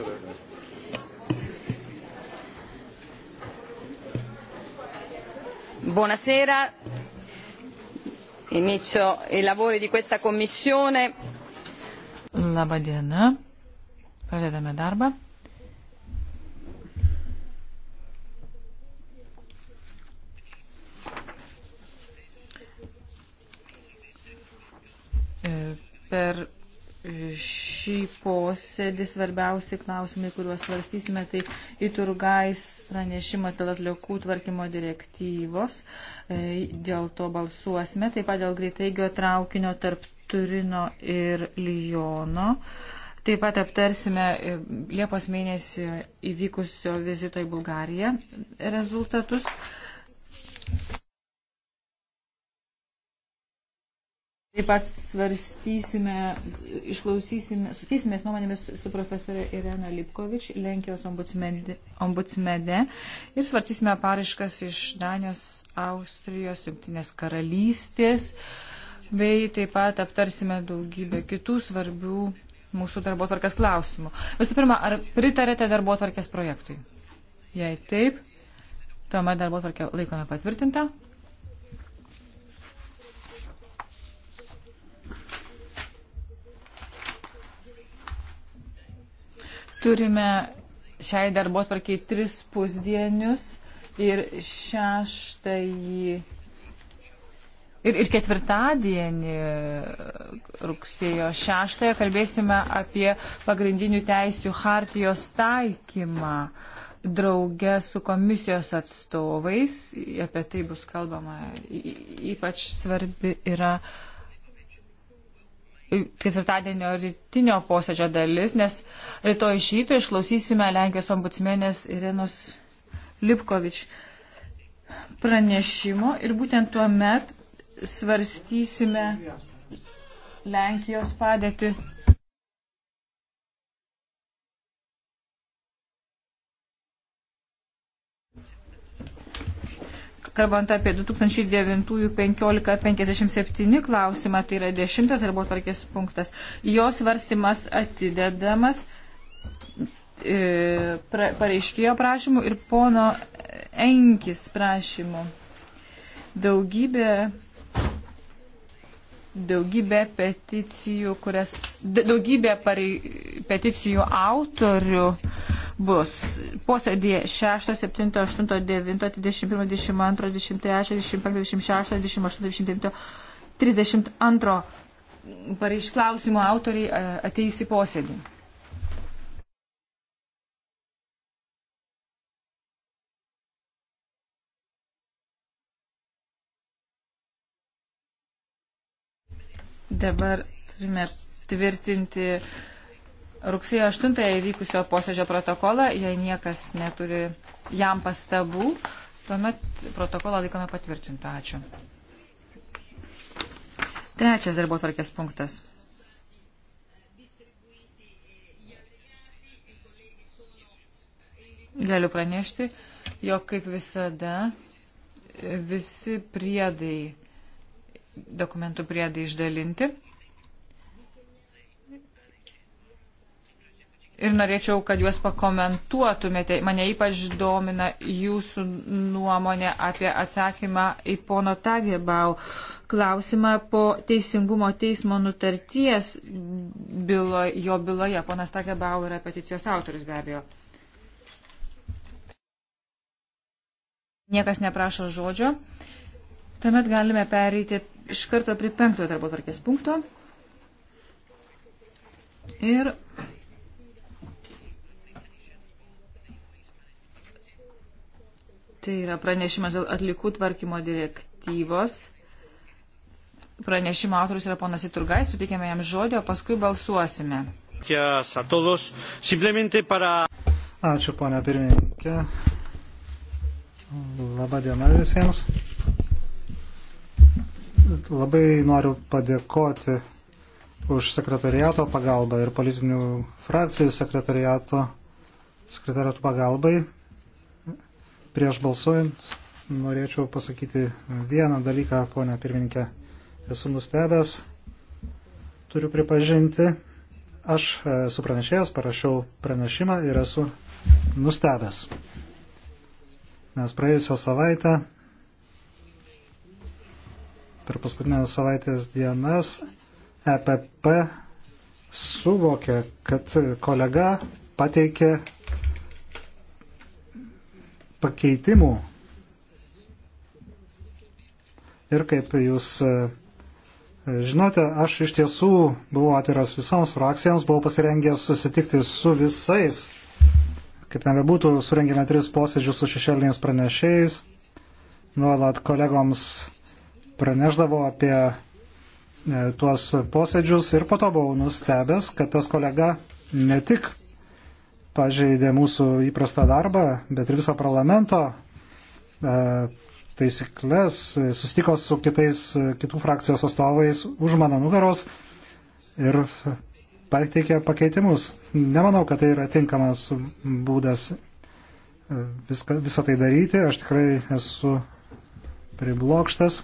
Absolutely. Buonasera, inizio i lavori di questa commissione. Labadiena, pradedame darbą. posėdį svarbiausi klausimai, kuriuos svarstysime, tai į turgais pranešimą dėl atliekų tvarkymo direktyvos, e, dėl to balsuosime, taip pat dėl greitaigio traukinio tarp Turino ir Lijono. Taip pat aptarsime e, Liepos mėnesį įvykusio vizito į Bulgariją rezultatus. Taip pat svarstysime, išklausysime, sukeisimės nuomonėmis su profesorė Irena Lipkovič, Lenkijos ombudsmede ir svarstysime paraiškas iš Danijos, Austrijos, Junktinės karalystės, bei taip pat aptarsime daugybę kitų svarbių mūsų darbo tvarkės klausimų. Visų pirma, ar pritarėte darbo tvarkės projektui? Jei taip, tuomet darbo tvarkę laikome patvirtintą. Turime šiai darbo tvarkiai tris pusdienius ir šeštąjį. Ir, ir ketvirtadienį, e, rugsėjo 6, kalbėsime apie pagrindinių teisių hartijos taikymą draugę su komisijos atstovais. Apie tai bus kalbama. Ypač svarbi yra uh, ketvirtadienio rytinio posėdžio dalis, nes rytoj iš ryto išklausysime Lenkijos ombudsmenės Irenos Lipkovič pranešimo ir būtent tuo met svarstysime Lenkijos padėtį kalbant apie 2009-1557 klausimą, tai yra dešimtas darbo tvarkės punktas, jos varstimas atidedamas e, pra, pareiškėjo prašymų ir pono Enkis prašymų. Daugybė daugybė peticijų, kurias, daugybė parei, peticijų autorių bus posėdėje 6, 7, 8, 9, 21, 22, 23, 25, 26, 28, 29, 32 pareišklausimų autoriai e, ateis į posėdį. Dabar turime tvirtinti rugsėjo 8 įvykusio posėdžio protokolą. Jei niekas neturi jam pastabų, tuomet protokolą laikome patvirtintą. Ačiū. Trečias darbo tvarkės punktas. Galiu pranešti, jog kaip visada visi priedai dokumentų priedai išdalinti. ir norėčiau, kad juos pakomentuotumėte. Mane ypač domina jūsų nuomonė apie atsakymą į pono Tagebau klausimą po teisingumo teismo nutarties bylo, jo byloje. Ponas Tagebau yra peticijos autorius be abejo. Niekas neprašo žodžio. Uh, Tuomet galime pereiti iš karto prie penktojo darbo tvarkės punkto. Ir tai yra pranešimas dėl atlikų tvarkymo direktyvos. Pranešimo autorius yra ponas Iturgai, suteikėme jam žodį, o paskui balsuosime. Ačiū, ponia pirmininkė. Labą dieną visiems. Labai noriu padėkoti už sekretariato pagalbą ir politinių frakcijų sekretariato, sekretariato pagalbai. Prieš balsuojant norėčiau pasakyti vieną dalyką, ponia pirmininkė. Esu nustebęs, turiu pripažinti, aš e, esu pranešėjas, parašiau pranešimą ir esu nustebęs. Nes praėjusią savaitę per paskutinę savaitės dienas EPP suvokė, kad kolega pateikė pakeitimų. Ir kaip jūs e, žinote, aš iš tiesų buvau atviras visoms frakcijoms, buvau pasirengęs susitikti su visais. Kaip ten bebūtų, surengėme tris posėdžius su šešėliniais pranešėjais, nuolat kolegoms praneždavo apie e, tuos posėdžius ir po to buvau nustebęs, kad tas kolega ne tik pažeidė mūsų įprastą darbą, bet ir viso parlamento e, taisyklės, sustiko su kitais, e, kitų frakcijos atstovais už mano nugaros ir pateikė pakeitimus. Nemanau, kad tai yra tinkamas būdas viską, visą tai daryti. Aš tikrai esu priblokštas.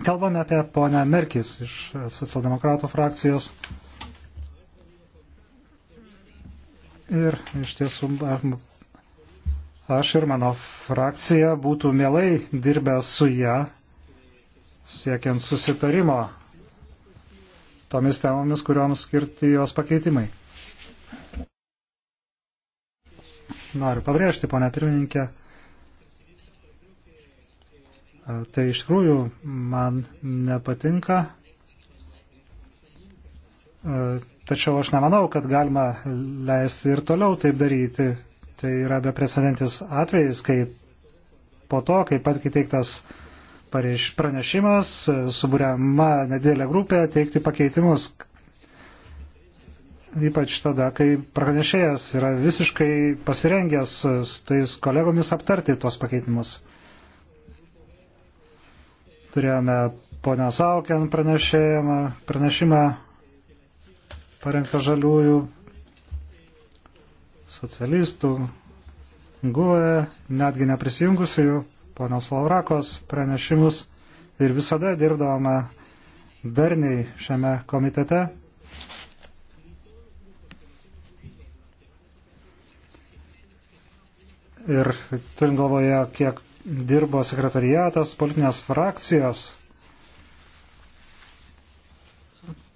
Kalbame apie ponę Merkis iš socialdemokratų frakcijos. Ir iš tiesų aš ir mano frakcija būtų mielai dirbę su ją, siekiant susitarimo tomis temomis, kuriuoms skirti jos pakeitimai. Noriu pabrėžti, ponia pirmininkė, Tai iš tikrųjų man nepatinka. Tačiau aš nemanau, kad galima leisti ir toliau taip daryti. Tai yra beprecedentis atvejis, kai po to, kai pat įteiktas pranešimas, e, suburiama nedėlė grupė teikti pakeitimus. Ypač tada, kai pranešėjas yra visiškai pasirengęs su tais kolegomis aptarti tuos pakeitimus. Turėjome ponios Aukien pranešimą parengtą žaliųjų socialistų, GUE, netgi neprisijungusių ponios Laurakos pranešimus ir visada dirbdavome darniai šiame komitete. Ir turint galvoje, kiek dirbo sekretariatas, politinės frakcijos.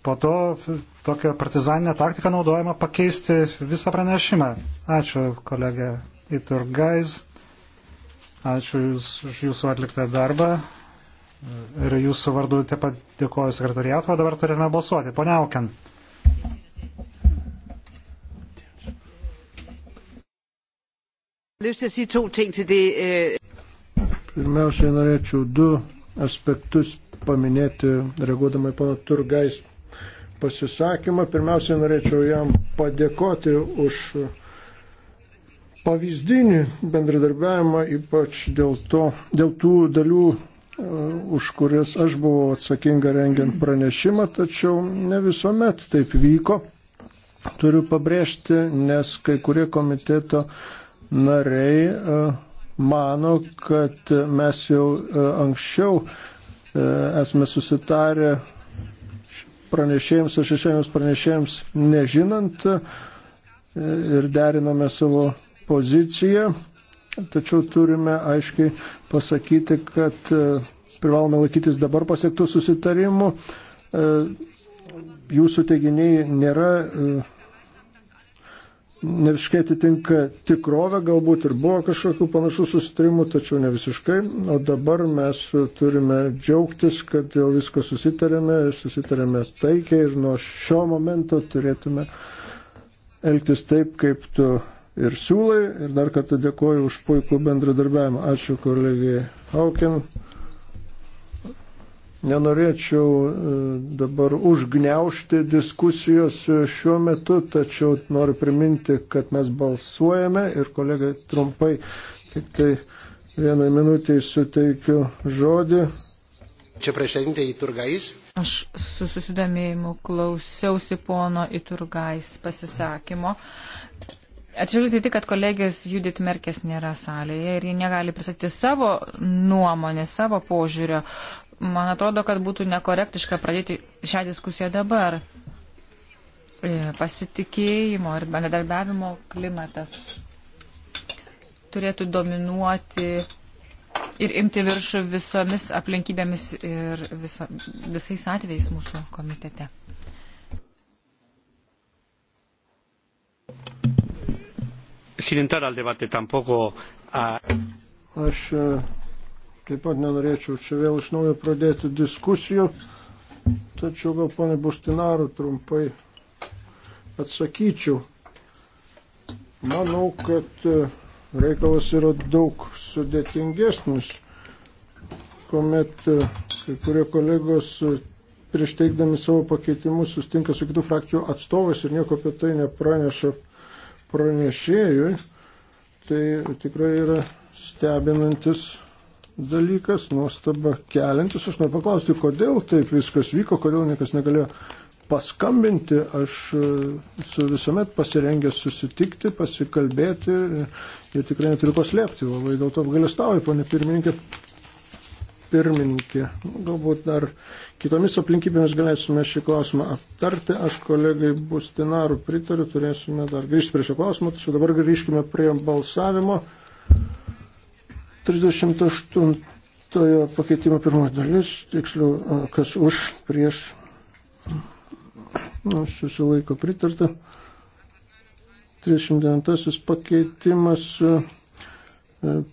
Po to tokią partizaninę taktiką naudojama pakeisti visą pranešimą. Ačiū kolegė Iturgais. Ačiū jūs, už jūsų atliktą darbą. Ir jūsų vardu taip pat dėkoju sekretariatui, o dabar turėtume balsuoti. Pone Auken. lyst til at sige to ting til det. Øh, Pirmiausiai norėčiau du aspektus paminėti, reaguodama į pono Turgais pasisakymą. Pirmiausiai norėčiau jam padėkoti už pavyzdinį bendradarbiavimą, ypač dėl, to, dėl tų dalių, e, už kurias aš buvau atsakinga rengiant pranešimą, tačiau ne visuomet taip vyko. Turiu pabrėžti, nes kai kurie komiteto nariai e, mano, kad mes jau e, anksčiau e, esame susitarę pranešėjams ar šešėjams pranešėjams nežinant e, ir derinome savo poziciją, tačiau turime aiškiai pasakyti, kad privalome laikytis dabar pasiektų susitarimų. Jūsų teiginiai nėra neviškai atitinka tikrovę, galbūt ir buvo kažkokių panašių susitarimų, tačiau ne visiškai. O dabar mes turime džiaugtis, kad dėl visko susitarėme, susitarėme taikiai ir nuo šio momento turėtume elgtis taip, kaip tu ir siūlai. Ir dar kartą dėkoju už puikų bendradarbiavimą. Ačiū kolegijai Haukin. Nenorėčiau e, dabar užgneušti diskusijos šiuo metu, tačiau noriu priminti, kad mes balsuojame ir kolegai trumpai tik tai vienai minutiai suteikiu žodį. Čia priešininkė į Turgais. Aš su susidomėjimu klausiausi pono į Turgais pasisakymo. Atsižvelgti tik, kad kolegės Judith Merkės nėra salėje ir ji negali prisakyti savo nuomonės, savo požiūrio. Man atrodo, kad būtų nekorektiška pradėti šią diskusiją dabar. E, pasitikėjimo ir bendradarbiavimo klimatas turėtų dominuoti ir imti viršų visomis aplinkybėmis ir viso, visais atvejais mūsų komitete. Sin entrar al debate tampoco a... Aš Taip pat nenorėčiau čia vėl iš naujo pradėti diskusijų, tačiau gal ponai Bustinaru trumpai atsakyčiau. Manau, kad e, reikalas yra daug sudėtingesnis, kuomet e, kai kurie kolegos e, prieš teikdami savo pakeitimus sustinka su kitų frakcijų atstovais ir nieko apie tai nepraneša pranešėjui. Tai tikrai yra stebinantis dalykas, nuostaba keliantis. Aš noriu paklausti, kodėl taip viskas vyko, kodėl niekas negalėjo paskambinti. Aš e, su visuomet pasirengęs susitikti, pasikalbėti ir tikrai neturiu paslėpti. Labai dėl to apgalėstauju, ponė pirmininkė. Pirmininkė. Galbūt dar kitomis aplinkybėmis galėsime šį klausimą aptarti. Aš kolegai Bustinarų pritariu, turėsime dar grįžti prie šio klausimo, tačiau dabar grįžkime prie balsavimo. 38 pakeitimo pirmoji dalis, tiksliau, kas už, prieš, nu, susilaiko pritarta. 39 pakeitimas,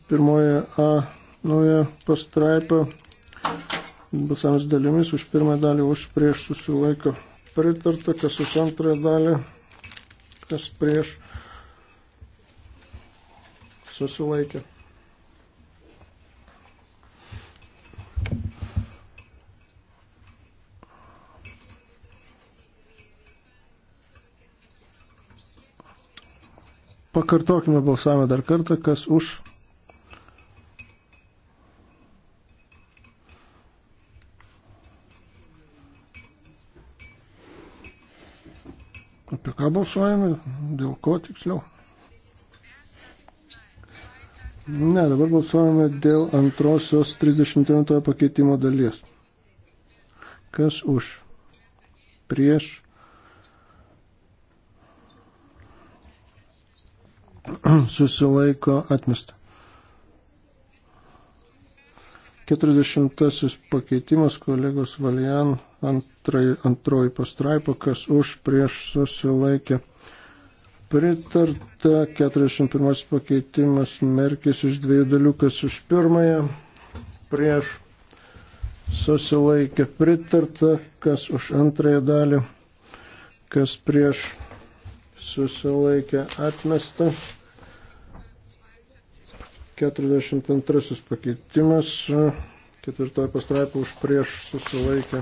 pirmoje A nauja pastraipa, balsams dalimis, už pirmą dalį, už prieš susilaiko pritarta, kas už antrąją dalį, kas prieš susilaikė. Pakartokime balsavimą dar kartą, kas už. Apie ką balsuojame, dėl ko tiksliau. Ne, dabar balsuojame dėl antrosios 39 pakeitimo dalies. Kas už? Prieš? susilaiko atmesta. 40 pakeitimas kolegos Valian antrai, antroji pastraipa, kas už prieš susilaikė. Pritarta 41 pakeitimas merkis iš dviejų dalių, kas už pirmąją prieš susilaikė. Pritarta, kas už antrąją dalį, kas prieš susilaikė atmesta. 42 pakeitimas, ketvirtoji pastraipa už prieš susilaikė.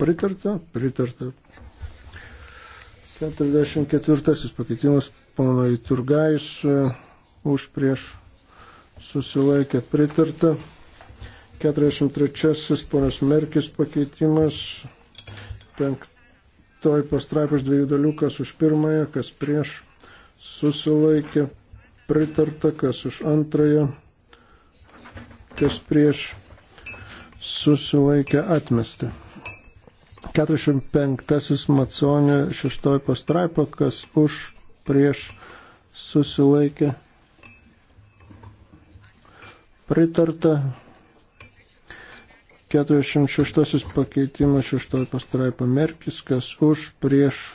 Pritarta, pritarta. 44 pakeitimas, pono Iturgais už prieš susilaikė pritarta. 43 ponas Merkis pakeitimas, penktoj pastraipos dviejų dalių, kas už pirmąją, kas prieš, susilaikė, pritarta, kas už antrąją, kas prieš, susilaikė, atmesti. 45 Maconė 6 pastraipa, kas už prieš susilaikė. Pritarta 46 pakeitimas, 6 pastraipa merkis, kas už, prieš,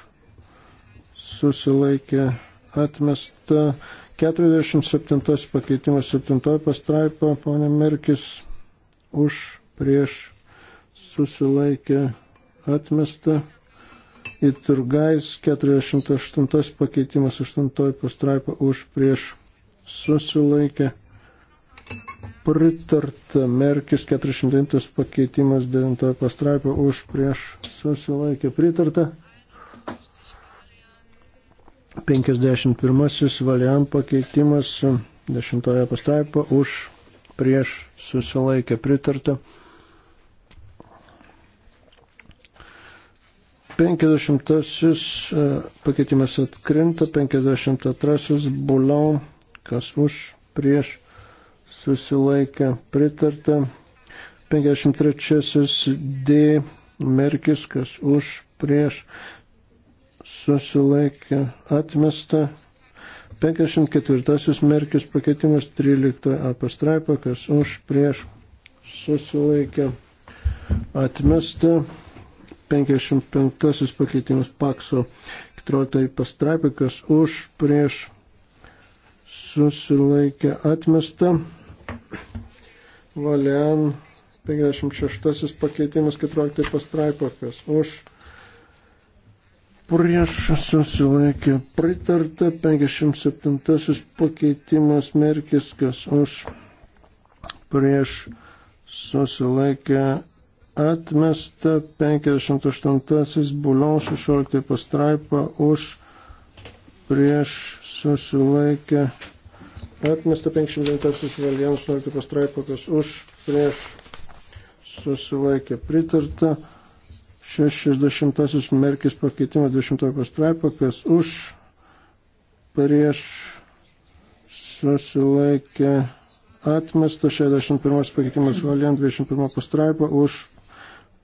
susilaikė, atmesta. 47 pakeitimas, 7 pastraipa, ponė merkis, už, prieš, susilaikė, atmesta. Į turgais 48 pakeitimas, 8 pastraipa, už, prieš, susilaikė, pritarta Merkis 400 pakeitimas 9 pastraipio už prieš susilaikė pritarta. 51 valiam pakeitimas 10 pastraipo už prieš susilaikė pritarta. 50 e, pakeitimas atkrinta, 52 buliau, kas už prieš susilaikė pritarta. 53 D merkis, kas už, prieš, susilaikė atmesta. 54 merkis pakeitimas 13 A pastraipa, kas už, prieš, susilaikė atmesta. 55 pakeitimas pakso 14 pastraipa, kas už, prieš, susilaikė atmesta. Valian 56 pakeitimas 14 pastraipakas. Už prieš susilaikė pritarta 57 pakeitimas Merkiskas. Už prieš susilaikė atmesta 58 Bulion 16 pastraipa. Už prieš susilaikė pritarta. Atmesta 59 vėliau 18 pastraipo, kas už, prieš, susilaikė pritarta. 60 merkis pakeitimas 20 pastraipo, kas už, prieš, susilaikė atmesta. 61 pakeitimas vėliau 21 pastraipo, už,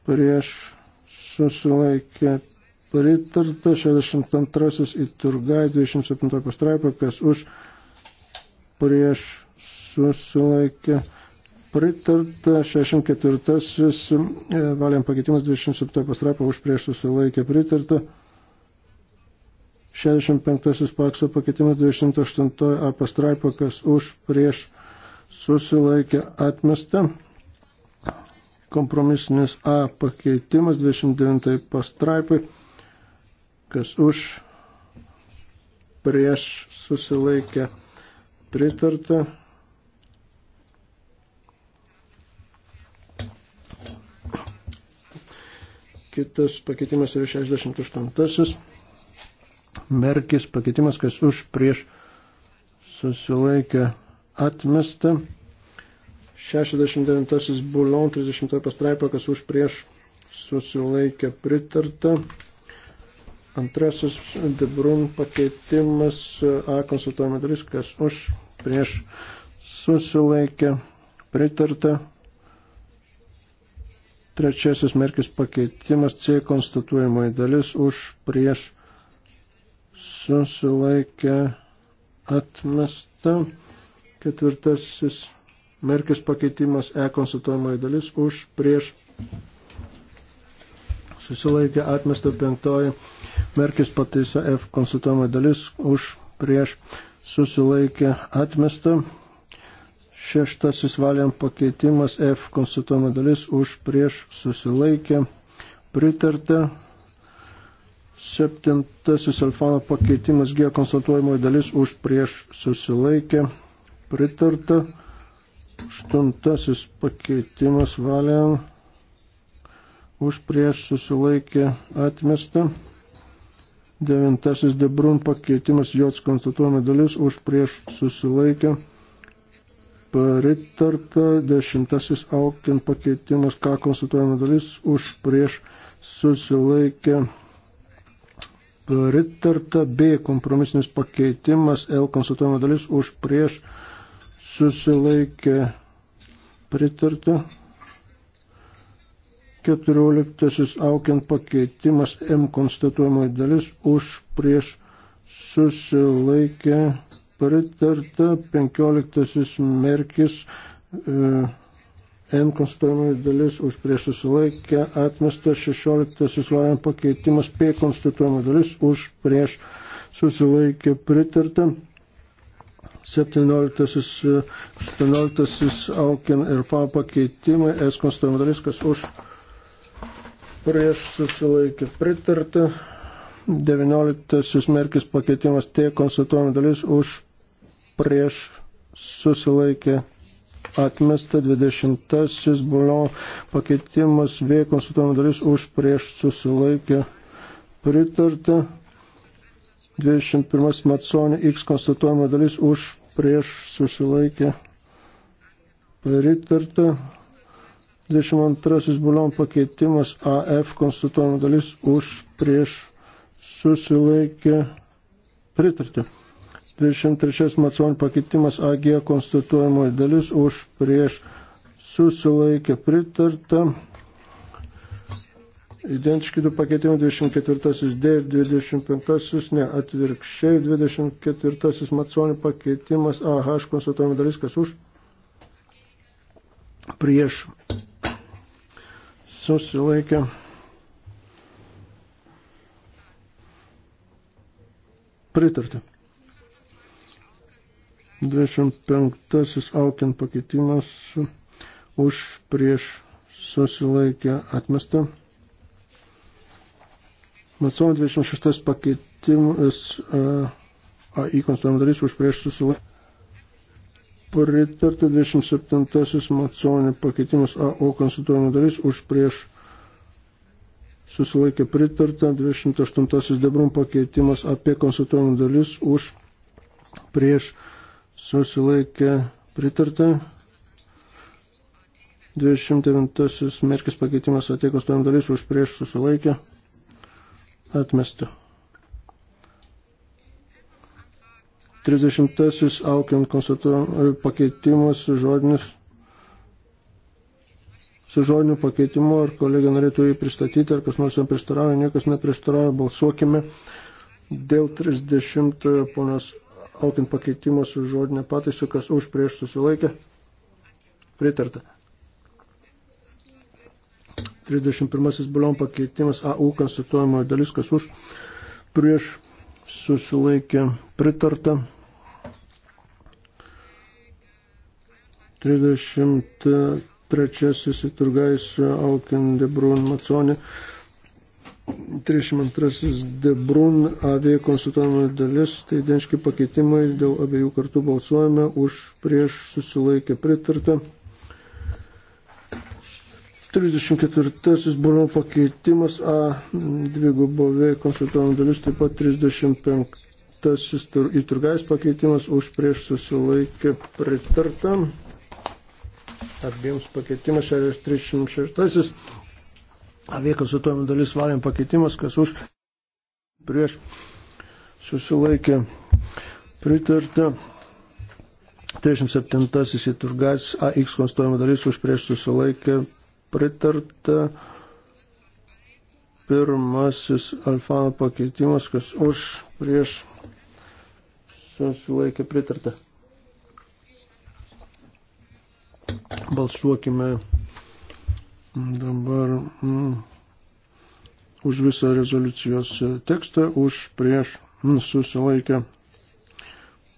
prieš, susilaikė pritarta. 62 į turgais 27 pastraipo, kas už, prieš prieš susilaikė pritarta, 64 e, valiam pakeitimas, 27 pastrapą už prieš susilaikė pritarta. 65 pakso pakeitimas 28 A pastraipa, kas už prieš susilaikė atmesta. Kompromisinis A pakeitimas 29 pastraipai, kas už prieš susilaikė atmesta pritarta. Kitas pakeitimas yra 68. Merkis pakeitimas, kas už prieš susilaikę atmestą. 69. Bulon 30 pastraipa, kas už prieš susilaikė pritarta. Antrasis Debrun pakeitimas A konsultuojama dalis, kas už prieš susilaikė pritarta. Trečiasis merkis pakeitimas C konstatuojamoji dalis už prieš susilaikė atmesta. Ketvirtasis merkis pakeitimas E konstatuojamoji dalis už prieš susilaikė atmesta penktoji merkis pataisa F konstatuojamoji dalis už prieš susilaikė atmesta. Šeštasis valiam pakeitimas F konstatuojama dalis už prieš susilaikė pritarta. Septintasis alfano pakeitimas G konstatuojamoji dalis už prieš susilaikė pritarta. Aštuntasis pakeitimas valiam už prieš susilaikė atmesta. Devintasis Debrun pakeitimas, jos konstatuojama dalis, už prieš susilaikę. Pritarta. Dešimtasis Aukin pakeitimas, ką konstatuojama dalis, už prieš susilaikę. Pritarta. B kompromisinis pakeitimas, L konstatuojama dalis, už prieš susilaikę. Pritarta. 14 aukiant pakeitimas M konstatuojamoji dalis už prieš susilaikę pritarta 15 merkis e, N konstatuojamoji dalis už prieš susilaikę atmestas 16 laujant pakeitimas P konstatuojamoji dalis už prieš susilaikę pritarta 17, 18 aukiant ir FA pakeitimai S konstatuojamoji dalis kas už prieš susilaikė pritarta. 19 merkis pakeitimas T konstatuojama dalis už prieš susilaikė atmesta 20 bulio pakeitimas V konstatuojama dalis už prieš susilaikė pritarta 21 Matsonė X konstatuojama dalis už prieš susilaikė pritarta 22 bulion pakeitimas AF konstatuojama dalis už prieš susilaikė pritarti. 23 Matsonio pakeitimas AG konstatuojama dalis už prieš susilaikė pritarta. Identiški du pakeitimai 24 D ir 25, ne atvirkščiai 24 Matsonio pakeitimas AH konstatuojama dalis kas už prieš susilaikė. Pritarta. 25 aukiant pakeitimas už prieš susilaikė atmestą. Matsom 26 pakeitimas į e, konstituojamą darys už prieš susilaikė pritarta 27 Maconė pakeitimas AO konsultuojama dalis už prieš susilaikė pritarta 28 Debrum pakeitimas apie konsultuojama dalis už prieš susilaikė pritarta 29 Merkis pakeitimas atėkos tam dalis už prieš susilaikė atmesta. 30 aukiant konstatuojam e, pakeitimus žodinius su žodiniu pakeitimu, ar kolegė norėtų jį pristatyti, ar kas nors jam prieštarauja, niekas neprieštarauja, balsuokime dėl 30 ponas aukint pakeitimo su žodinė pataisu, kas už prieš susilaikė. Pritarta. 31 bulion pakeitimas AU konstatuojamojo dalis, kas už prieš susilaikė pritarta. 33 Turgais Aukin Debrun Maconi. 32 Debrun AV konsultuojama dalis, tai denški pakeitimai, dėl abiejų kartų balsuojame, už prieš susilaikė pritarta. 34 Bruno pakeitimas A dvigubo V konsultuojama dalis, taip pat 35 į Turgais pakeitimas už prieš susilaikė pritarta abiems pakeitimas, 36. Avie konsultuojama dalis valiam pakeitimas, kas už prieš susilaikė pritarta. 37 įturgas AX konstruojama dalis už prieš susilaikė pritarta. Pirmasis alfano pakeitimas, kas už prieš susilaikė pritarta. Balsuokime dabar mm, už visą rezoliucijos tekstą, už prieš mm, susilaikę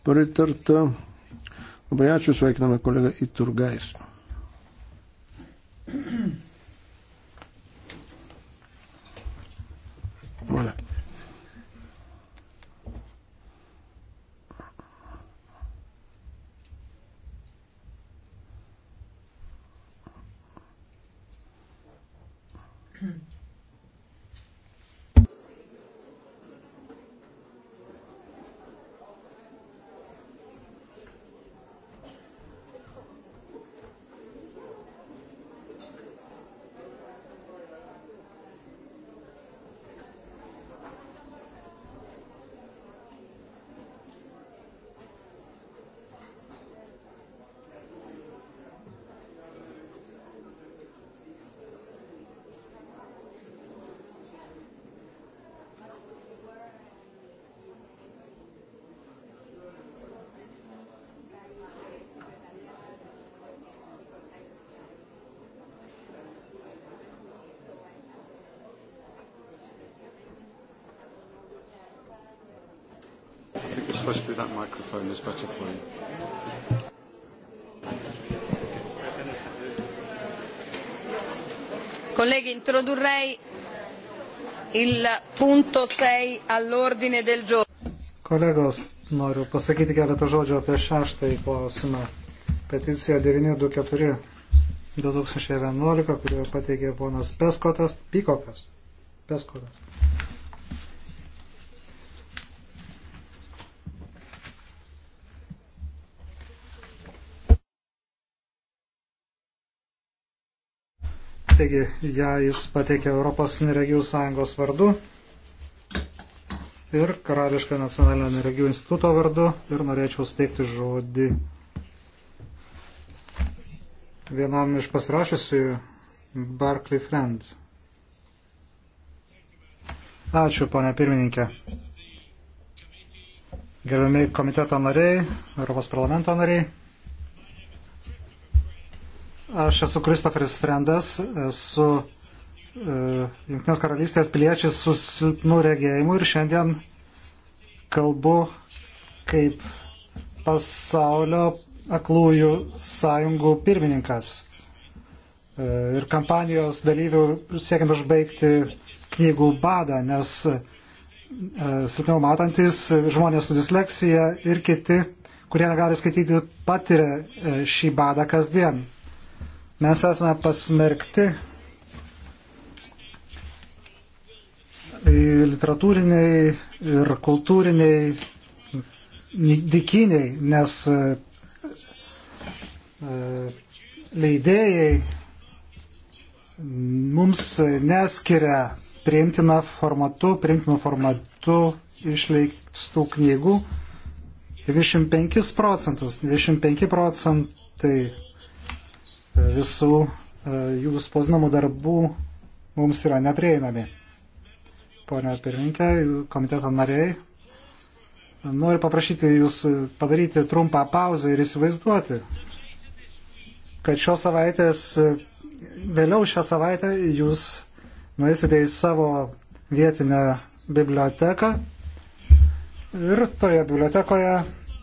pritartą. Labai ačiū, sveikiname kolegą Iturgais. Voilà. supposed to be that microphone is better for you. Colleghi, introdurrei il punto 6 all'ordine del giorno. Kolegos, noriu pasakyti keletą žodžių apie šeštąjį klausimą. Peticija 924 2011, kurioje pateikė ponas Peskotas, Pikokas. Peskotas. Taigi, ją jis pateikė Europos neregių sąjungos vardu ir Karališką nacionalinio neregių instituto vardu ir norėčiau steigti žodį vienam iš pasirašysiu Barclay Friend. Ačiū, ponia pirmininkė. Gerbiami komiteto nariai, Europos parlamento nariai. Aš esu Kristoferis Frendas, esu e, Junktinės karalystės piliečius su silpnu regėjimu ir šiandien kalbu kaip pasaulio aklųjų sąjungų pirmininkas e, ir kampanijos dalyvių siekiant užbaigti knygų badą, nes e, silpniau matantis žmonės su disleksija ir kiti, kurie negali skaityti, patiria šį badą kasdien. Mes esame pasmerkti literatūriniai ir kultūriniai dikiniai, nes e, leidėjai mums neskiria priimtina formatu, priimtinu formatu išleistų knygų 25 procentus, 25 procentai visų e, jų spausdinamų darbų mums yra neprieinami. Pone pirmininkė, komiteto nariai, noriu paprašyti jūs padaryti trumpą pauzę ir įsivaizduoti, kad šios savaitės, vėliau šią savaitę jūs nueisite į savo vietinę biblioteką ir toje bibliotekoje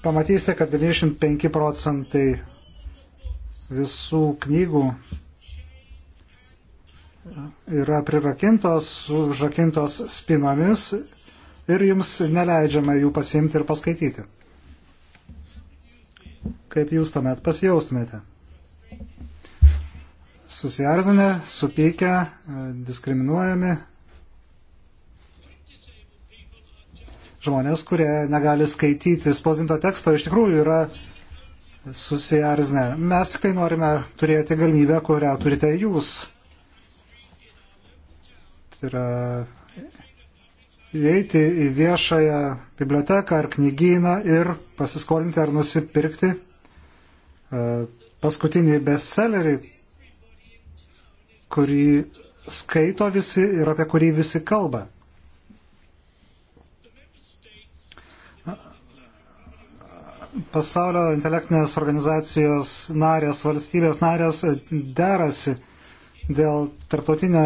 pamatysite, kad 95 procentai visų knygų yra prirakintos, užrakintos spinomis ir jums neleidžiama jų pasimti ir paskaityti. Kaip jūs tuomet pasijaustumėte? Susiarzinę, supykę, diskriminuojami. Žmonės, kurie negali skaityti spausdinto teksto, iš tikrųjų yra uh, susierzinę. Mes tik tai norime turėti galimybę, kurią turite jūs. Tai yra įeiti į viešąją biblioteką ar knygyną ir pasiskolinti ar nusipirkti e, paskutinį bestsellerį, kurį skaito visi ir apie kurį visi kalba. pasaulio intelektinės organizacijos narės, valstybės narės e, derasi dėl tarptautinio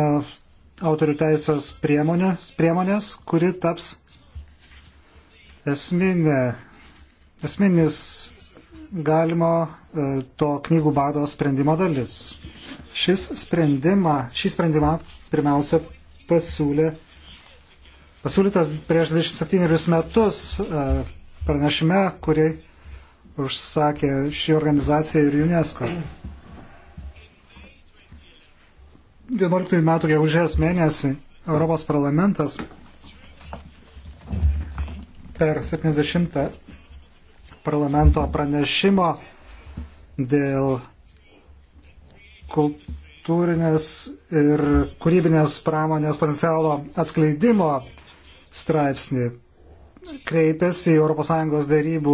autorių teisės priemonės, priemonės kuri taps esminė, esminis galimo e, to knygų bado sprendimo dalis. Šis sprendimą, šį sprendimą pirmiausia pasiūlė, pasiūlytas prieš 27 metus e, pranešime, kurį užsakė šį organizaciją ir UNESCO. 11 metų gegužės mėnesį Europos parlamentas per 70 parlamento pranešimo dėl kultūrinės ir kūrybinės pramonės potencialo atskleidimo straipsnį kreipėsi į ES darybų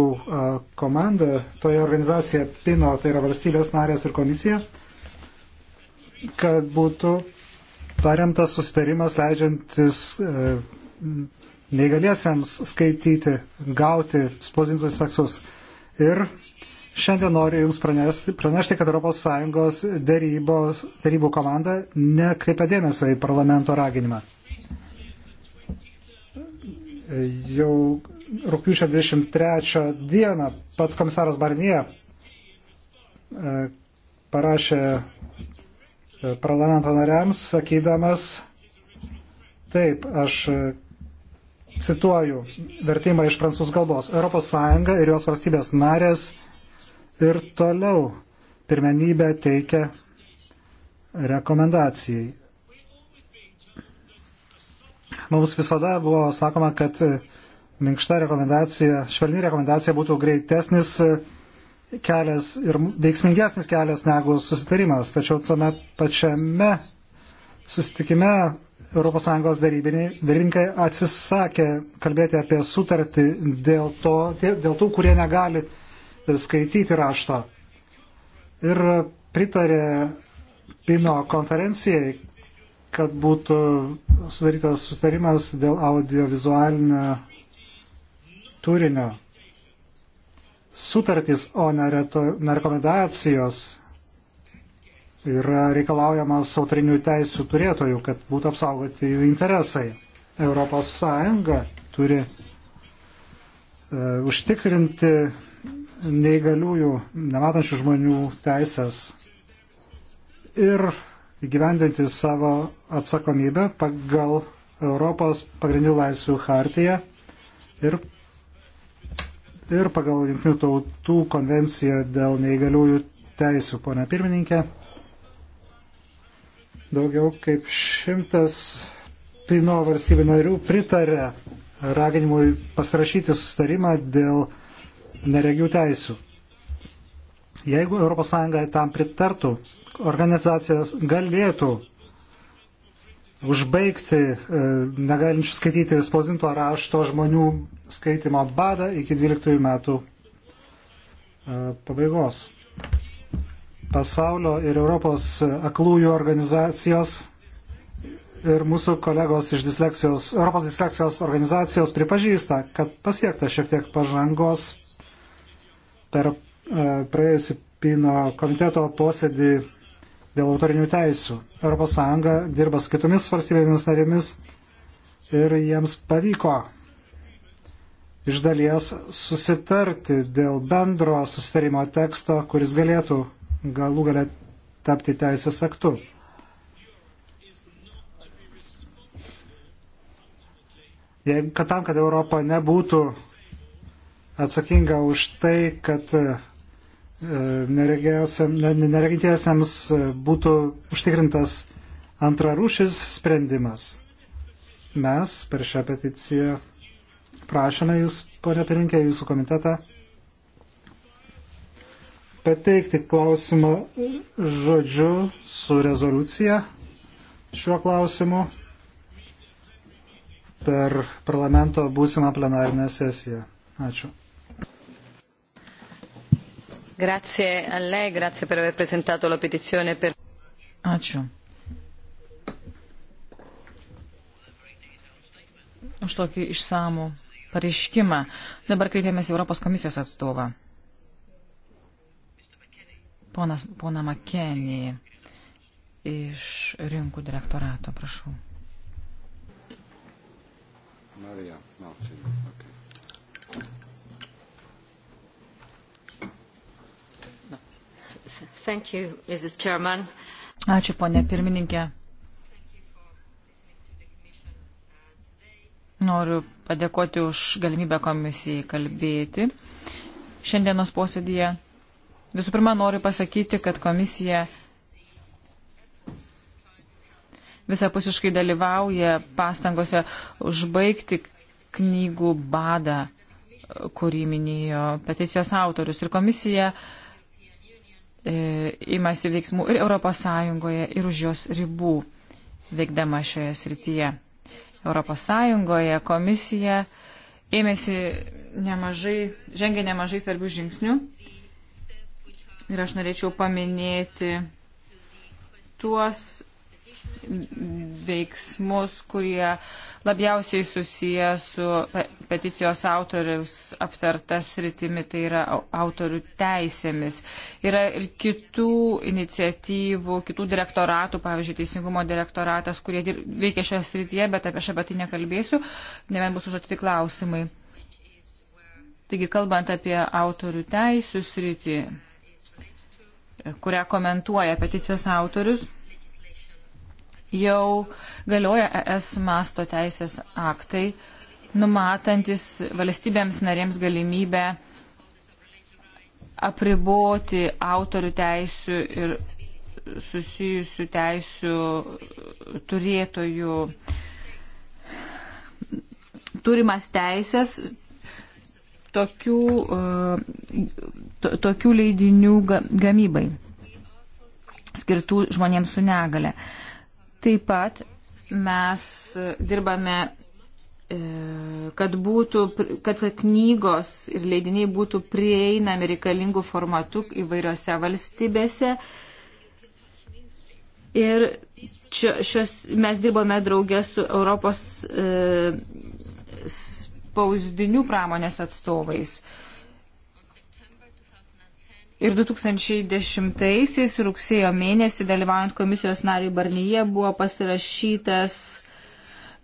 komandą, toje organizacija PINO, tai yra valstybės narės ir komisija, kad būtų paremtas susitarimas leidžiantis neįgaliesiems skaityti, gauti spausdintus tekstus. Ir šiandien noriu Jums pranešti, pranešti kad ES darybos, darybų komanda nekreipia dėmesio į parlamento raginimą jau rūpiučio 23 dieną pats komisaras Barnie e, parašė e, parlamento nariams, sakydamas, taip, aš e, cituoju vertimą iš prancūzų kalbos, ES ir jos valstybės narės ir toliau pirmenybę teikia rekomendacijai. Mums visada buvo sakoma, kad e, minkšta rekomendacija, švelni rekomendacija būtų greitesnis e, kelias ir veiksmingesnis kelias negu susitarimas. Tačiau tame pačiame susitikime ES darybininkai atsisakė kalbėti apie sutartį dėl, to, dėl tų, kurie negali e, skaityti rašto. Ir pritarė Pino konferencijai, kad būtų sudarytas sustarimas dėl audiovizualinio turinio. Sutartys, o ne, reto, ne rekomendacijos yra reikalaujamas autorinių teisų turėtojų, kad būtų apsaugoti jų interesai. Europos Sąjunga turi e, užtikrinti neįgaliųjų, nematančių žmonių teisės ir įgyvendinti savo atsakomybę pagal Europos pagrindinių laisvių hartiją ir, ir pagal Junktinių tautų konvenciją dėl neįgaliųjų teisų. Pone pirmininkė, daugiau kaip šimtas Pino valstybių narių pritarė raginimui pasirašyti sustarimą dėl neregių teisų. Jeigu ES tam pritartų, organizacijas galėtų užbaigti e, negalinčių skaityti spausdinto rašto žmonių skaitimo badą iki 12 metų e, pabaigos. Pasaulio ir Europos aklųjų organizacijos ir mūsų kolegos iš disleksijos, Europos disleksijos organizacijos pripažįsta, kad pasiekta šiek tiek pažangos per e, praėjusi Pino komiteto posėdį dėl autorinių teisų. ES dirba su kitomis valstybėmis narėmis ir jiems pavyko iš dalies susitarti dėl bendro susitarimo teksto, kuris galėtų galų galę tapti teisės aktu. Jei, kad tam, kad Europa nebūtų atsakinga už tai, kad neregintiesiems e, būtų užtikrintas antrarūšis sprendimas. Mes per šią peticiją prašome Jūs, ponia pirminkė, Jūsų komitetą pateikti klausimą žodžiu su rezoliucija šiuo klausimu per parlamento būsimą plenarinę sesiją. Ačiū. Grazie a lei, grazie per aver presentato la petizione. Per... Ačiū. Už tokį išsamų pareiškimą. Dabar kreipiamės Europos komisijos atstovą. Ponas, pona Makenį iš rinkų direktorato, prašau. Marija, Marcija, okay. Thank you, Mrs. Chairman. Ačiū, ponė pirmininkė. Noriu padėkoti už galimybę komisijai kalbėti šiandienos posėdėje. Visų pirma, noriu pasakyti, kad komisija visapusiškai dalyvauja pastangose užbaigti knygų badą, kurį minėjo peticijos autorius. Ir komisija uh, E, imasi veiksmų ir ES, ir už jos ribų veikdama šioje srityje. ES komisija ėmėsi nemažai, žengė nemažai svarbių žingsnių ir aš norėčiau paminėti tuos veiksmus, kurie labiausiai susiję su peticijos autoriaus aptartas rytimi, tai yra autorių teisėmis. Yra ir kitų iniciatyvų, kitų direktoratų, pavyzdžiui, Teisingumo direktoratas, kurie veikia šioje srityje, bet apie šią patį tai nekalbėsiu, ne vien bus užduoti klausimai. Taigi, kalbant apie autorių teisų sritį, kurią komentuoja peticijos autorius, jau galioja ES masto teisės aktai, numatantis valstybėms narėms galimybę apriboti autorių teisių ir susijusių teisių turėtojų turimas teisės tokių, e, to, tokių leidinių gamybai skirtų žmonėms su negale. Taip pat mes dirbame, e, kad, būtų, kad knygos ir leidiniai būtų prieinami reikalingų formatų įvairiose valstybėse. Ir šios, mes dirbome draugę su Europos e, spausdinių pramonės atstovais. E, Ir 2010-aisiais rugsėjo mėnesį dalyvaujant komisijos nariui Barnyje buvo pasirašytas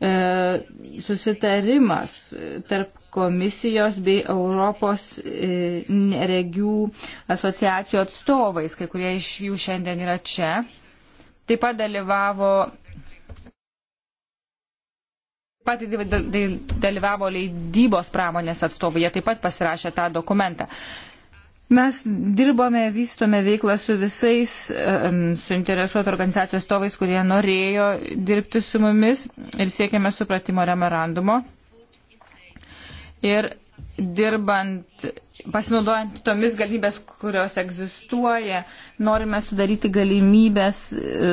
e, susitarimas tarp komisijos bei Europos e, regių asociacijų atstovais, kai kurie iš jų šiandien yra čia. Taip pat dalyvavo pat dalyvavo leidybos pramonės atstovai, jie taip pat pasirašė tą dokumentą. E, Mes dirbome, vystome veiklą su visais suinteresuotų organizacijų atstovais, kurie norėjo dirbti su mumis ir siekėme supratimo memorandumo. Ir dirbant, pasinaudojant tomis galimybės, kurios egzistuoja, norime sudaryti galimybės e,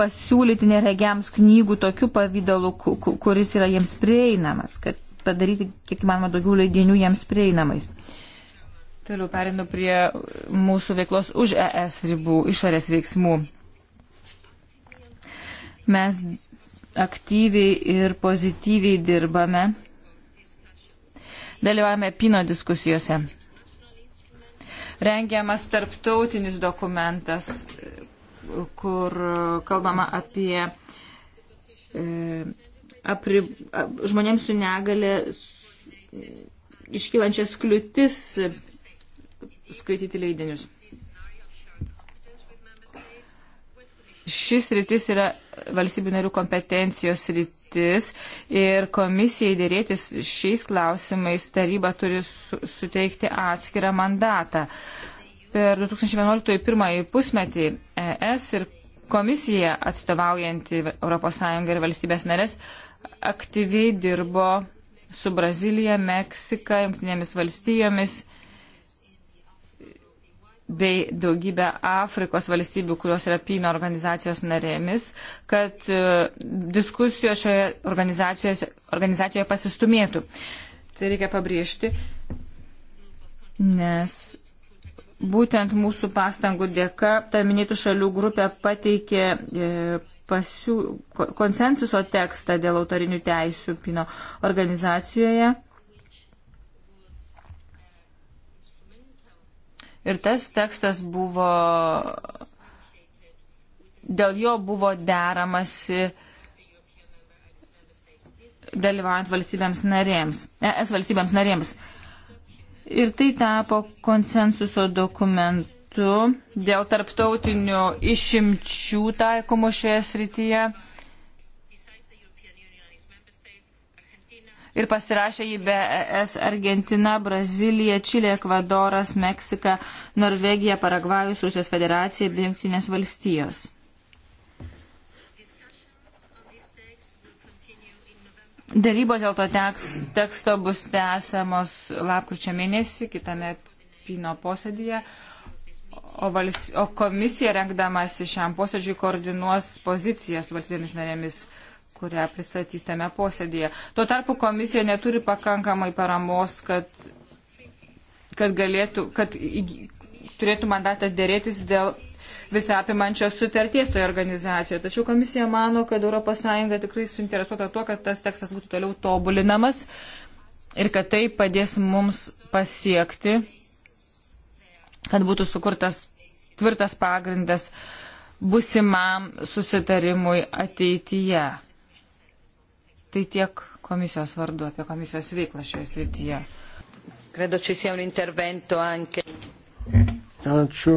pasiūlyti neregiams knygų tokiu pavydalu, kuris yra jiems prieinamas, kad padaryti kiek įmanoma daugiau leidinių jiems prieinamais. Toliau perinu prie mūsų veiklos už ES ribų, išorės veiksmų. Mes aktyviai ir pozityviai dirbame. Dalyvavome Pino diskusijose. Rengiamas tarptautinis dokumentas, kur kalbama apie e, apri, ap, žmonėms su negale iškylančias kliūtis skaityti leidinius. Šis rytis yra valstybių narių kompetencijos rytis ir komisijai dėrėtis šiais klausimais taryba turi su, suteikti atskirą mandatą. Per 2011 pirmąjį pusmetį ES ir komisija atstovaujanti ES ir valstybės narės aktyviai dirbo su Brazilija, Meksika, Junktinėmis valstijomis bei daugybę Afrikos valstybių, kurios yra PINA organizacijos narėmis, kad e, diskusijos šioje organizacijoje, organizacijoje pasistumėtų. Tai reikia pabrėžti, nes būtent mūsų pastangų dėka ta minėtų šalių grupė pateikė e, pasiū, konsensuso tekstą dėl autorinių teisų PINO organizacijoje Ir tas tekstas buvo, dėl jo buvo deramasi dalyvaujant valstybėms narėms, es valstybėms narėms. Ir tai tapo konsensuso dokumentu dėl tarptautinių išimčių taikomų šioje srityje. ir pasirašė jį be ES Argentina, Brazilija, Čilė, Ekvadoras, Meksika, Norvegija, Paragvajus, Rusijos federacija bei Junktinės valstijos. Dėrybos dėl to teksto bus tęsiamos lapkričio mėnesį kitame pino posėdėje, o, vals, o komisija rengdamasi šiam posėdžiui koordinuos pozicijas su valstybėmis narėmis kurią pristatys tame posėdėje. Tuo tarpu komisija neturi pakankamai paramos, kad, kad, galėtų, kad turėtų mandatą dėrėtis dėl visą apimančios sutarties toje organizacijoje. Tačiau komisija mano, kad ES tikrai suinteresuota tuo, kad tas tekstas būtų toliau tobulinamas ir kad tai padės mums pasiekti, kad būtų sukurtas tvirtas pagrindas busimam susitarimui ateityje. Tai tiek komisijos vardu apie komisijos veiklą šioje srityje. Credo ci sia un intervento anche. Ačiū.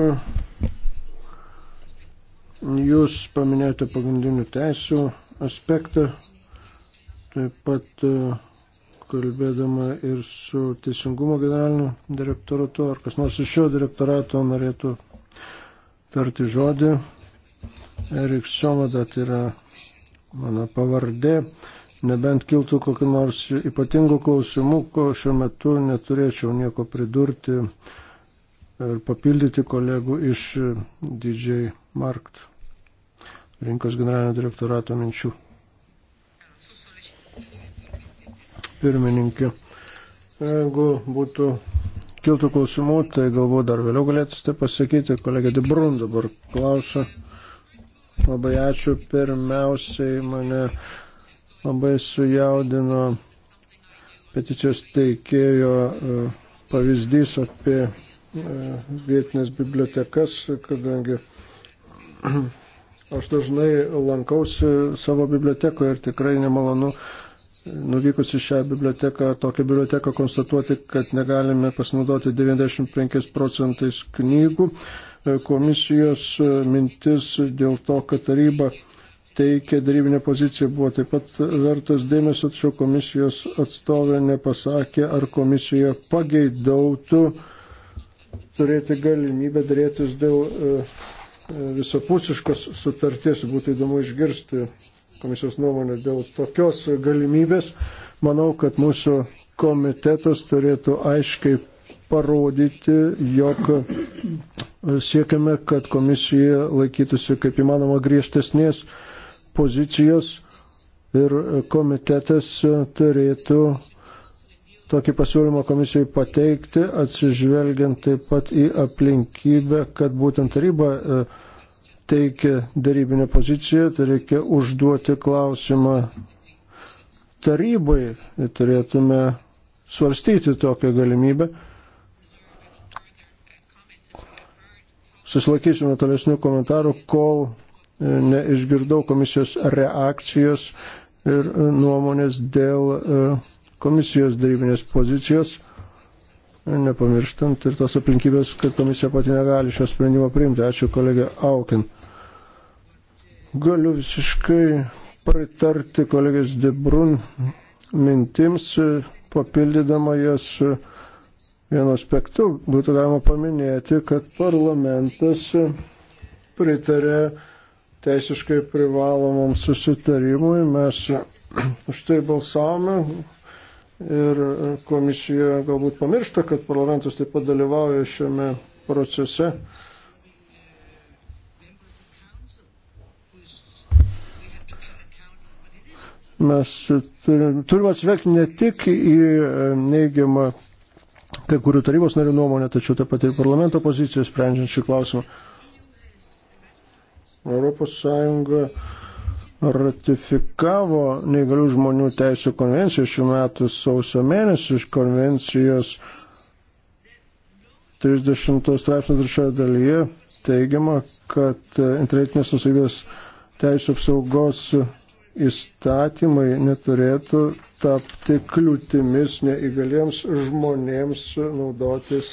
Jūs paminėjote pagrindinių teisų aspektą, taip pat e, kalbėdama ir su Teisingumo generaliniu direktoratu, ar kas nors iš šio direktorato norėtų tarti žodį. Erik Somadat tai yra mano pavardė. Nebent kiltų kokiu nors ypatingu klausimu, ko šiuo metu neturėčiau nieko pridurti ir papildyti kolegų iš DJ Markt rinkos generalinio direktorato minčių. Pirmininkė, jeigu būtų kiltų klausimų, tai galbūt dar vėliau galėtumėte pasakyti. Kolegė Debrun dabar klausia. Labai ačiū. Pirmiausiai mane labai sujaudino peticijos teikėjo e, pavyzdys apie e, vietinės bibliotekas, kadangi aš dažnai lankausi savo bibliotekoje ir tikrai nemalonu nuvykus į šią biblioteką, tokią biblioteką konstatuoti, kad negalime pasinaudoti 95 procentais knygų. E, komisijos mintis dėl to, kad taryba teikė darybinė pozicija buvo taip pat vertas dėmesio, tačiau komisijos atstovė nepasakė, ar komisija pageidautų turėti galimybę dėrėtis dėl e, e, visapusiškos sutarties. Būtų įdomu išgirsti komisijos nuomonę dėl tokios galimybės. Manau, kad mūsų komitetas turėtų aiškiai parodyti, jog siekiame, kad komisija laikytųsi kaip įmanoma griežtesnės pozicijos ir komitetas turėtų tokį pasiūlymą komisijai pateikti, atsižvelgiant taip pat į aplinkybę, kad būtent taryba e, teikia darybinę poziciją, tai reikia užduoti klausimą tarybai, turėtume svarstyti tokią galimybę. Susilaikysiu nuo tolesnių komentarų, kol E, neišgirdau komisijos reakcijos ir e, nuomonės dėl e, komisijos darybinės pozicijos, nepamirštant ir tos aplinkybės, kad komisija pati negali šio sprendimo priimti. Ačiū kolegė Aukin. Galiu visiškai pritarti kolegės Debrun mintims, papildydama jas vienu aspektu. Būtų galima paminėti, kad parlamentas pritarė teisiškai privalomam susitarimui. Mes už tai balsavome ir komisija galbūt pamiršta, kad parlamentas taip pat dalyvauja šiame procese. mes turime, turime atsvegti ne tik į e, neigiamą kai kurių tarybos narių nuomonę, tačiau taip pat ir parlamento poziciją sprendžiant šį klausimą. Europos Sąjunga ratifikavo neįgalių žmonių teisų konvenciją šių metų sausio mėnesį iš konvencijos 30 straipsnio trečioje dalyje teigiama, kad internetinės nusavybės teisų apsaugos įstatymai neturėtų tapti kliūtimis neįgaliems žmonėms naudotis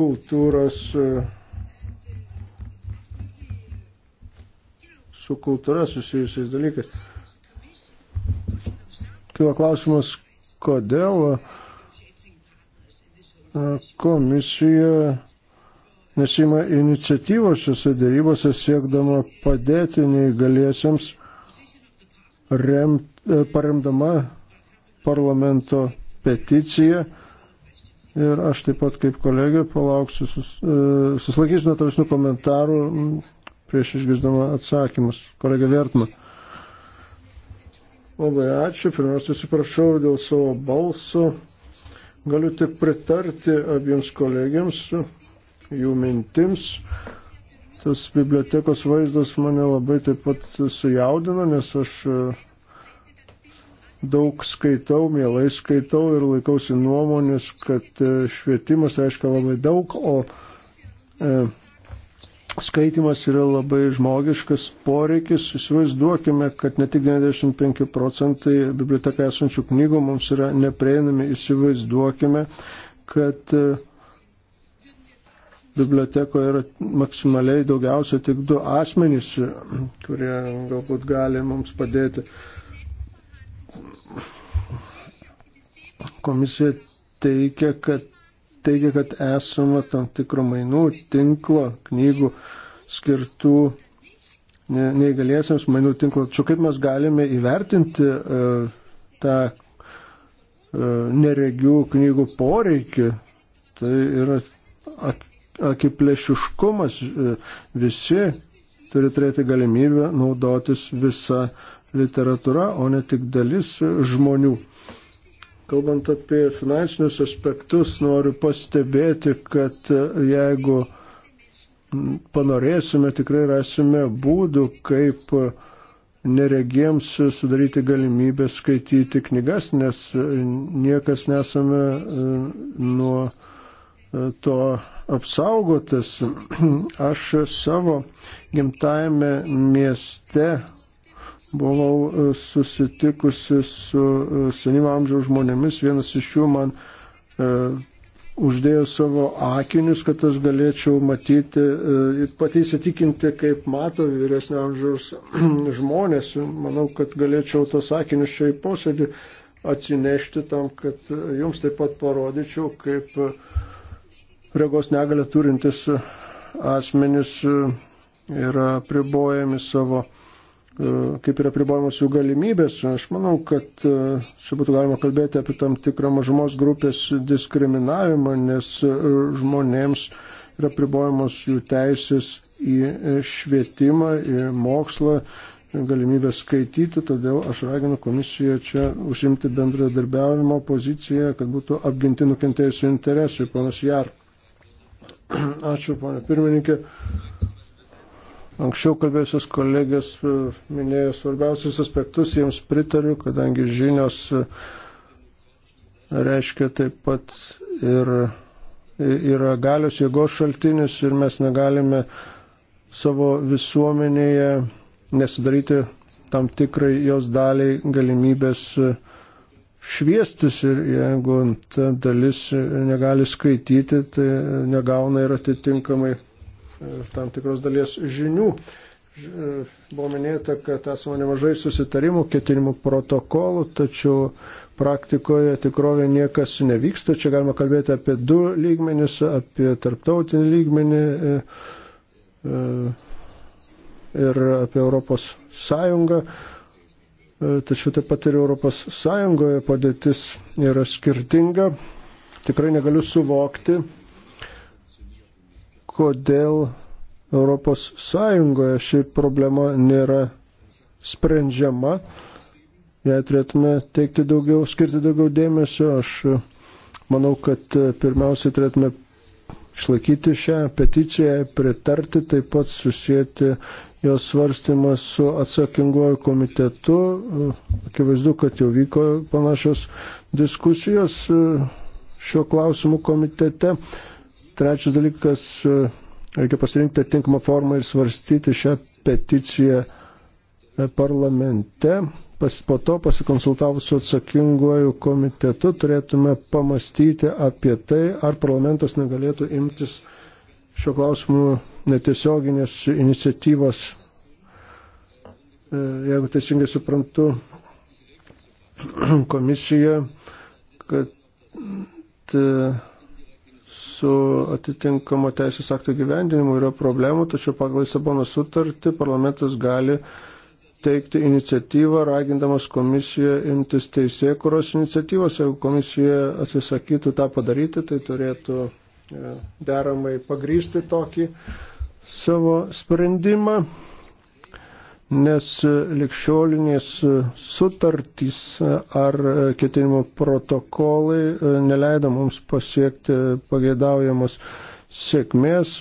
kultūros su kultūra susijusiais dalykais. Kilo klausimas, kodėl e, komisija nesima iniciatyvos šiuose dėrybose siekdama padėti neįgaliesiems, remt, e, paremdama parlamento peticiją. Ir aš taip pat kaip kolegė palauksiu, sus, e, susilaikysiu nuo tavęs komentarų prieš išgirdama atsakymus. Kolega Vertma. Labai ačiū. Pirmiausia, atsiprašau dėl savo balso. Galiu tik pritarti abiems kolegiams, jų mintims. Tas bibliotekos vaizdas mane labai taip pat sujaudina, nes aš e, daug skaitau, mielai skaitau ir laikausi nuomonės, kad e, švietimas reiškia labai daug, o e, skaitimas yra labai žmogiškas poreikis. Įsivaizduokime, kad ne tik 95 procentai bibliotekai esančių knygų mums yra neprieinami. Įsivaizduokime, kad e, bibliotekoje yra maksimaliai daugiausia tik du asmenys, kurie galbūt gali mums padėti. Komisija teikia, kad teigia, kad esama tam tikro mainų tinklo knygų skirtų neįgaliesiams mainų tinklo. Čia kaip mes galime įvertinti uh, tą uh, neregių knygų poreikį. Tai yra ak akiplėšiškumas. Uh, visi turi turėti galimybę naudotis visą literatūrą, o ne tik dalis žmonių. Uh, Kalbant apie finansinius aspektus, noriu pastebėti, kad e, jeigu panorėsime, tikrai rasime būdų, kaip e, neregiems sudaryti galimybę skaityti knygas, nes e, niekas nesame nuo to apsaugotas. Aš savo gimtajame mieste buvau e, susitikusi su e, senyvo amžiaus žmonėmis. Vienas iš jų man e, uždėjo savo akinius, kad aš galėčiau matyti, e, pati įsitikinti, kaip mato vyresnio amžiaus žmonės. Manau, kad galėčiau tos akinius čia į posėdį atsinešti tam, kad jums taip pat parodyčiau, kaip e, regos negalę turintis asmenys yra pribojami savo E, kaip yra pribojamos jų galimybės. Aš manau, kad e, čia būtų galima kalbėti apie tam tikrą mažumos grupės diskriminavimą, nes e, žmonėms yra pribojamos jų teisės į švietimą, į mokslą, galimybę skaityti, todėl aš raginu komisiją čia užimti bendradarbiavimo poziciją, kad būtų apginti nukentėjusių interesai, panas Jar. Ačiū, ponė pirmininkė. Anksčiau kalbėjusios kolegės e, minėjo svarbiausius aspektus, jiems pritariu, kadangi žinios e, reiškia taip pat ir e, yra galios jėgos šaltinis ir mes negalime savo visuomenėje nesidaryti tam tikrai jos daliai galimybės šviestis ir jeigu ta dalis negali skaityti, tai negauna ir atitinkamai tam tikros dalies žinių. E, buvo minėta, kad esame nemažai susitarimų, ketinimų protokolų, tačiau praktikoje tikrovė niekas nevyksta. Čia galima kalbėti apie du lygmenis, apie tarptautinį lygmenį e, e, ir apie Europos Sąjungą. Tačiau taip pat ir Europos Sąjungoje padėtis yra skirtinga. Tikrai negaliu suvokti, kodėl Europos Sąjungoje ši problema nėra sprendžiama. Jei turėtume teikti daugiau, skirti daugiau dėmesio, aš manau, kad pirmiausiai turėtume išlaikyti šią peticiją, pritarti, taip pat susijęti jos svarstymą su atsakinguoju komitetu. Akivaizdu, kad jau vyko panašios diskusijos šio klausimų komitete. Trečias dalykas, e, reikia pasirinkti atinkamą formą ir svarstyti šią peticiją e, parlamente. Pas, po to pasikonsultavus su atsakinguoju komitetu turėtume pamastyti apie tai, ar parlamentas negalėtų imtis šio klausimu netiesioginės iniciatyvos. E, jeigu teisingai suprantu, komisija, kad su atitinkamo teisės akto gyvendinimu yra problemų, tačiau pagal Lisabono sutartį parlamentas gali teikti iniciatyvą, ragindamas komisiją imtis teisėkuros iniciatyvos. Jeigu komisija atsisakytų tą padaryti, tai turėtų e, deramai pagrysti tokį savo sprendimą nes likščiolinės sutartys ar ketinimo protokolai neleido mums pasiekti pageidaujamos sėkmės,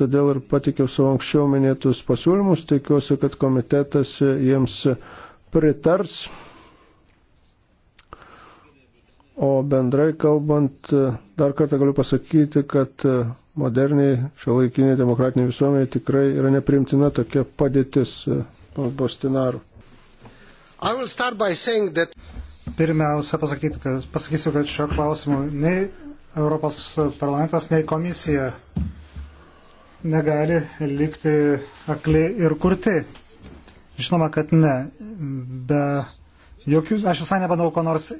todėl ir patikiau savo anksčiau minėtus pasiūlymus, tikiuosi, kad komitetas jiems pritars. O bendrai kalbant, dar kartą galiu pasakyti, kad moderniai šiuolaikiniai demokratiniai visuomeniai tikrai yra neprimtina tokia padėtis e, Bostinaru. That... Pirmiausia, pasakyti, kad, pasakysiu, kad šio klausimu nei Europos parlamentas, nei komisija negali likti akli ir kurti. Žinoma, kad ne. Be jokių, aš visai nebandau ko nors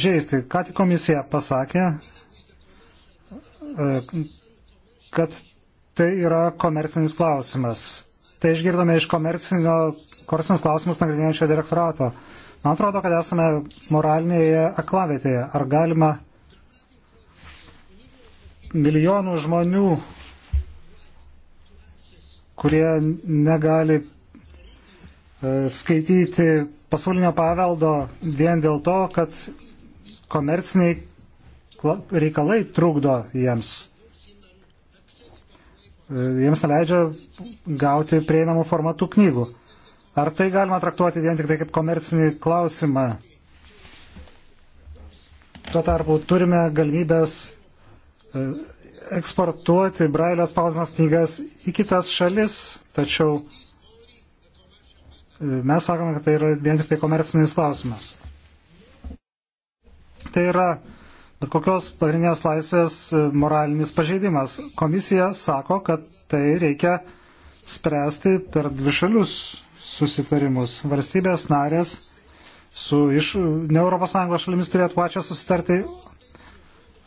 žaisti. Ką tik komisija pasakė, e, kad tai yra komercinis klausimas. Tai išgirdome iš komercinio, komercinius klausimus nagrinėjančio direktorato. Man atrodo, kad esame moralinėje aklavėtėje. Ar galima milijonų žmonių, kurie negali e, skaityti pasaulinio paveldo vien dėl to, kad komerciniai reikalai trukdo jiems. E, jiems neleidžia gauti prieinamų formatų knygų. Ar tai galima traktuoti vien tik tai kaip komercinį klausimą? Tuo tarpu turime galimybės e, eksportuoti brailės spausdinas knygas į kitas šalis, tačiau e, mes sakome, kad tai yra vien tik tai komercinis klausimas. Tai yra bet kokios pagrindinės laisvės e, moralinis pažeidimas. Komisija sako, kad tai reikia spręsti per dvišalius susitarimus. Valstybės narės su iš ne Europos Sąjungos šalimis turėtų pačios susitarti.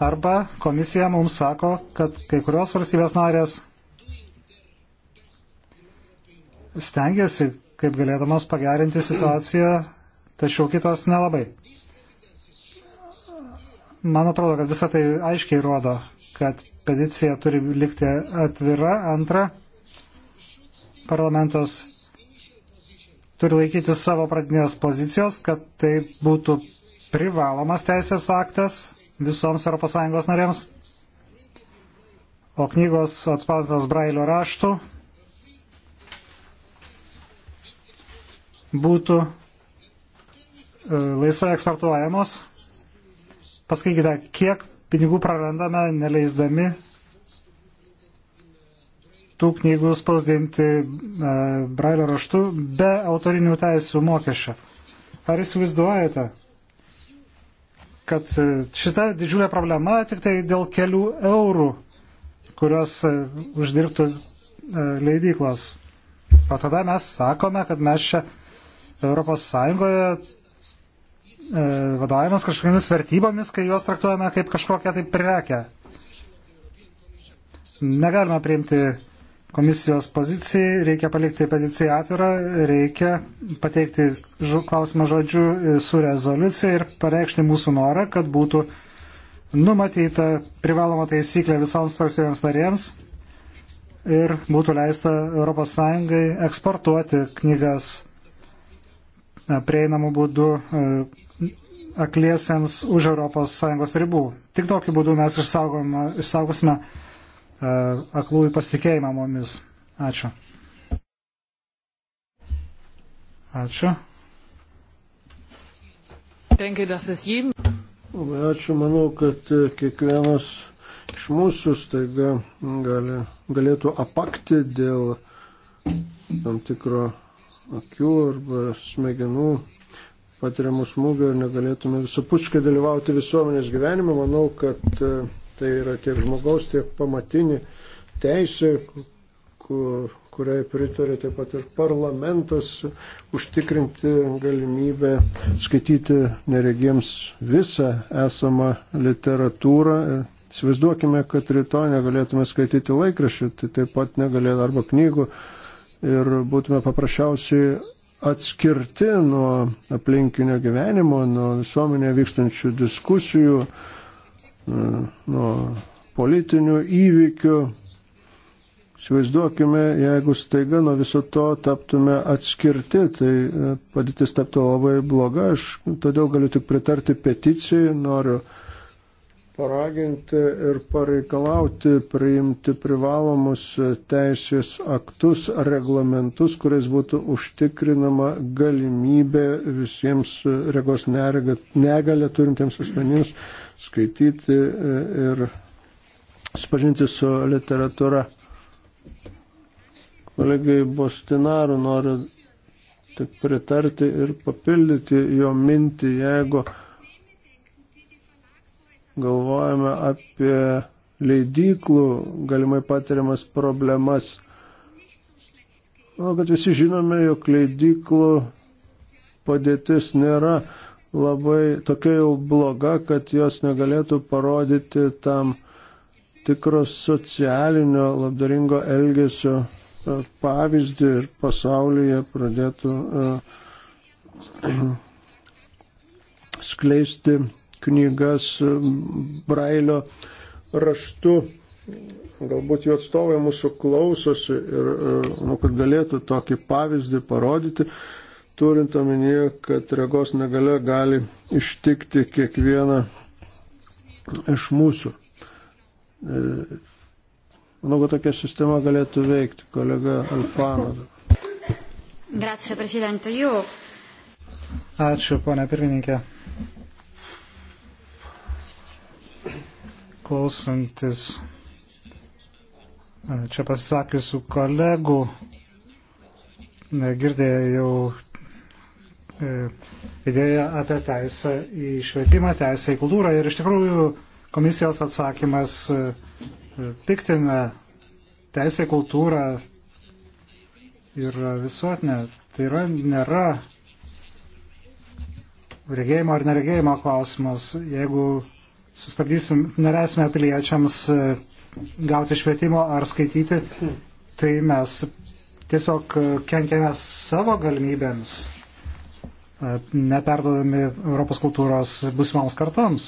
Arba komisija mums sako, kad kai kurios valstybės narės stengiasi, kaip galėdamas pagerinti situaciją, tačiau kitos nelabai. Man atrodo, kad visą tai aiškiai rodo, kad peticija turi likti atvira. Antra, parlamentas turi laikyti savo pradinės pozicijos, kad tai būtų privalomas teisės aktas visoms ES narėms. O knygos atspausdinos brailio raštu būtų e, laisvai eksportuojamos Pasakykite, kiek pinigų prarandame neleisdami tų knygų spausdinti e, brailio raštu be autorinių teisų mokesčio. Ar įsivaizduojate, kad e, šita didžiulė problema tik tai dėl kelių eurų, kurios e, uždirbtų leidyklos? O tada mes sakome, kad mes čia Europos Sąjungoje E, vadovavimas kažkokiamis vertybomis, kai juos traktuojame kaip kažkokią tai prekę. Negalima priimti komisijos pozicijai, reikia palikti peticiją atvirą, reikia pateikti klausimą žodžiu su rezoliucija ir pareikšti mūsų norą, kad būtų numatyta privaloma taisyklė visoms valstybėms narėms ir būtų leista ES eksportuoti knygas E, prieinamų būdų e, akliesiems už ES ribų. Tik tokiu būdu mes išsaugosime e, aklųjų pasitikėjimą mumis. Ačiū. Ačiū. Labai ačiū, manau, kad kiekvienas iš mūsų staiga gali, galėtų apakti dėl tam tikro akių arba smegenų patiriamų smūgių ir negalėtume visapuškai dalyvauti visuomenės gyvenime. Manau, kad e, tai yra tiek žmogaus, tiek pamatinė teisė, kuriai pritarė taip pat ir parlamentas, užtikrinti galimybę skaityti neregiems visą esamą literatūrą. Įsivaizduokime, kad rytoj negalėtume skaityti laikraščių, tai taip pat negalėtume arba knygų ir būtume paprasčiausiai atskirti nuo aplinkinio gyvenimo, nuo visuomenėje vykstančių diskusijų, nuo politinių įvykių. Įsivaizduokime, jeigu staiga nuo viso to taptume atskirti, tai e, padėtis taptų labai bloga. Aš todėl galiu tik pritarti peticijai, noriu uh, paraginti ir pareikalauti priimti privalomus teisės aktus ar reglamentus, kuriais būtų užtikrinama galimybė visiems regos negalę turintiems asmenims skaityti e, ir spažinti su literatūra. Kolegai Bostinaru noriu tik pritarti ir papildyti jo mintį, jeigu galvojame apie leidyklų galimai patiriamas problemas. Manau, kad visi žinome, jog leidyklų padėtis nėra labai tokia jau bloga, kad jos negalėtų parodyti tam tikros socialinio labdaringo elgesio e, pavyzdį ir pasaulyje pradėtų e, skleisti knygas Brailio raštu. Galbūt jų atstovai mūsų klausosi ir, nu, kad galėtų tokį pavyzdį parodyti, turint omenyje, kad regos negale gali ištikti kiekvieną iš mūsų. E, manau, kad tokia sistema galėtų veikti, kolega Alfano. Grazie, prezidente. Jau. Ačiū, ponia pirmininkė. klausantis e, čia pasisakiusių kolegų, e, girdėjau e, idėją apie teisę į švietimą, teisę į kultūrą ir iš tikrųjų komisijos atsakymas piktina teisę į kultūrą yra visuotinė. Tai yra, nėra regėjimo ar neregėjimo klausimas. Jeigu sustabdysim, neleisime piliečiams e, gauti švietimo ar skaityti, tai mes tiesiog e, kenkėme savo galimybėms, e, neperdodami Europos kultūros būsimoms kartoms.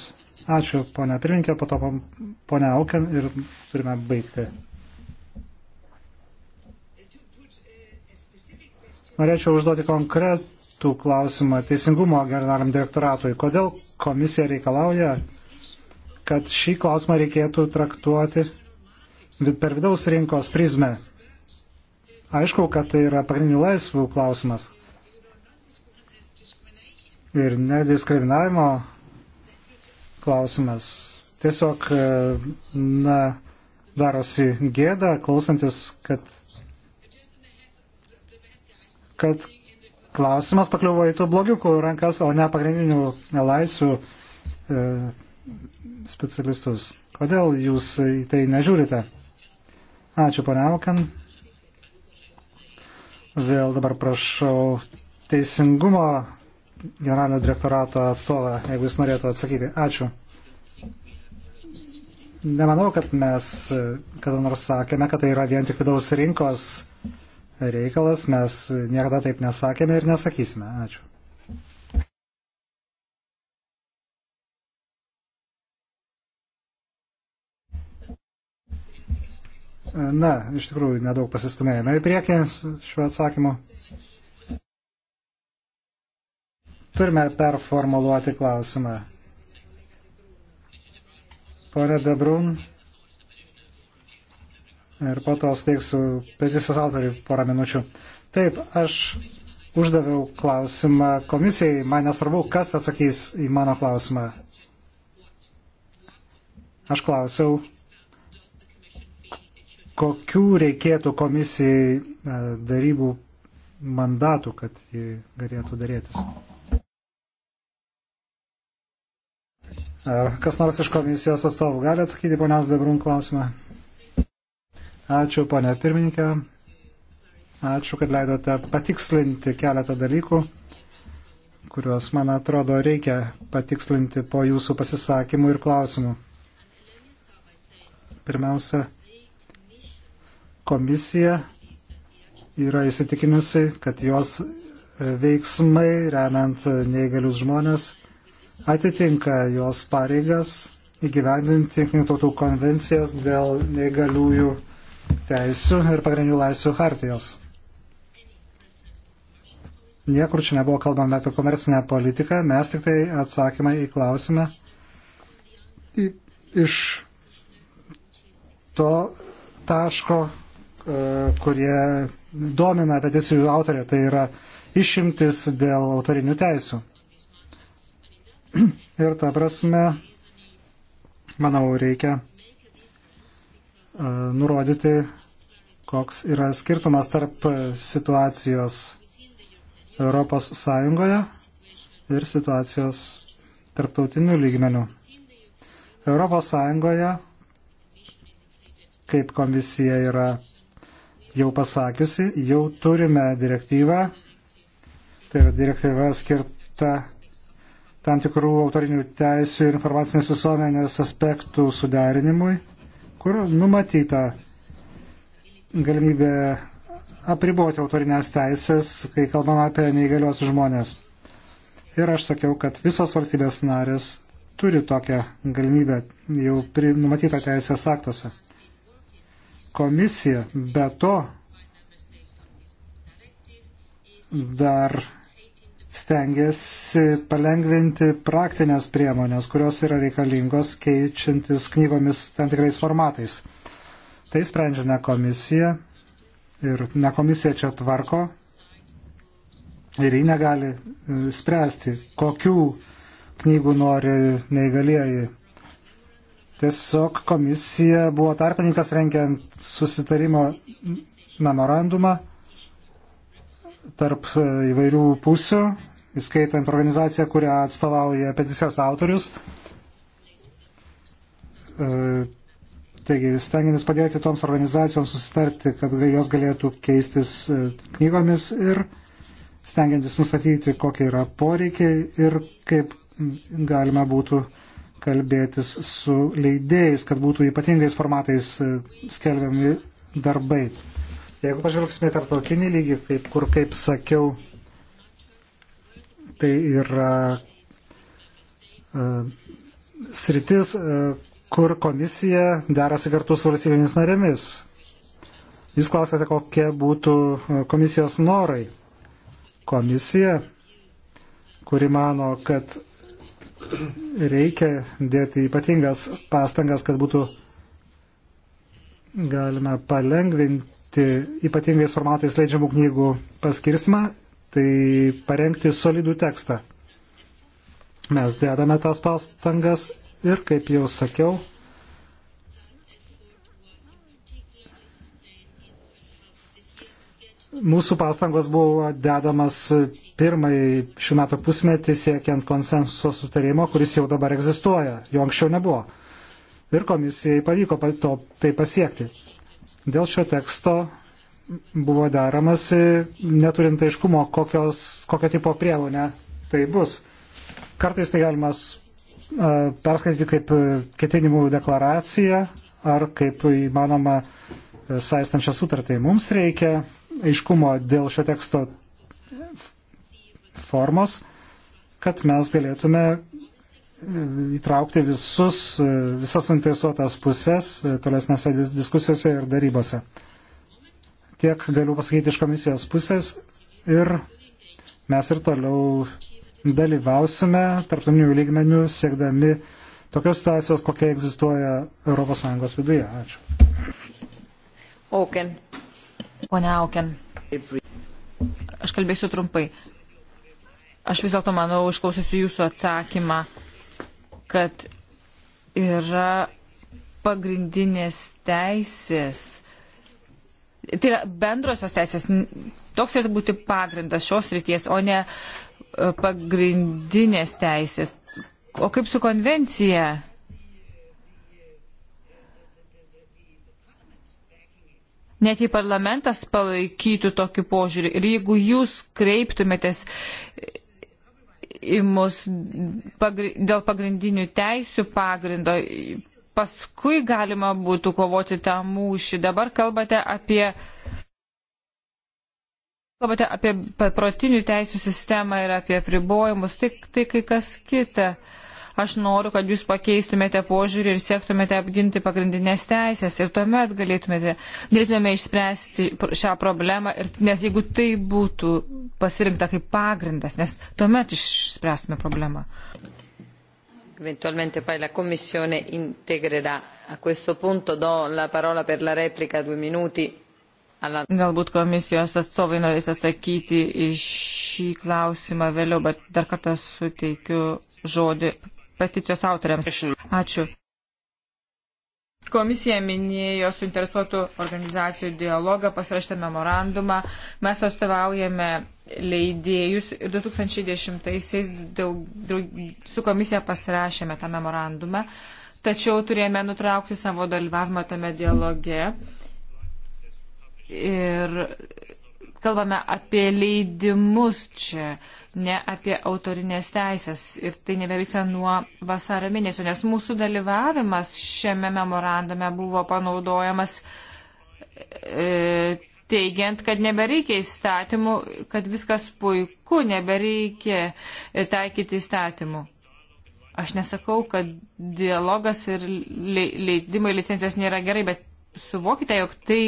Ačiū, ponia Pirinkė, po to ponia Auken ir turime baigti. Norėčiau užduoti konkretų klausimą Teisingumo generaliniam direktoratui. Kodėl komisija reikalauja kad šį klausimą reikėtų traktuoti per vidaus rinkos prizmę. Aišku, kad tai yra pagrindinių laisvų klausimas. Ir nediskriminavimo klausimas. Tiesiog, e, na, darosi gėda, klausantis, kad, kad klausimas pakliuvo į tų blogiukų rankas, o ne pagrindinių laisvių e, specialistus. Kodėl jūs į tai nežiūrite? Ačiū, ponia Aukan. Vėl dabar prašau teisingumo generalinio direktorato atstovą, jeigu jis norėtų atsakyti. Ačiū. Nemanau, kad mes kada nors sakėme, kad tai yra vien tik vidaus rinkos reikalas. Mes niekada taip nesakėme ir nesakysime. Ačiū. Na, iš tikrųjų, nedaug pasistumėjome į priekį šiuo atsakymu. Turime performuluoti klausimą. Pone Debrun, ir po to steiksiu peticijos autoriui porą minučių. Taip, aš uždaviau klausimą komisijai, man nesvarbu, kas atsakys į mano klausimą. Aš klausiau, kokių reikėtų komisijai e, darybų mandatų, kad ji galėtų darytis. Ar kas nors iš komisijos atstovų gali atsakyti ponios Debrun klausimą? Ačiū, ponė pirmininkė. Ačiū, kad leidote patikslinti keletą dalykų, kuriuos, man atrodo, reikia patikslinti po jūsų pasisakymų ir klausimų. Pirmiausia, komisija yra įsitikinusi, kad jos veiksmai, remiant neįgalius žmonės, atitinka jos pareigas įgyvendinti Junktinių tautų konvencijas dėl neįgaliųjų teisų ir pagrindinių laisvių hartijos. Niekur čia nebuvo kalbama apie komercinę politiką, mes tik tai atsakymą į klausimą iš to taško, E, kurie domina peticijų autorė, tai yra išimtis dėl autorinių teisų. Ir ta prasme, manau, reikia e, nurodyti, koks yra skirtumas tarp situacijos Europos Sąjungoje ir situacijos tarptautinių lygmenių. Europos Sąjungoje, kaip komisija yra jau pasakiusi, jau turime direktyvą, tai yra direktyva skirta tam tikrų autorinių teisų ir informacinės visuomenės aspektų suderinimui, kur numatyta galimybė apriboti autorinės teisės, kai kalbama apie neįgalios žmonės. Ir aš sakiau, kad visos valstybės narės turi tokią galimybę jau numatytą teisės aktuose komisija be to dar stengiasi palengvinti praktinės priemonės, kurios yra reikalingos keičiantis knygomis tam tikrais formatais. Tai sprendžia ne komisija ir ne komisija čia tvarko ir ji negali e, spręsti, kokių knygų nori neįgalieji Tiesiog komisija buvo tarpininkas renkiant susitarimo memorandumą tarp e, įvairių pusių, įskaitant organizaciją, kurią atstovauja peticijos autorius. E, taigi, stengiantis padėti toms organizacijoms susitarti, kad jos galėtų keistis e, knygomis ir stengiantis nustatyti, kokie yra poreikiai ir kaip galima būtų uh, kalbėtis su leidėjais, kad būtų ypatingais formatais e, skelbiami darbai. Jeigu pažvelgsime tarptautinį lygį, kaip, kur, kaip sakiau, tai yra uh, sritis, uh, kur komisija derasi kartu su valstybėmis narėmis. Jūs klausėte, kokie būtų komisijos norai. Komisija, kuri mano, kad reikia dėti ypatingas pastangas, kad būtų galime palengvinti ypatingais formatais leidžiamų knygų paskirstimą, tai parengti solidų tekstą. Mes dedame tas pastangas ir, kaip jau sakiau, Mūsų pastangos buvo dedamas pirmąjį šių metų pusmetį siekiant konsensuso sutarimo, kuris jau dabar egzistuoja, jo anksčiau nebuvo. Ir komisijai pavyko to, tai pasiekti. Dėl šio teksto buvo deramasi, neturint aiškumo, kokios, kokio tipo priemonė tai bus. Kartais tai galima perskaityti kaip e, ketinimų deklaraciją ar kaip įmanoma e, saistančią sutartį. Mums reikia aiškumo dėl šio teksto formos, kad mes galėtume įtraukti visus, visas suinteresuotas pusės tolesnėse diskusijose ir darybose. Tiek galiu pasakyti iš komisijos pusės ir mes ir toliau dalyvausime tarptautinių lygmenių siekdami tokios situacijos, kokia egzistuoja ES viduje. Ačiū. Auken. Okay. Pone Auken, aš kalbėsiu trumpai. Aš vis dėlto manau, išklausysiu jūsų atsakymą, kad yra pagrindinės teisės. Tai yra bendrosios teisės. Toks turėtų būti pagrindas šios ryties, o ne e, pagrindinės teisės. O kaip su konvencija? net jei parlamentas palaikytų tokį požiūrį ir jeigu jūs kreiptumėtės į mus pagri dėl pagrindinių teisių pagrindo, paskui galima būtų kovoti tą mūšį. Dabar kalbate apie. Kalbate apie paprotinių teisų sistemą ir apie pribojimus, tai, tai kai kas kita. Uh, Aš noriu, kad jūs pakeistumėte požiūrį ir siektumėte apginti pagrindinės teisės ir tuomet galėtumėte, galėtumėme išspręsti šią problemą, ir, nes jeigu tai būtų pasirinkta kaip pagrindas, nes tuomet išspręstume problemą. Eventualmente poi la Commissione integrerà. A questo punto do la parola per la replica due minuti Galbūt komisijos atstovai norės atsakyti į šį klausimą vėliau, bet dar kartą suteikiu žodį peticijos autoriams. Ačiū. Komisija minėjo suinteresuotų organizacijų dialogą, pasirašytą memorandumą. Mes atstovaujame leidėjus ir 2010-aisiais su komisija pasirašėme tą memorandumą, tačiau turėjome nutraukti savo dalyvavimą tame dialoge. Ir kalbame apie leidimus čia. Uh, ne apie autorinės teisės. Ir tai nebevyksta nuo vasario mėnesio, nes mūsų dalyvavimas šiame memorandume buvo panaudojamas e, teigiant, kad nebereikia įstatymų, kad viskas puiku, nebereikia taikyti įstatymų. Aš nesakau, kad dialogas ir leidimai licencijos nėra gerai, bet suvokite, jog tai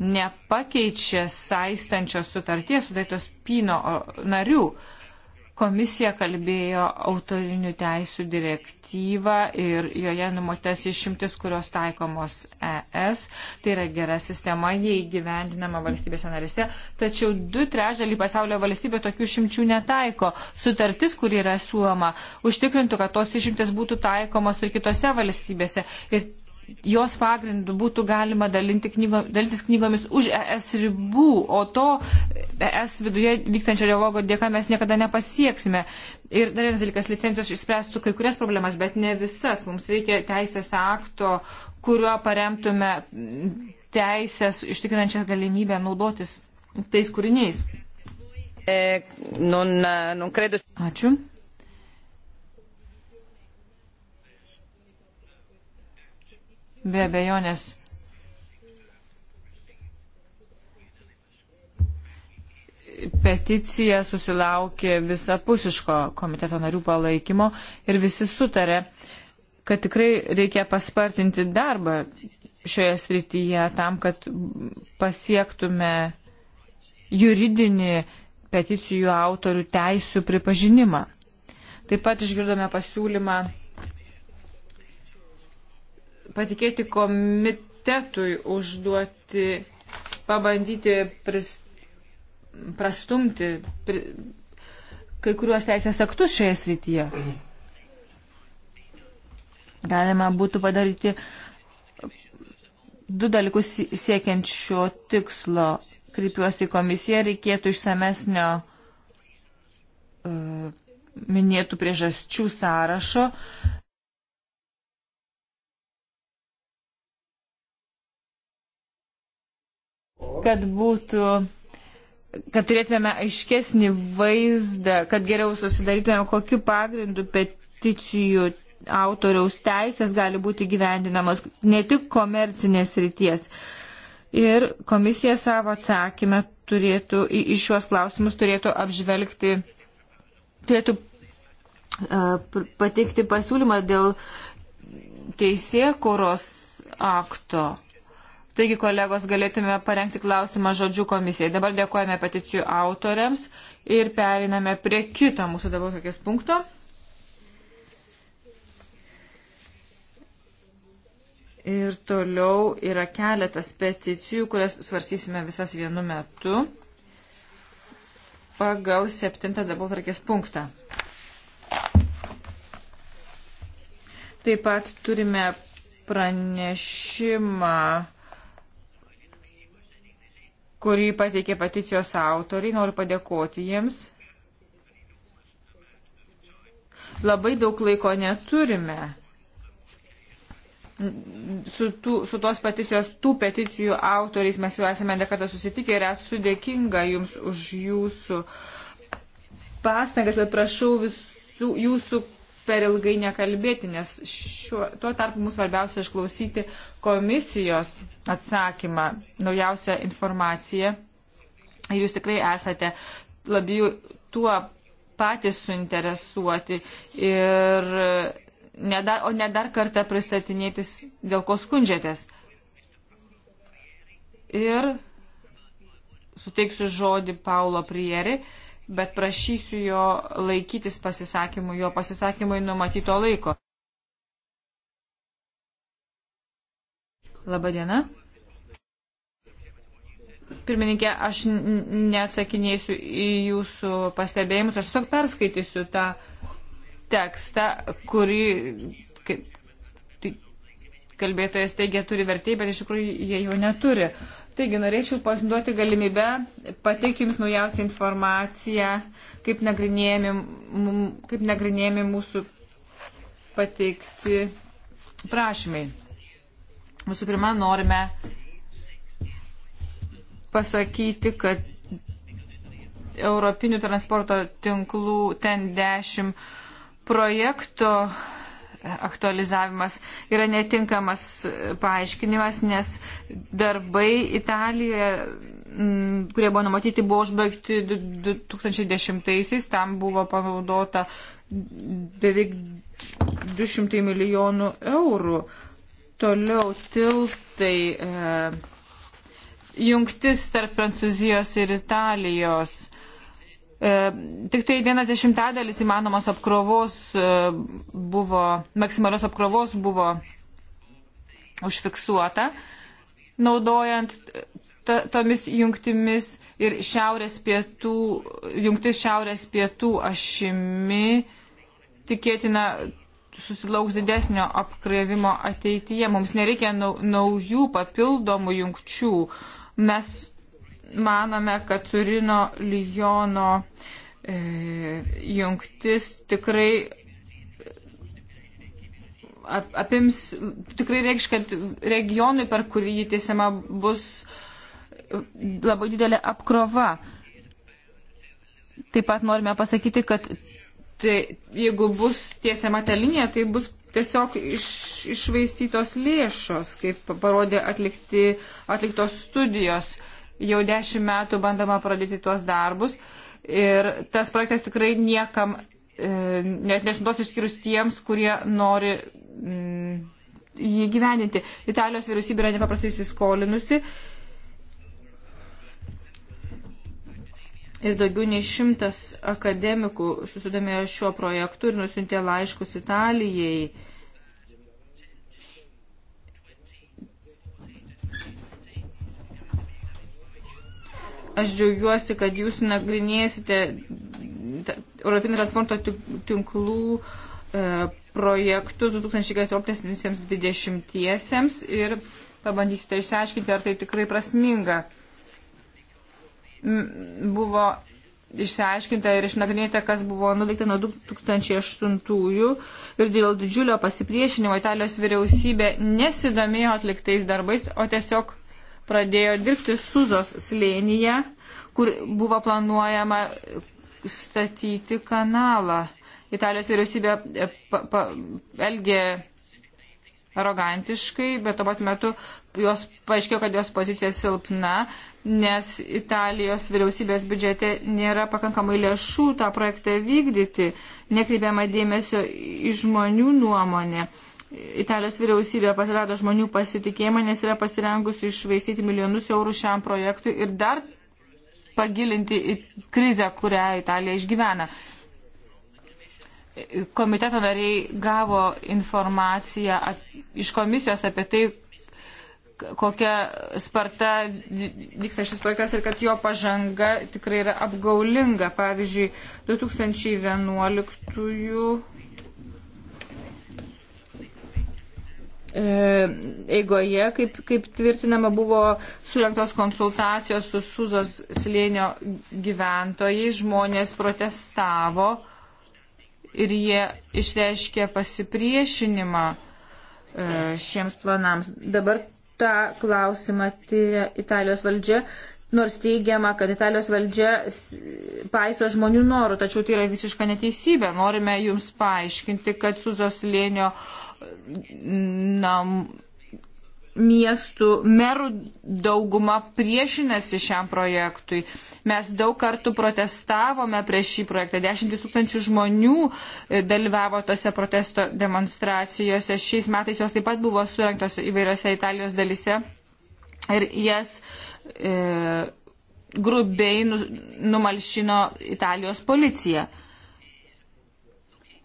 nepakeičia saistančios sutarties sudarytos pino narių. Uh, Komisija kalbėjo autorinių teisų direktyvą ir joje numatytas išimtis, kurios taikomos ES. Tai yra gera sistema, jie įgyvendinama valstybėse narise. Tačiau du trečdalį pasaulio valstybė tokių išimčių netaiko. Sutartis, kur yra suoma, užtikrintų, kad tos išimtis būtų taikomos ir kitose valstybėse. Ir jos pagrindu būtų galima knygo, dalintis knygomis už ES ribų, o to ES viduje vykstančio dialogo dėka mes niekada nepasieksime. Ir dar vienas dalykas, licencijos išspręstų kai kurias problemas, bet ne visas. Mums reikia teisės akto, kuriuo paremtume teisės ištikrinančias galimybę naudotis tais kūriniais. E, Ačiū. Be abejonės. Peticija susilaukė visapusiško komiteto narių palaikymo ir visi sutarė, kad tikrai reikia paspartinti darbą šioje srityje tam, kad pasiektume juridinį peticijų autorių teisų pripažinimą. Taip pat išgirdome pasiūlymą patikėti komitetui užduoti, pabandyti pris, prastumti pri, kai kuriuos teisės aktus šioje srityje. Galima būtų padaryti du dalykus siekiant šio tikslo. Kreipiuosi į komisiją, reikėtų išsamesnio uh, minėtų priežasčių sąrašo, uh, kad būtų kad turėtume aiškesnį vaizdą, kad geriau susidarytume, kokiu pagrindu peticijų autoriaus teisės gali būti gyvendinamos ne tik komercinės ryties. Ir komisija savo atsakymę turėtų, į šiuos klausimus turėtų apžvelgti, turėtų uh, pateikti pasiūlymą dėl teisėkuros akto. Taigi, kolegos, galėtume parengti klausimą žodžių komisijai. Dabar dėkojame peticijų autoriams ir periname prie kito mūsų dabar kokias punkto. Ir toliau yra keletas peticijų, kurias svarstysime visas vienu metu pagal septintą darbotvarkės punktą. Taip pat turime pranešimą kurį pateikė peticijos autoriai. Noriu padėkoti jiems. Labai daug laiko neturime su, tų, su tos peticijos, tų peticijų autoriais mes jau esame nekartą susitikę ir esu dėkinga Jums už Jūsų pastangas ir prašau visų Jūsų per ilgai nekalbėti, nes šiuo, tuo tarpu mums svarbiausia išklausyti komisijos atsakymą, naujausią informaciją. Ir jūs tikrai esate labiau tuo patys suinteresuoti, ir nedar, o ne dar kartą pristatinėtis, dėl ko skundžiatės. Ir suteiksiu žodį Paulo Prieri. Uh, bet prašysiu jo laikytis pasisakymų, jo pasisakymai numatyto laiko. Labadiena. Pirmininkė, aš neatsakinėsiu į jūsų pastebėjimus, aš tiesiog perskaitysiu tą tekstą, kurį kaip, tai, kalbėtojas teigia turi vertėjai, bet iš tikrųjų jie jo neturi. Uh, Taigi norėčiau pasinduoti galimybę pateikti Jums naujausią informaciją, kaip nagrinėjami, kaip nagrinėjami mūsų pateikti prašymai. Visų pirma, norime pasakyti, kad Europinių transporto tinklų ten 10 projekto aktualizavimas yra netinkamas paaiškinimas, nes darbai Italijoje, mm, kurie buvo numatyti, buvo užbaigti 2010-aisiais, tam buvo panaudota beveik 200 milijonų eurų. Toliau tiltai, e, jungtis tarp Prancūzijos ir Italijos E, tik tai vienas dešimtadalis įmanomos apkrovos e, buvo, maksimalios apkrovos buvo užfiksuota, naudojant tomis jungtimis ir šiaurės pietų, jungtis šiaurės pietų ašimi tikėtina susilauks didesnio apkrovimo ateityje. Mums nereikia naujų papildomų jungčių. Mes manome, kad Turino Lijono e, jungtis tikrai apims, tikrai reikš, kad regionui, per kurį jį tiesiama, bus labai didelė apkrova. Taip pat norime pasakyti, kad tai, jeigu bus tiesiama ta linija, tai bus tiesiog iš, išvaistytos lėšos, kaip parodė atlikti, atliktos studijos. Jau dešimt metų bandoma pradėti tuos darbus ir tas projektas tikrai niekam e, net nešimtos išskyrus tiems, kurie nori mm, jį gyveninti. Italijos vyriausybė yra nepaprastai įsiskolinusi. Ir daugiau nei šimtas akademikų susidomėjo šiuo projektu ir nusintė laiškus Italijai Aš džiaugiuosi, kad jūs nagrinėsite Europinio transporto tinklų e, projektus 2014-2020 ir pabandysite išsiaiškinti, ar tai tikrai prasminga. Buvo išsiaiškinta ir išnagrinėta, kas buvo nuveikta nuo 2008-ųjų ir dėl didžiulio pasipriešinimo Italijos vyriausybė nesidomėjo atliktais darbais, o tiesiog pradėjo dirbti Suzos slėnyje, kur buvo planuojama statyti kanalą. Italijos vyriausybė e, pa, pa, elgė arogantiškai, bet tuo pat metu jos paaiškėjo, kad jos pozicija silpna, nes Italijos vyriausybės biudžete nėra pakankamai lėšų tą projektą vykdyti, nekreipiama dėmesio į žmonių nuomonę. Italijos vyriausybė pasirado žmonių pasitikėjimą, nes yra pasirengusi išvaistyti milijonus eurų šiam projektui ir dar pagilinti krizę, kurią Italija išgyvena. Komiteto nariai gavo informaciją iš komisijos apie tai, kokia sparta vyksta šis projektas ir kad jo pažanga tikrai yra apgaulinga. Pavyzdžiui, 2011 E, eigoje, kaip, kaip tvirtinama, buvo surinktos konsultacijos su Suzos slėnio gyventojais, žmonės protestavo ir jie išreiškė pasipriešinimą e, šiems planams. Dabar tą klausimą tyria Italijos valdžia, nors teigiama, kad Italijos valdžia paiso žmonių norų, tačiau tai yra visiška neteisybė. Norime jums paaiškinti, kad Suzos lėnio uh, nam, miestų merų dauguma priešinasi šiam projektui. Mes daug kartų protestavome prieš šį projektą. Dešimtis tūkstančių žmonių e, dalyvavo tose protesto demonstracijose. Šiais metais jos taip pat buvo surinktos įvairiose Italijos dalise. Ir jas e, grubiai nu, numalšino Italijos policija.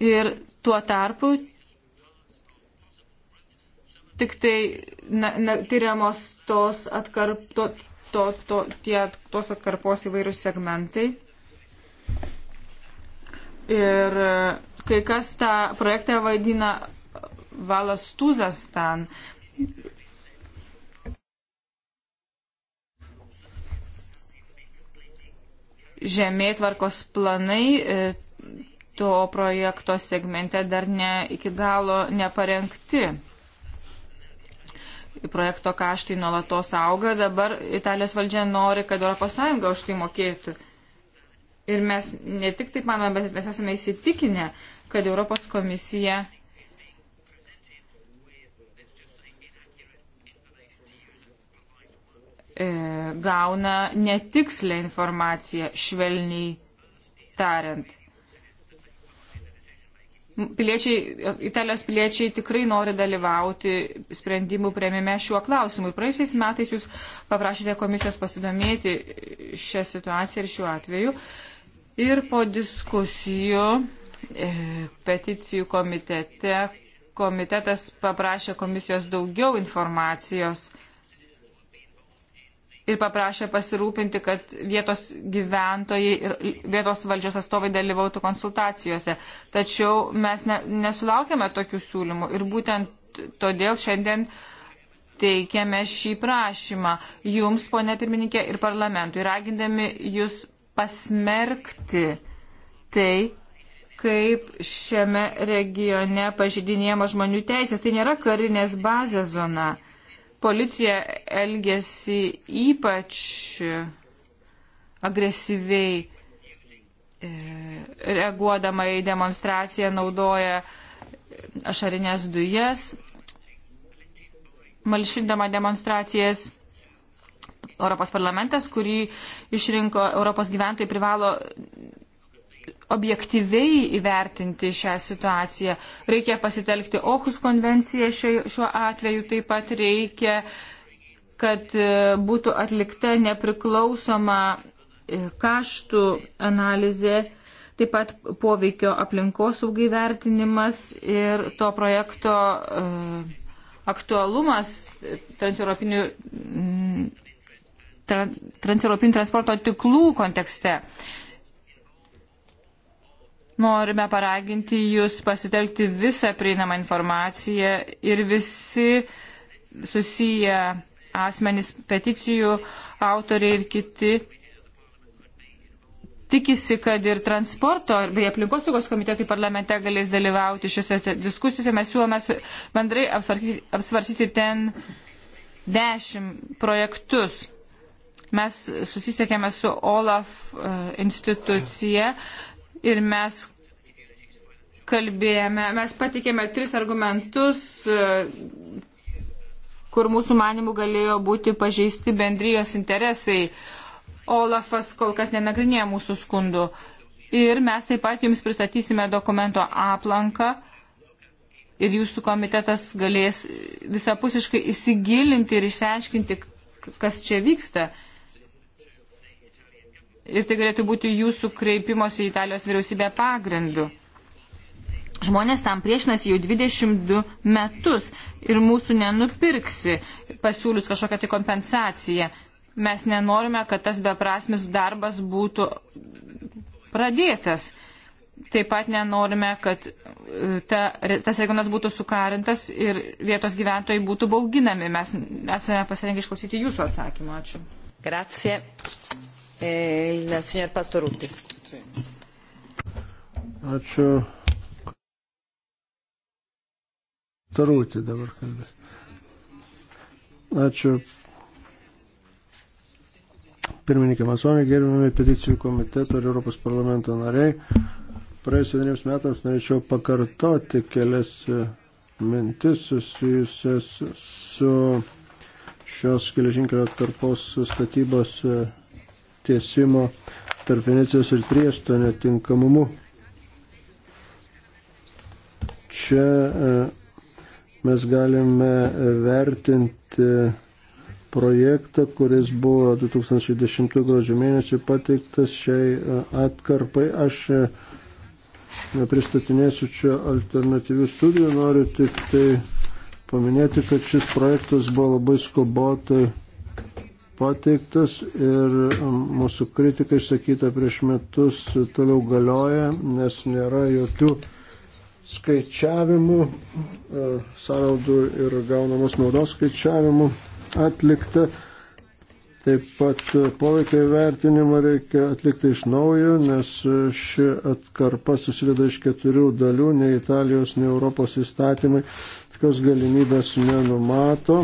Ir tuo tarpu tik tai na, na, tyriamos tos, atkarp, to, to, to, tie, tos atkarpos įvairius segmentai. Ir e, kai kas tą projektą vadina valastūzas ten. Žemėtvarkos planai e, to projekto segmente dar ne iki galo neparengti projekto kaštai nuolatos auga, dabar Italijos valdžia nori, kad ES už tai mokėtų. Ir mes ne tik taip manome, bet mes esame įsitikinę, kad Europos komisija e, gauna netikslę informaciją, švelniai tariant. Piliečiai, Italijos piliečiai tikrai nori dalyvauti sprendimų prieimime šiuo klausimu. Ir praėjusiais metais jūs paprašėte komisijos pasidomėti šią situaciją ir šiuo atveju. Ir po diskusijų e, peticijų komitete komitetas paprašė komisijos daugiau informacijos ir paprašė pasirūpinti, kad vietos gyventojai ir vietos valdžios atstovai dalyvautų konsultacijose. Tačiau mes ne, nesulaukėme tokių siūlymų ir būtent todėl šiandien teikėme šį prašymą jums, ponė pirmininkė, ir parlamentui, ragindami jūs pasmerkti tai, kaip šiame regione pažydinėjama žmonių teisės. Tai nėra karinės bazės zona policija elgėsi ypač agresyviai e, reaguodama į demonstraciją naudoja ašarinės dujas, malšindama demonstracijas. Europos parlamentas, kurį išrinko Europos gyventojai, privalo objektyviai įvertinti šią situaciją. Reikia pasitelkti Ohus konvenciją šiuo atveju, taip pat reikia, kad e, būtų atlikta nepriklausoma e, kaštų analizė, taip pat poveikio aplinkosaugai vertinimas ir to projekto e, aktualumas transeuropinių mm, transeuropinių transporto tiklų kontekste. Norime paraginti jūs pasitelkti visą prieinamą informaciją ir visi susiję asmenys, peticijų autoriai ir kiti tikisi, kad ir transporto bei aplinkosaugos komitetai parlamente galės dalyvauti šiuose diskusijose. Mes siūlome bendrai apsvarsyti ten dešimt projektus. Mes susisiekėme su OLAF e, institucija ir mes kalbėjome, mes patikėme tris argumentus, e, kur mūsų manimų galėjo būti pažeisti bendrijos interesai. Olafas kol kas nenagrinėja mūsų skundų. Ir mes taip pat jums pristatysime dokumento aplanką ir jūsų komitetas galės visapusiškai įsigilinti ir išsiaiškinti, kas čia vyksta ir tai galėtų būti jūsų kreipimosi į Italijos vyriausybę pagrindu. Žmonės tam priešinasi jau 22 metus ir mūsų nenupirksi pasiūlius kažkokią tai kompensaciją. Mes nenorime, kad tas beprasmis darbas būtų pradėtas. Taip pat nenorime, kad e, ta, tas regionas būtų sukarintas ir vietos gyventojai būtų bauginami. Mes esame pasirengę išklausyti jūsų atsakymą. Ačiū. Grazie. E, il signor Pastorutti. Sì. Ačiū. Tarūti dabar kalbės. Ačiū. Pirmininkė Masonė, gerbiami peticijų komiteto ir Europos parlamento nariai. Praėjus vieniems metams norėčiau pakartoti kelias e, mintis susijusias su šios geležinkelio atkarpos statybos e, tiesimo tarp Venecijos ir Triesto netinkamumu. Čia e, mes galime vertinti projektą, kuris buvo 2010 gruodžio mėnesį pateiktas šiai e, atkarpai. Aš e, nepristatinėsiu čia alternatyvių studijų, noriu tik tai paminėti, kad šis projektas buvo labai skubotai pateiktas ir mūsų kritika išsakyta prieš metus toliau galioja, nes nėra jokių skaičiavimų, e, sąnaudų ir gaunamos naudos skaičiavimų atlikta. Taip pat poveikio įvertinimą reikia atlikti iš naujo, nes ši atkarpa susideda iš keturių dalių, nei Italijos, nei Europos įstatymai tokios galimybės nenumato.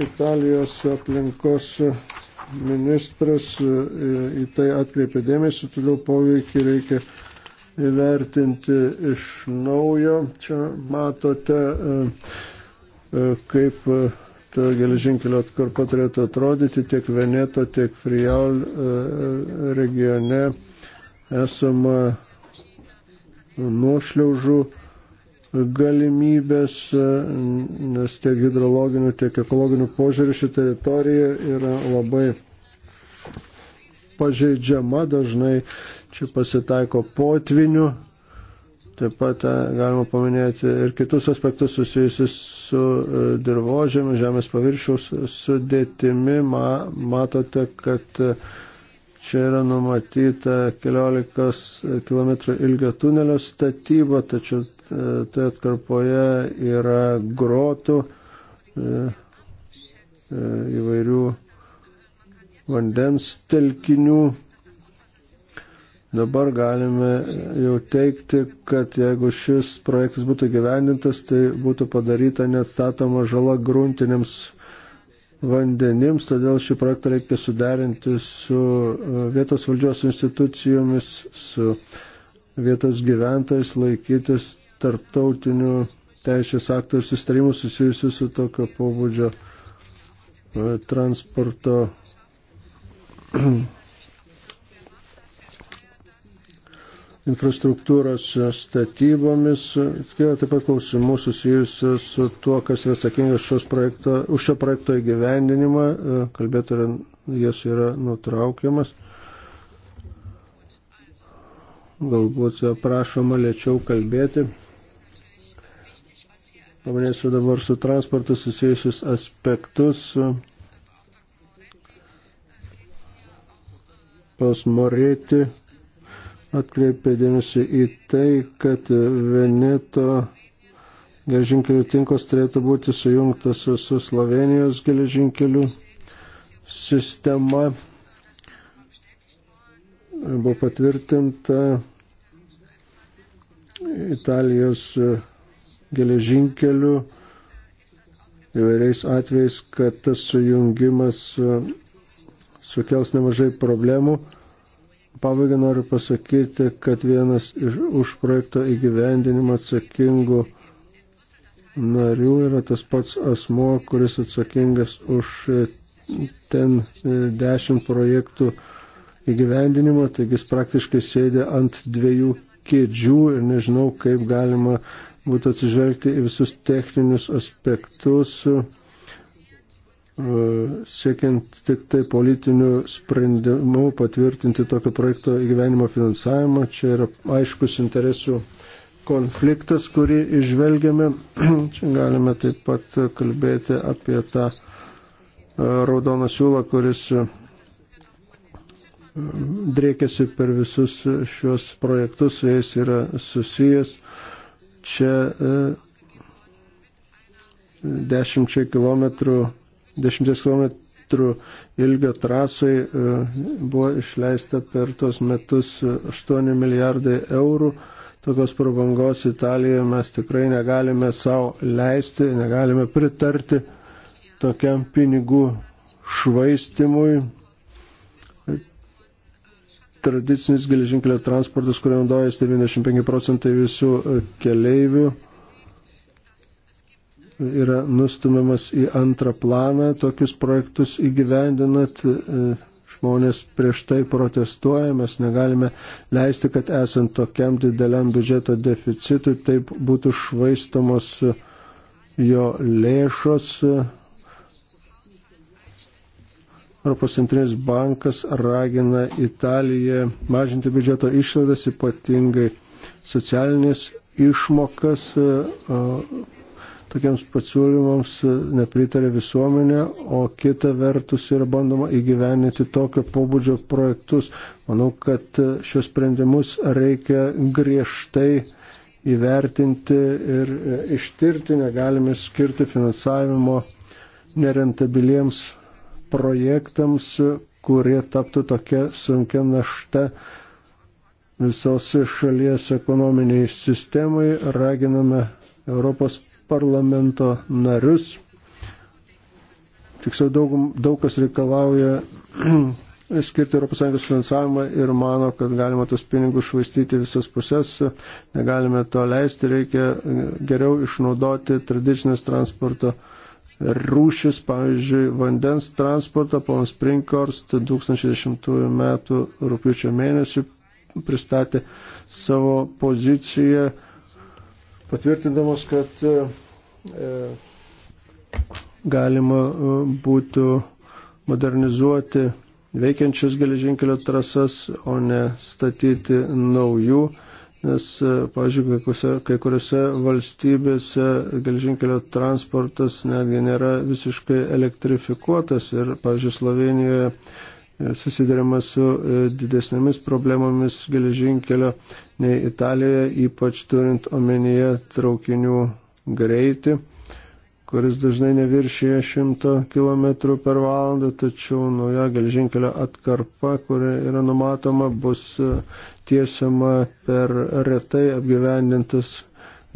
Italijos aplinkos ministras e, į tai atkreipė dėmesį, todėl poveikį reikia įvertinti iš naujo. Čia matote, e, e, kaip ta geležinkelio atkarpa turėtų atrodyti tiek Veneto, tiek Friaul regione esama nuošliaužų galimybės, e, nes tiek hidrologinių, tiek ekologinių požiūrių ši teritorija yra labai pažeidžiama, dažnai čia pasitaiko potvinių, taip pat e, galima paminėti ir kitus aspektus susijusius su e, dirbožėmis, žemės paviršiaus sudėtimi. Ma, matote, kad Čia yra numatyta 14 km ilgio tunelio statyba, tačiau e, tai atkarpoje yra grotų e, e, įvairių vandens telkinių. Dabar galime jau teikti, kad jeigu šis projektas būtų gyvenintas, tai būtų padaryta neatstatoma žala gruntiniams vandenims, todėl šį projektą reikia suderinti su e, vietos valdžios institucijomis, su vietos gyventojais, laikytis tarptautinių teisės aktų ir sustarimų susijusių su tokio pobūdžio e, transporto infrastruktūros statybomis. Kėlė taip pat klausimų susijusių su tuo, kas yra atsakingas projekto, už šio projekto įgyvendinimą. E, kalbėti jas yra nutraukiamas. Galbūt prašoma lėčiau kalbėti. Paminėsiu dabar su transportu susijusius aspektus. Pasmorėti atkreipė dėmesį į tai, kad Veneto geležinkelių tinklas turėtų būti sujungtas su Slovenijos geležinkelių sistema. Buvo patvirtinta Italijos geležinkelių įvairiais atvejais, kad tas sujungimas sukels nemažai problemų Pabaigai noriu pasakyti, kad vienas iš už projekto įgyvendinimą atsakingų narių yra tas pats asmo, kuris atsakingas už e, ten e, dešimt projektų įgyvendinimo, taigi jis praktiškai sėdė ant dviejų kėdžių ir nežinau, kaip galima būtų atsižvelgti į visus techninius aspektus E, siekiant tik tai politinių sprendimų patvirtinti tokio projekto įgyvenimo finansavimą. Čia yra aiškus interesų konfliktas, kurį išvelgiame. Čia galime taip pat kalbėti apie tą e, raudoną siūlą, kuris e, driekiasi per visus šios projektus, su jais yra susijęs. Čia dešimčiai kilometrų 10 km ilgio trasai e, buvo išleista per tuos metus 8 milijardai eurų. Tokios prabangos Italijoje mes tikrai negalime savo leisti, negalime pritarti tokiam pinigų švaistimui. Tradicinis geležinkelio transportas, kuriuo naudojasi 95 procentai visų e, keleivių, yra nustumiamas į antrą planą, tokius projektus įgyvendinat, e, žmonės prieš tai protestuoja, mes negalime leisti, kad esant tokiam dideliam biudžeto deficitui taip būtų švaistamos jo lėšos. Europos centrinis bankas ragina Italiją mažinti biudžeto išlaidas, ypatingai socialinės išmokas, e, tokiems pasiūlymams e, nepritarė visuomenė, o kita vertus yra bandoma įgyveninti tokio pobūdžio projektus. Manau, kad e, šios sprendimus reikia griežtai įvertinti ir e, ištirti, negalime skirti finansavimo nerentabiliems projektams, kurie taptų tokia sunkia našta visos šalies ekonominiai sistemai. Raginame Europos parlamento narius. Tiksliau daug, daug kas reikalauja skirti ES finansavimą ir mano, kad galima tos pinigus švaistyti visas pusės, negalime to leisti, reikia geriau išnaudoti tradicinės transporto rūšis, pavyzdžiui, vandens transportą, ponas Prinkorst 2010 m. rūpiučio mėnesį pristatė savo poziciją patvirtindamos, kad e, e, galima e, būtų modernizuoti veikiančias geležinkelio trasas, o ne statyti naujų, nes, pažiūrėjau, kai kuriuose, kai kuriuose valstybėse geležinkelio transportas netgi nėra visiškai elektrifikuotas ir, pažiūrėjau, Slovenijoje susidurima su didesnėmis problemomis geležinkelio nei Italijoje, ypač turint omenyje traukinių greitį, kuris dažnai neviršyje 100 km per valandą, tačiau nauja gelžinkelio atkarpa, kuri yra numatoma, bus e, tiesiama per retai apgyvendintas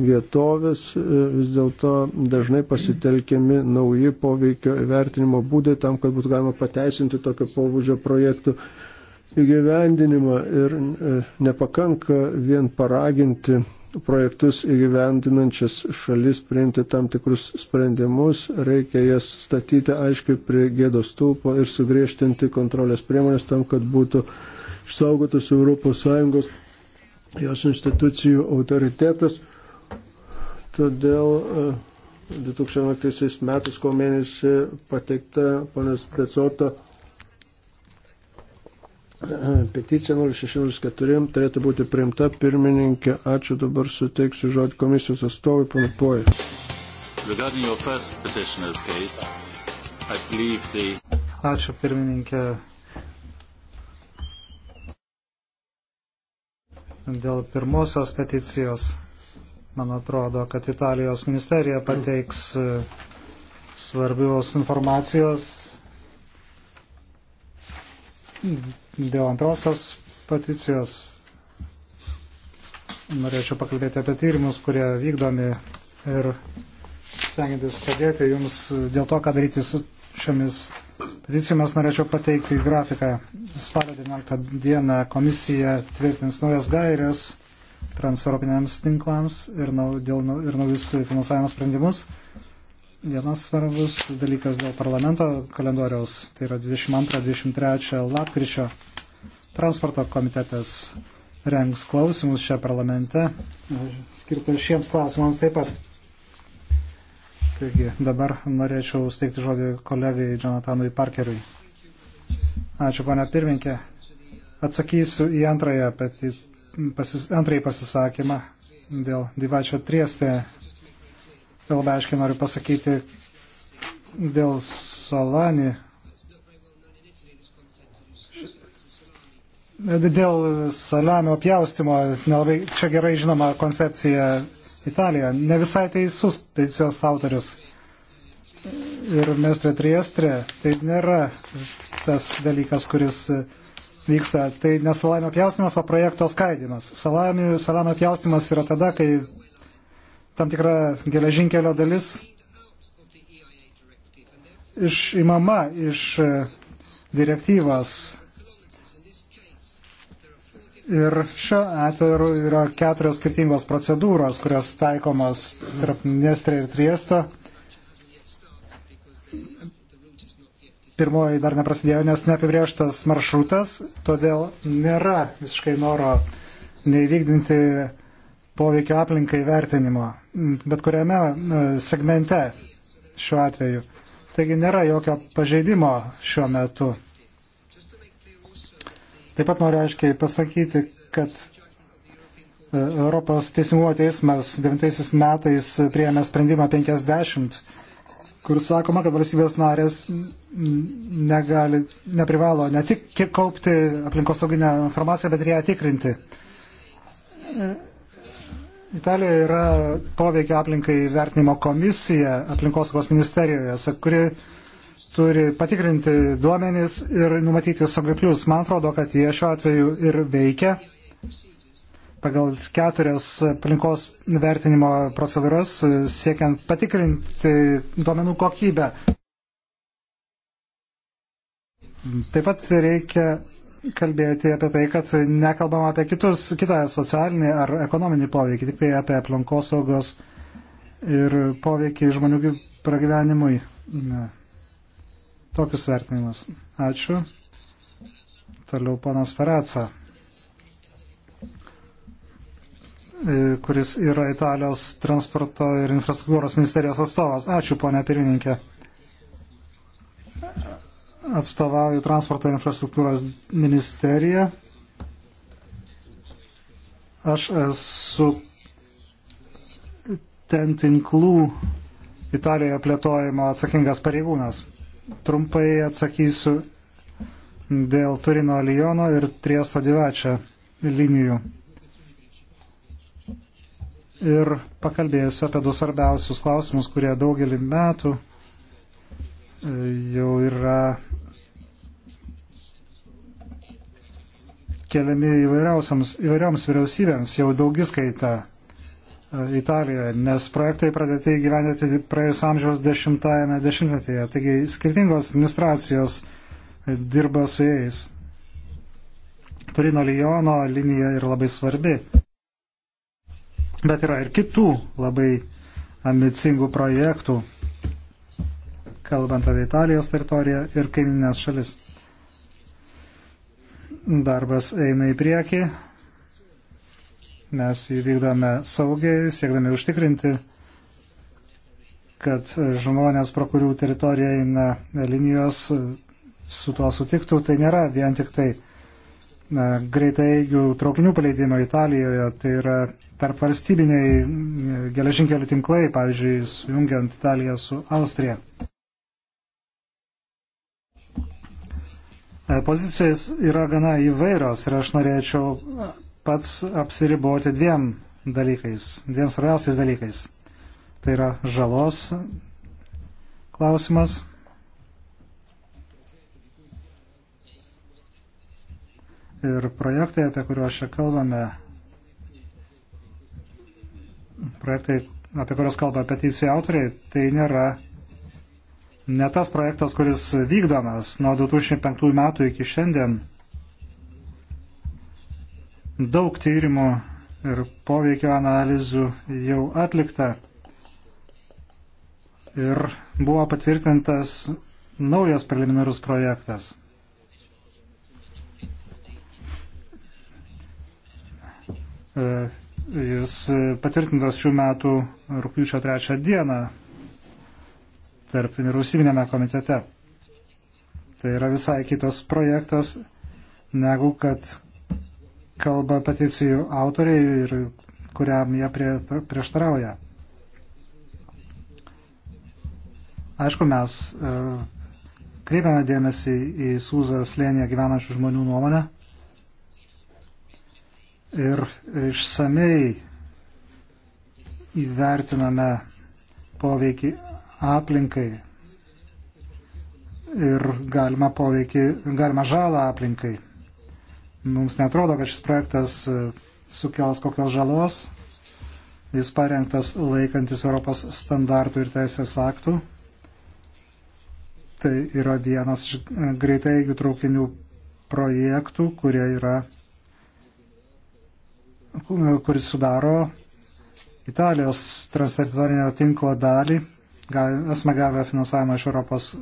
vietovės e, vis dėlto dažnai pasitelkiami nauji poveikio įvertinimo būdai tam, kad būtų galima pateisinti tokio pobūdžio projektų įgyvendinimą ir e, nepakanka vien paraginti projektus įgyvendinančias šalis priimti tam tikrus sprendimus, reikia jas statyti aiškiai prie gėdos stulpo ir sugriežtinti kontrolės priemonės tam, kad būtų išsaugotas ES jos institucijų autoritetas. Todėl e, 2011 metais, ko mėnesį pateikta panas Pecoto Peticija 0604 turėtų būti priimta pirmininkė. Ačiū dabar suteiksiu žodį komisijos atstovui, pana Poja. Ačiū pirmininkė. Dėl pirmosios peticijos, man atrodo, kad Italijos ministerija pateiks e, svarbios informacijos Dėl antrosios peticijos norėčiau pakalbėti apie tyrimus, kurie vykdomi ir stengiantis padėti jums dėl to, ką daryti su šiomis peticijomis, norėčiau pateikti grafiką. Spalio 19 dieną komisija tvirtins naujas gairias transeuropiniams tinklams ir, nau, dėl, ir naujus finansavimo sprendimus vienas svarbus dalykas dėl parlamento kalendoriaus, tai yra 22-23 lapkričio transporto komitetas rengs klausimus čia parlamente, skirtus šiems klausimams taip pat. Taigi dabar norėčiau steigti žodį kolegai Jonatanui Parkeriui. Ačiū, ponia pirminkė. Atsakysiu į antrąją, pasis, antrąjį pasisakymą dėl Divačio Trieste Labai aiškiai noriu pasakyti dėl Solani. Dėl salamio pjaustimo, nelabai čia gerai žinoma koncepcija Italija. Ne visai teisus peticijos autorius. Ir mestrė Triestre, tai nėra tas dalykas, kuris vyksta. Tai ne salamio pjaustimas, o projekto skaidimas. Salamio, salamio pjaustimas yra tada, kai tam tikra geležinkelio dalis išimama iš e, direktyvos. Ir šiuo atveju yra keturios skirtingos procedūros, kurios taikomos tarp Nestrė ir Triesto. Pirmoji dar neprasidėjo, nes neapibrieštas maršrutas, todėl nėra visiškai noro neįvykdinti poveikio aplinkai vertinimo bet kuriame e, segmente šiuo atveju. Taigi nėra jokio pažeidimo šiuo metu. Taip pat noriu aiškiai pasakyti, kad e, Europos teisingumo teismas 9 metais priėmė sprendimą 50, kur sakoma, kad valstybės narės negali, neprivalo ne tik kaupti aplinkosauginę informaciją, bet ir ją tikrinti. E, Italijoje yra poveikia aplinkai vertinimo komisija aplinkosaugos ministerijoje, kuri turi patikrinti duomenys ir numatyti saugiklius. Man atrodo, kad jie šiuo atveju ir veikia pagal keturias aplinkos vertinimo procedūras, siekiant patikrinti duomenų kokybę. Taip pat reikia kalbėti apie tai, kad nekalbam apie kitus, kitą socialinį ar ekonominį poveikį, tik tai apie aplinkosaugos ir poveikį žmonių pragyvenimui. Ne. Tokius vertinimus. Ačiū. Toliau ponas Feraca, e, kuris yra Italijos transporto ir infrastruktūros ministerijos atstovas. Ačiū, ponė pirmininkė atstovauju transporto infrastruktūros ministeriją. Aš esu ten tinklų Italijoje plėtojimo atsakingas pareigūnas. Trumpai atsakysiu dėl Turino Lijono ir Triesto Divačio linijų. Ir pakalbėsiu apie du svarbiausius klausimus, kurie daugelį metų jau yra keliami įvairioms vyriausybėms jau daugiskaita e, Italijoje, nes projektai pradėti gyventi praėjus amžiaus dešimtajame dešimtmetyje. Taigi skirtingos administracijos e, dirba su jais. Turino Lijono linija yra labai svarbi. Bet yra ir kitų labai ambicingų projektų, kalbant apie Italijos teritoriją ir kaiminės šalis. Darbas eina į priekį. Mes jį vykdome saugiai, siekdami užtikrinti, kad žmonės, pro kurių teritoriją eina linijos, su tuo sutiktų. Tai nėra vien tik tai greitaigių traukinių paleidimo Italijoje, tai yra tarp valstybiniai geležinkelių tinklai, pavyzdžiui, jungiant Italiją su Austrija. E, pozicijos yra gana įvairios ir aš norėčiau pats apsiriboti dviem dalykais, dviem svarbiausiais dalykais. Tai yra žalos klausimas. Ir projektai, apie kuriuos čia kalbame, projektai, apie kuriuos kalba peticijų autoriai, tai nėra ne tas projektas, kuris vykdomas nuo 2005 metų iki šiandien. Daug tyrimų ir poveikio analizių jau atlikta ir buvo patvirtintas naujas preliminarus projektas. E, jis patvirtintas šių metų rūpiučio trečią dieną tarp vyriausybinėme komitete. Tai yra visai kitas projektas, negu kad kalba peticijų autoriai ir kuriam jie prie, prieštarauja. Aišku, mes e, kreipiame dėmesį į Sūzą slėnėje gyvenančių žmonių nuomonę ir išsamei įvertiname poveikį aplinkai ir galima poveikį, galima žalą aplinkai. Mums netrodo, kad šis projektas e, sukels kokios žalos. Jis parengtas laikantis Europos standartų ir teisės aktų. Tai yra vienas iš e, greitaigių traukinių projektų, kurie yra, e, kuris sudaro Italijos transteritorinio tinklo dalį esame gavę finansavimą iš Europos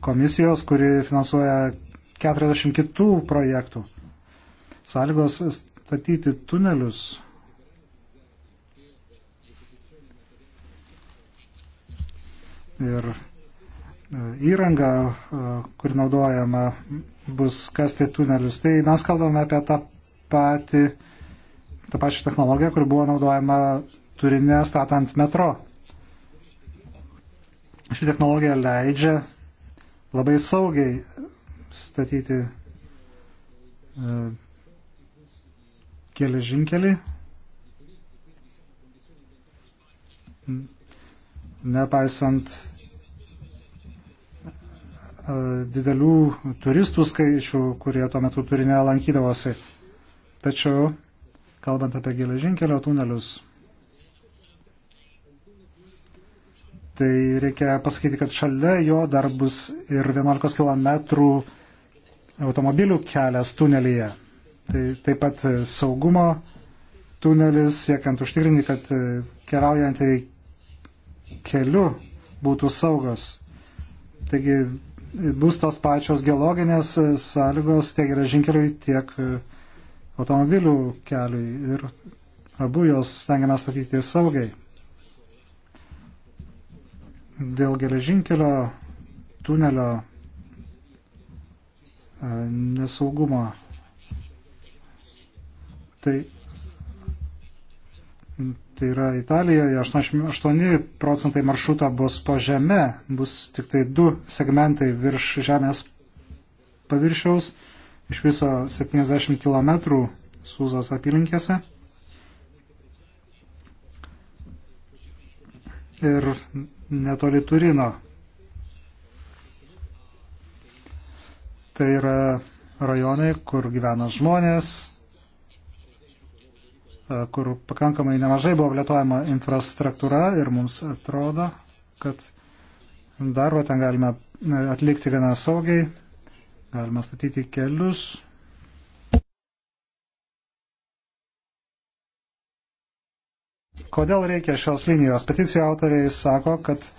komisijos, kuri finansuoja 40 kitų projektų. Sąlygos statyti tunelius. Ir e, įranga, e, kur naudojama bus kasti tunelius. Tai mes kalbame apie tą patį, tą pačią technologiją, kur buvo naudojama turinė statant metro ši technologija leidžia labai saugiai statyti e, geležinkelį, nepaisant e, didelių turistų skaičių, kurie tuo metu turinė lankydavosi. Tačiau, kalbant apie geležinkelio tunelius, Tai reikia pasakyti, kad šalia jo dar bus ir 11 km automobilių kelias tunelyje. Tai taip pat saugumo tunelis, siekiant užtikrinti, kad keliaujantieji keliu būtų saugos. Taigi bus tos pačios geologinės sąlygos tiek gražinkeliui, tiek automobilių keliui ir abu jos stengiamės statyti saugiai. Dėl geležinkelio tunelio e, nesaugumo. Tai, tai yra Italijoje 88 procentai maršruto bus po žeme, bus tik tai du segmentai virš žemės paviršiaus, iš viso 70 km Sūzos apylinkėse. Ir netoli Turino. Tai yra rajonai, kur gyvena žmonės, e, kur pakankamai nemažai buvo plėtojama infrastruktūra ir mums atrodo, kad darbą ten galime e, atlikti gana saugiai, galima statyti kelius Kodėl reikia šios linijos? Peticijų autoriai sako, kad e,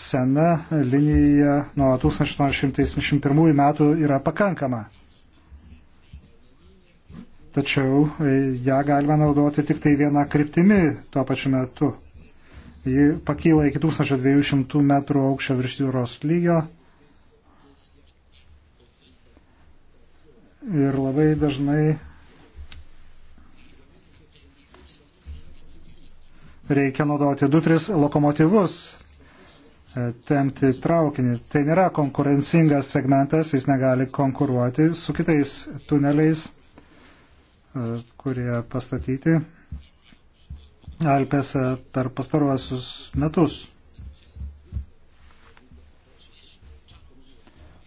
sena linija nuo 1871 metų yra pakankama. Tačiau e, ją galima naudoti tik tai vieną kryptimį tuo pačiu metu. Ji pakyla iki 1200 metrų aukščio virš jūros lygio. Ir labai dažnai reikia naudoti 2-3 lokomotyvus, e, temti traukinį. Tai nėra konkurencingas segmentas, jis negali konkuruoti su kitais tuneliais, e, kurie pastatyti Alpėse per pastaruosius metus.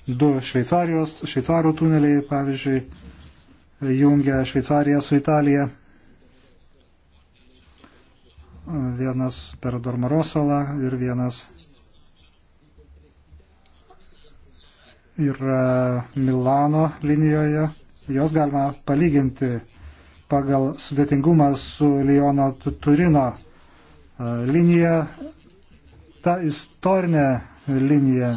Du Šveicarijos, šveicarų tuneliai, pavyzdžiui, jungia Šveicariją su Italija vienas per Dormarosalą ir vienas yra Milano linijoje. Jos galima palyginti pagal sudėtingumą su Liono Turino e, linija. Ta istorinė linija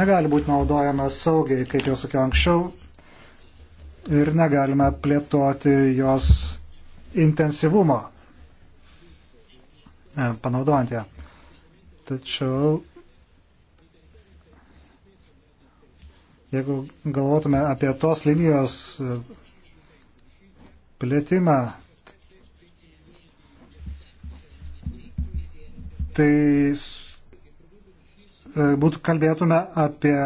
negali būti naudojama saugiai, kaip jau sakiau anksčiau, ir negalime plėtoti jos intensyvumo. E, panaudojant ją. Tačiau jeigu galvotume apie tos linijos e, plėtimą, tai e, būtų kalbėtume apie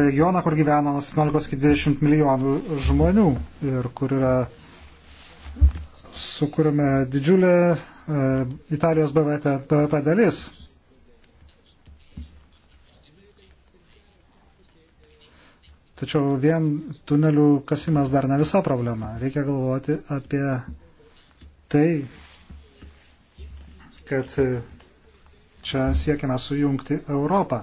regioną, kur gyvena nuo 17 iki 20 milijonų žmonių ir kur yra sukūrėme didžiulę E, Italijos BVP dalis. Tačiau vien tunelių kasimas dar ne visa problema. Reikia galvoti apie tai, kad čia siekiame sujungti Europą.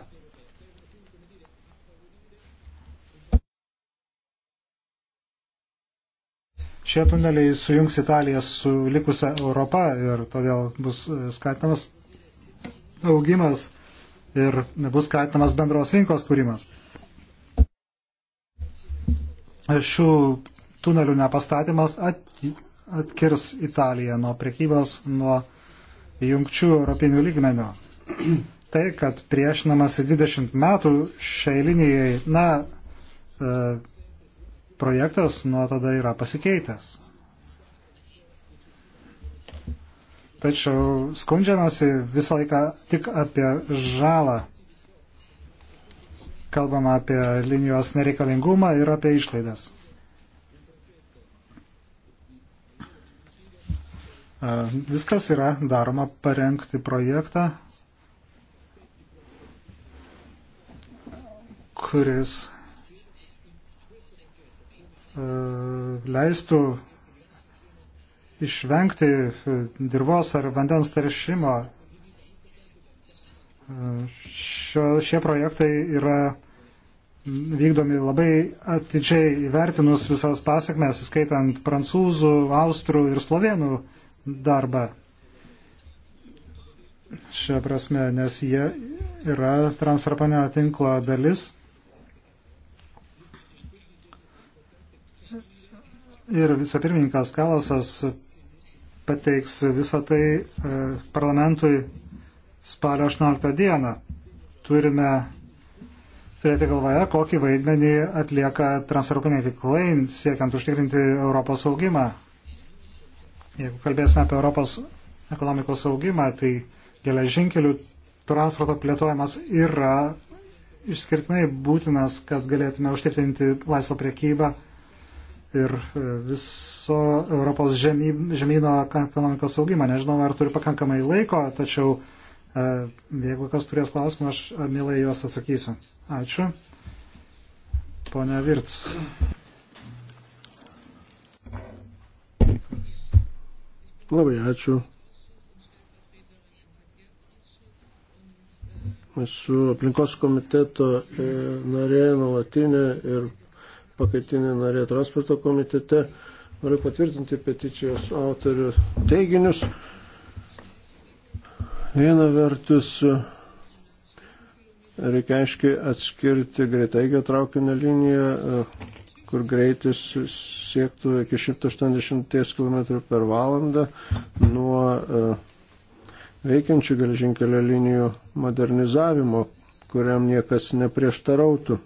Šie tuneliai sujungs Italiją su likusia Europa ir todėl bus e, skatinamas augimas ir bus skatinamas bendros rinkos kūrimas. Šių tunelių nepastatymas at, atkirs Italiją nuo prekybos, nuo jungčių europinių lygmenio. Tai, kad priešinamasi 20 metų šiai linijai, na, e, projektas nuo tada yra pasikeitęs. Tačiau skundžiamasi visą laiką tik apie žalą. Kalbama apie linijos nereikalingumą ir apie išlaidas. Viskas yra daroma parengti projektą, kuris E, leistų išvengti e, dirvos ar vandens taršimo. E, šio, šie projektai yra vykdomi labai atidžiai įvertinus visas pasiekmes, įskaitant prancūzų, austrų ir slovenų darbą. Šia prasme, nes jie yra transarpanio tinklo dalis ir vicepirmininkas Kalasas pateiks visą tai e, parlamentui spalio 18 dieną. Turime turėti galvoje, kokį vaidmenį atlieka transeuropiniai tiklai, siekiant užtikrinti Europos augimą. Jeigu kalbėsime apie Europos ekonomikos augimą, tai geležinkelių transporto plėtojimas yra išskirtinai būtinas, kad galėtume užtikrinti laisvą priekybą ir e, viso Europos žemy, žemyno ekonomikos augimą. Nežinau, ar turiu pakankamai laiko, tačiau e, jeigu kas turės klausimą, aš e, mielai juos atsakysiu. Ačiū. Pone Virts. Labai ačiū. Esu aplinkos komiteto narė nuolatinė ir pakaitinė narė transporto komitete. Noriu patvirtinti peticijos autorių teiginius. Viena vertus, reikia aiškiai atskirti greitaigio traukinio liniją, kur greitis siektų iki 180 km per valandą nuo e, veikiančių geležinkelio linijų modernizavimo, kuriam niekas neprieštarautų.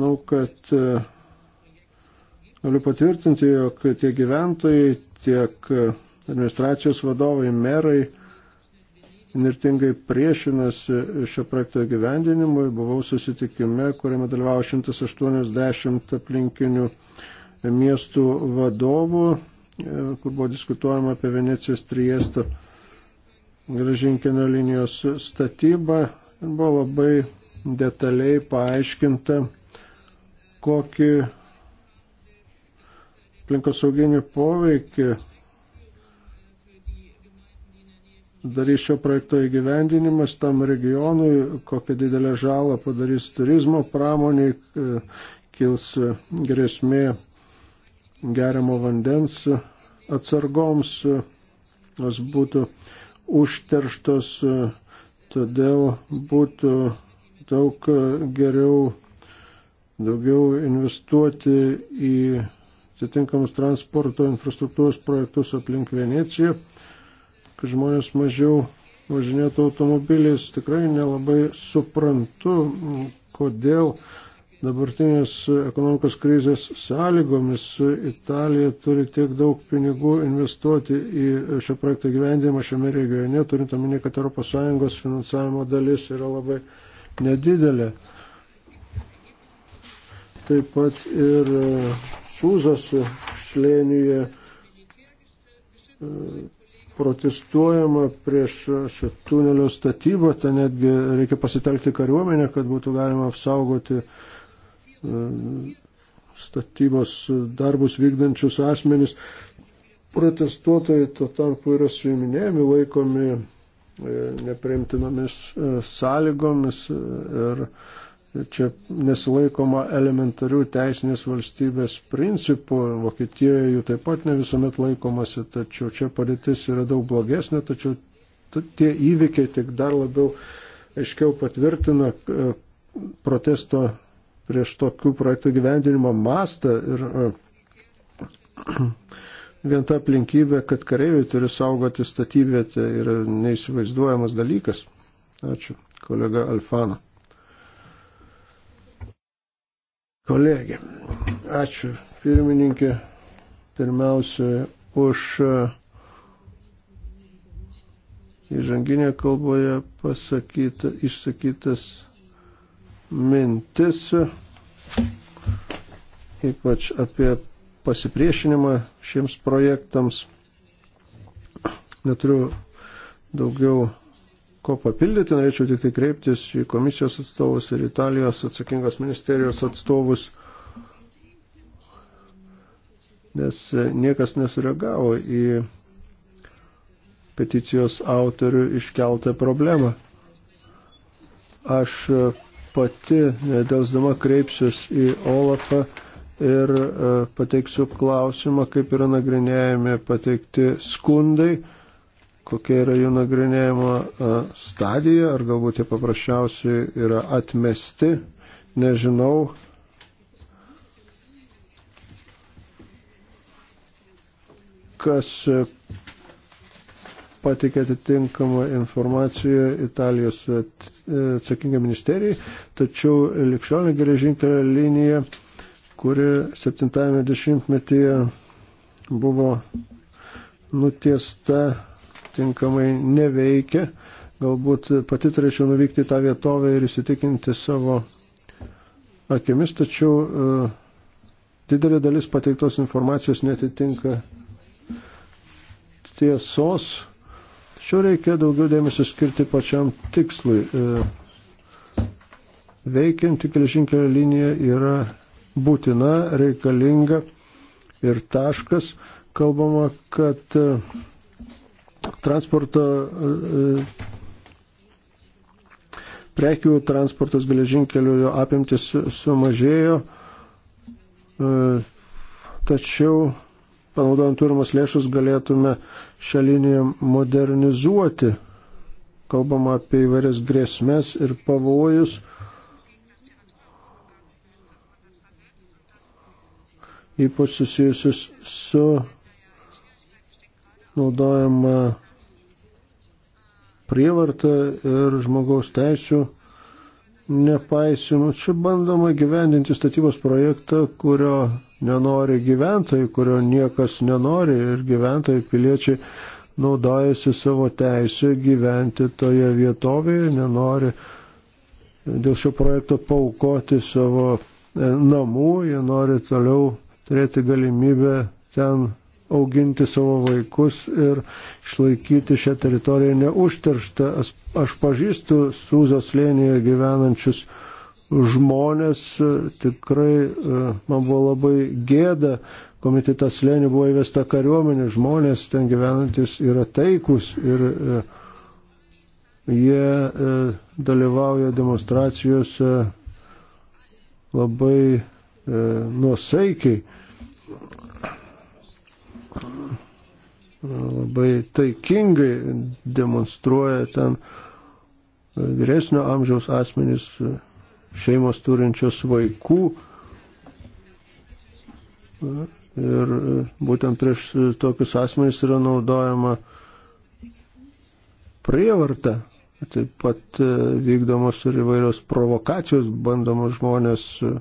Manau, kad e, galiu patvirtinti, jog tie gyventojai, tiek e, administracijos vadovai, merai nirtingai priešinasi šio projekto gyvendinimui. Buvau susitikime, kuriame dalyvavo 180 aplinkinių miestų vadovų, e, kur buvo diskutuojama apie Venecijos triestą gražinkinio linijos statybą. Ir buvo labai detaliai paaiškinta, kokį aplinkosauginį poveikį darys šio projekto įgyvendinimas tam regionui, kokią didelę žalą padarys turizmo pramoniai, e, kils grėsmė geriamo vandens atsargoms, jos būtų užterštos, todėl būtų daug geriau daugiau investuoti į atitinkamus transporto infrastruktūros projektus aplink Veneciją, kad žmonės mažiau važinėtų automobiliais. Tikrai nelabai suprantu, kodėl dabartinės ekonomikos krizės sąlygomis Italija turi tiek daug pinigų investuoti į šio projekto gyvendimą šiame regione, turint omeny, kad ES finansavimo dalis yra labai nedidelė taip pat ir e, Sūzos slėnyje e, protestuojama prieš šio tunelio statybą, ten netgi reikia pasitelkti kariuomenę, kad būtų galima apsaugoti e, statybos darbus vykdančius asmenys. Protestuotojai tuo tarpu yra suiminėjami, laikomi nepriimtinomis sąlygomis ir čia nesilaikoma elementarių teisinės valstybės principų, Vokietijoje jų taip pat ne visuomet laikomasi, tačiau čia padėtis yra daug blogesnė, tačiau tie įvykiai tik dar labiau aiškiau patvirtina e, protesto prieš tokių projektų gyvendinimą mastą ir e, vien ta aplinkybė, kad kareiviai turi saugoti statybvietę yra neįsivaizduojamas dalykas. Ačiū, kolega Alfano. kolegė. Ačiū pirmininkė pirmiausia už e, įžanginė kalboje pasakyta, išsakytas mintis, ypač apie pasipriešinimą šiems projektams. Neturiu daugiau ko papildyti, norėčiau tik tai kreiptis į komisijos atstovus ir Italijos atsakingos ministerijos atstovus, nes niekas nesureagavo į peticijos autorių iškeltą problemą. Aš pati, nedelsdama, kreipsiuos į Olafą ir e, pateiksiu klausimą, kaip yra nagrinėjami pateikti skundai kokia yra jų nagrinėjimo stadija, ar galbūt jie paprasčiausiai yra atmesti, nežinau. kas pateikė atitinkamą informaciją Italijos e, atsakingai ministerijai, tačiau likščionė geležinkelio linija, kuri 70-metyje buvo nutiesta tinkamai neveikia. Galbūt pati turėčiau nuvykti į tą vietovę ir įsitikinti savo akimis, tačiau uh, didelė dalis pateiktos informacijos netitinka tiesos. Tačiau reikia daugiau dėmesio skirti pačiam tikslui. Uh, veikianti geležinkelio linija yra būtina, reikalinga ir taškas. Kalbama, kad uh, transporto, e, e, prekių transportas geležinkeliu jo apimtis sumažėjo, e, tačiau panaudojant turimas lėšus galėtume šią liniją modernizuoti. Kalbama apie įvairias grėsmės ir pavojus. Ypač susijusius su naudojama prievarta ir žmogaus teisų nepaisimu. Čia bandoma gyvendinti statybos projektą, kurio nenori gyventojai, kurio niekas nenori ir gyventojai piliečiai naudojasi savo teisę gyventi toje vietovėje, nenori dėl šio projekto paukoti savo e, namų, jie nori toliau turėti galimybę ten auginti savo vaikus ir išlaikyti šią teritoriją neužterštą. Aš pažįstu Sūzos lėnėje gyvenančius žmonės, tikrai e, man buvo labai gėda, komitetas lėnė buvo įvesta kariuomenė, žmonės ten gyvenantis yra taikus ir e, jie e, dalyvauja demonstracijose labai nuosaikiai labai taikingai demonstruoja ten vyresnio amžiaus asmenys, šeimos turinčios vaikų. Ir būtent prieš tokius asmenys yra naudojama prievarta. Taip pat vykdomos ir įvairios provokacijos, bandomos žmonės uh,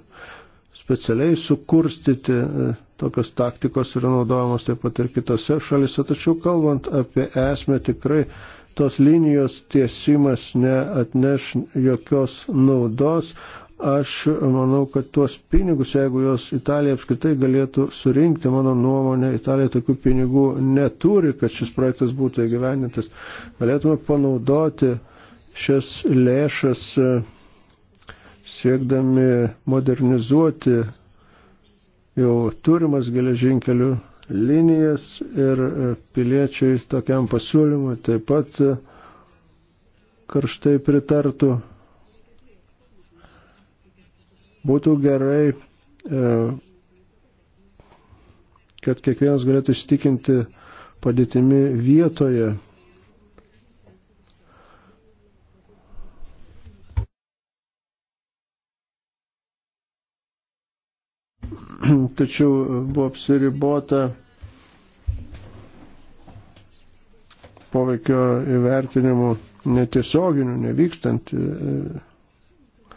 specialiai sukurstyti. E, tokios taktikos yra naudojamos taip pat ir kitose šalise, tačiau kalbant apie esmę, tikrai tos linijos tiesimas neatneš jokios naudos. Aš manau, kad tuos pinigus, jeigu jos Italija apskritai galėtų surinkti, mano nuomonė, Italija tokių pinigų neturi, kad šis projektas būtų įgyvenintas. Galėtume panaudoti šias lėšas uh, siekdami modernizuoti jau turimas geležinkelių linijas ir e, piliečiai tokiam pasiūlymui taip pat e, karštai pritartų. Būtų gerai, e, kad kiekvienas galėtų įstikinti padėtimi vietoje tačiau buvo apsiribota poveikio įvertinimu netiesioginiu, nevykstant, e, e,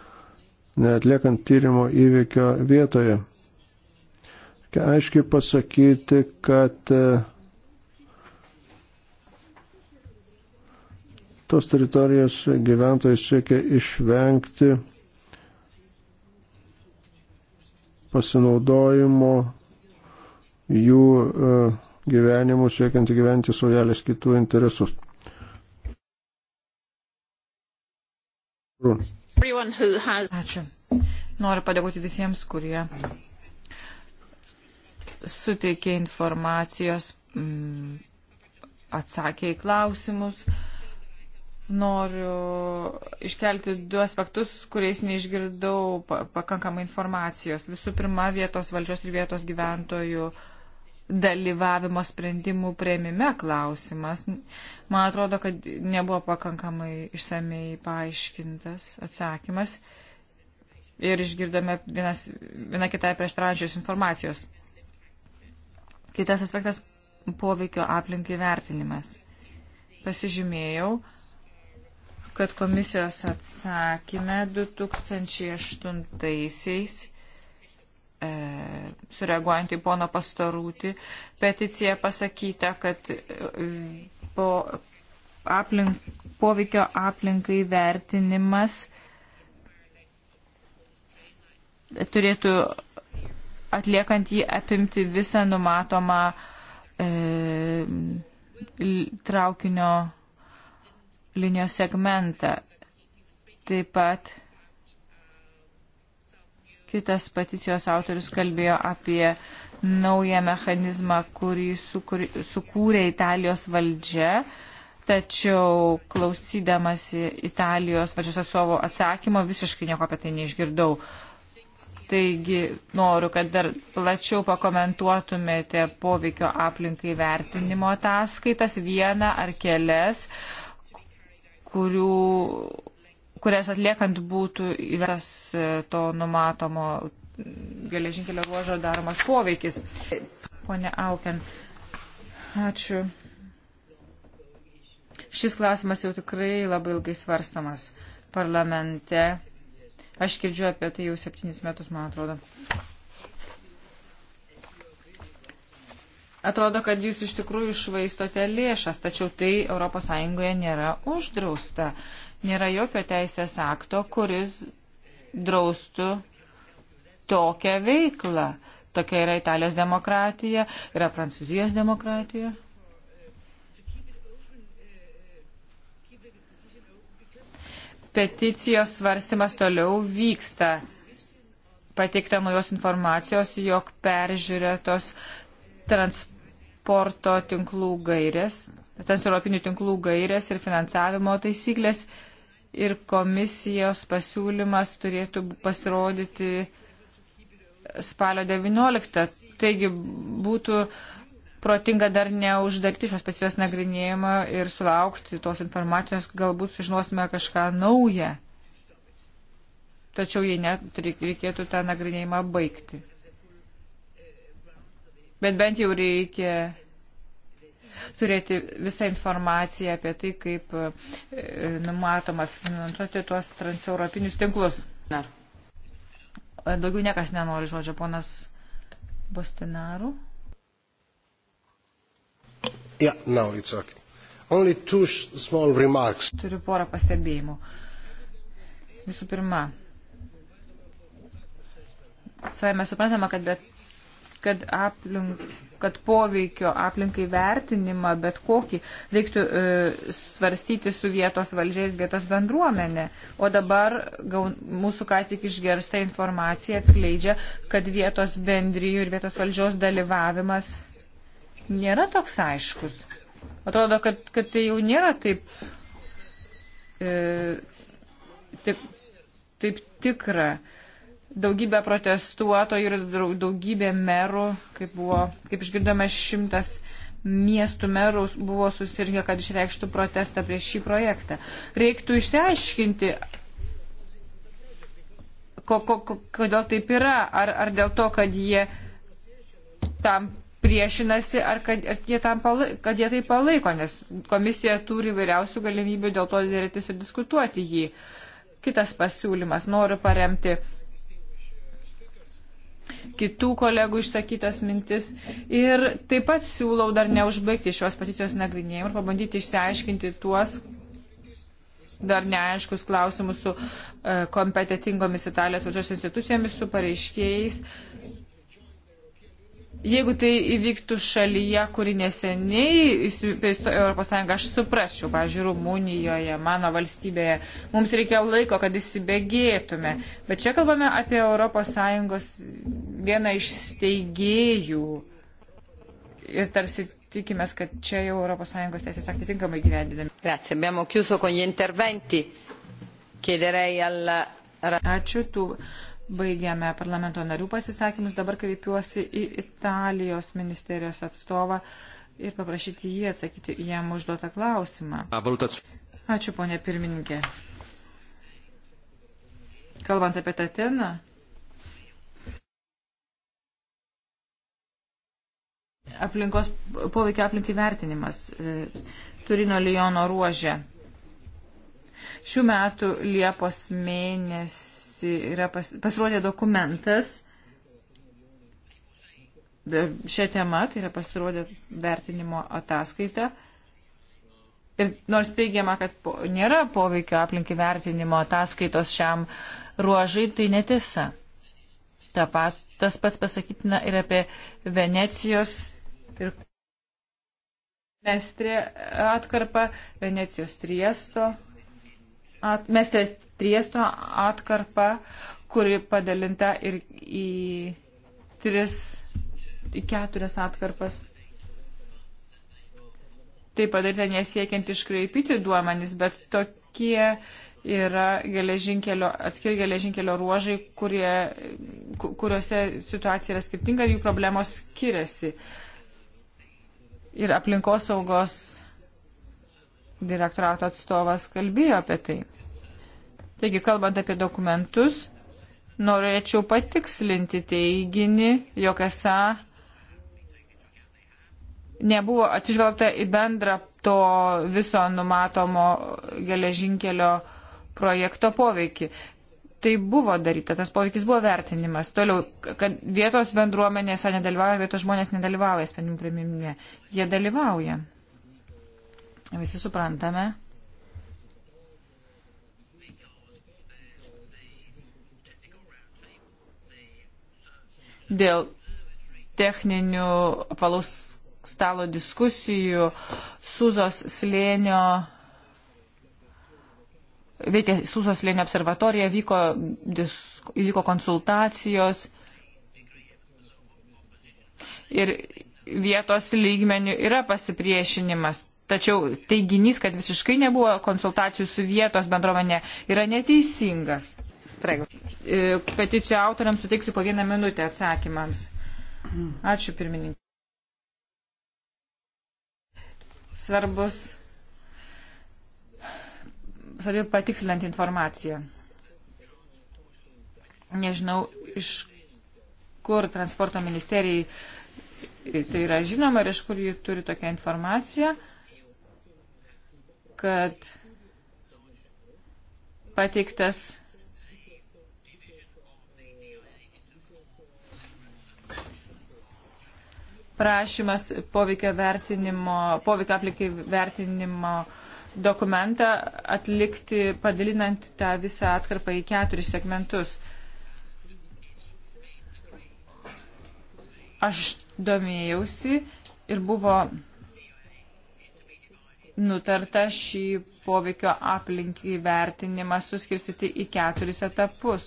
neatliekant tyrimo įvykio vietoje. Aiškiai pasakyti, kad e, tos teritorijos gyventojai siekia išvengti pasinaudojimo jų e, gyvenimu siekiant gyventi saujelės kitų interesus. Ačiū. Noriu padėkoti visiems, kurie suteikė informacijos, mm, atsakė į klausimus noriu iškelti du aspektus, kuriais neišgirdau pakankamai informacijos. Visų pirma, vietos valdžios ir vietos gyventojų dalyvavimo sprendimų prieimime klausimas. Man atrodo, kad nebuvo pakankamai išsamei paaiškintas atsakymas ir išgirdome vienas, vieną kitą prieštarančios informacijos. Kitas aspektas - poveikio aplinkai vertinimas. Pasižymėjau, kad komisijos atsakyme 2008-aisiais, e, sureaguojant į pono pastarūtį, peticiją pasakyta, kad e, po aplink, poveikio aplinkai vertinimas turėtų atliekant jį apimti visą numatomą e, traukinio linijos segmentą. Taip pat kitas peticijos autorius kalbėjo apie naują mechanizmą, kurį sukūrė Italijos valdžia, tačiau klausydamas Italijos valdžios atstovo atsakymo visiškai nieko apie tai neišgirdau. Taigi noriu, kad dar plačiau pakomentuotumėte poveikio aplinkai vertinimo ataskaitas, vieną ar kelias. Uh, kurių, kurias atliekant būtų įvertas e, to numatomo geležinkelio ruožo daromas poveikis. Pone Auken, ačiū. Šis klausimas jau tikrai labai ilgai svarstamas parlamente. Aš girdžiu apie tai jau septynis metus, man atrodo. Atrodo, kad jūs iš tikrųjų išvaistote lėšas, tačiau tai ES nėra uždrausta. Nėra jokio teisės akto, kuris draustų tokią veiklą. Tokia yra Italijos demokratija, yra Prancūzijos demokratija. Peticijos svarstymas toliau vyksta pateikta naujos informacijos, jog peržiūrėtos transporto tinklų gairės, transeuropinių tinklų gairės ir finansavimo taisyklės ir komisijos pasiūlymas turėtų pasirodyti spalio 19. Taigi būtų protinga dar neuždaryti šios peticijos nagrinėjimą ir sulaukti tos informacijos, galbūt sužinosime kažką naują. Tačiau jei net tai reikėtų tą nagrinėjimą baigti bet bent jau reikia turėti visą informaciją apie tai, kaip e, numatoma finansuoti tuos transeuropinius tinklus. Na. Daugiau niekas nenori žodžio, ponas Bostinaru. Yeah, no, it's okay. Only two small remarks. Turiu porą pastebėjimų. Visų pirma, savai mes suprantame, kad bet kad, aplink, kad poveikio aplinkai vertinimą, bet kokį, reiktų e, svarstyti su vietos valdžiais, vietos bendruomenė. O dabar gaun, mūsų ką tik išgersta informacija atskleidžia, kad vietos bendrijų ir vietos valdžios dalyvavimas nėra toks aiškus. Atrodo, kad, kad tai jau nėra taip. E, taip, taip tikra daugybė protestuotojų ir daugybė merų, kaip, buvo, kaip išgirdome, šimtas miestų merų buvo susirgę, kad išreikštų protestą prieš šį projektą. Reiktų išsiaiškinti, ko, ko, ko, kodėl taip yra, ar, ar dėl to, kad jie tam priešinasi, ar kad, ar jie, tam palaiko, kad jie tai palaiko, nes komisija turi vairiausių galimybių dėl to dėrėtis ir diskutuoti jį. Kitas pasiūlymas, noriu paremti kitų kolegų išsakytas mintis. Ir taip pat siūlau dar neužbaigti šios peticijos nagrinėjimą ir pabandyti išsiaiškinti tuos dar neaiškus klausimus su e, kompetitingomis Italijos valdžios institucijomis, su pareiškėjais Jeigu tai įvyktų šalyje, kuri neseniai įstojo Europos Sąjungą, aš suprasčiau, pavyzdžiui, Rumunijoje, mano valstybėje, mums reikėjo laiko, kad įsibėgėtume. Bet čia kalbame apie Europos Sąjungos vieną iš steigėjų ir tarsi tikimės, kad čia jau Europos Sąjungos teisės aktai tinkamai gyvendinami. Grazie, abbiamo chiuso con gli interventi. Chiederei al... Ačiū tų Baigėme parlamento narių pasisakymus. Dabar kreipiuosi į Italijos ministerijos atstovą ir paprašyti jį atsakyti jam užduotą klausimą. Ačiū, ponė pirmininkė. Kalbant apie Tateną. Aplinkos poveikio aplinkai vertinimas e, Turino Lijono ruožė. Šių metų Liepos mėnesį mėnesį yra pas, pasirodė dokumentas šią temą, tai yra pasirodė vertinimo ataskaita. Ir nors teigiama, kad po, nėra poveikio aplinkai vertinimo ataskaitos šiam ruožai, tai netiesa. Ta pat, tas pats pasakytina ir apie Venecijos ir Mestrė atkarpą, Venecijos Triesto atmestės Triesto atkarpa, kuri padalinta ir į tris, į keturias atkarpas. Tai padaryta nesiekiant iškraipyti duomenys, bet tokie yra geležinkelio, atskiri geležinkelio ruožai, kurie, kuriuose situacija yra skirtinga ir jų problemos skiriasi. Ir aplinkosaugos direktorato atstovas kalbėjo apie tai. Taigi, kalbant apie dokumentus, norėčiau patikslinti teiginį, jog esą nebuvo atsižvelgta į bendrą to viso numatomo geležinkelio projekto poveikį. Tai buvo daryta, tas poveikis buvo vertinimas. Toliau, kad vietos bendruomenėse nedalyvauja, vietos žmonės nedalyvauja sprendimų priminime. Jie dalyvauja. Visi suprantame, dėl techninių apalaus stalo diskusijų Suzos slėnio veikia Suzos slėnio observatorija, vyko, disk, vyko konsultacijos ir vietos lygmenių yra pasipriešinimas Tačiau teiginys, kad visiškai nebuvo konsultacijų su vietos bendruomenė, yra neteisingas. Prego. E, peticijų autoriams suteiksiu po vieną minutę atsakymams. Ačiū pirmininkai. Svarbus savi patikslinti informaciją. Nežinau, iš kur transporto ministerijai tai yra žinoma ir iš kur jį turi tokią informaciją kad pateiktas prašymas poveikio vertinimo, poveikio aplikai vertinimo dokumentą atlikti, padalinant tą visą atkarpą į keturis segmentus. Aš domėjausi ir buvo nutarta šį poveikio aplinkį vertinimą suskirstyti į keturis etapus.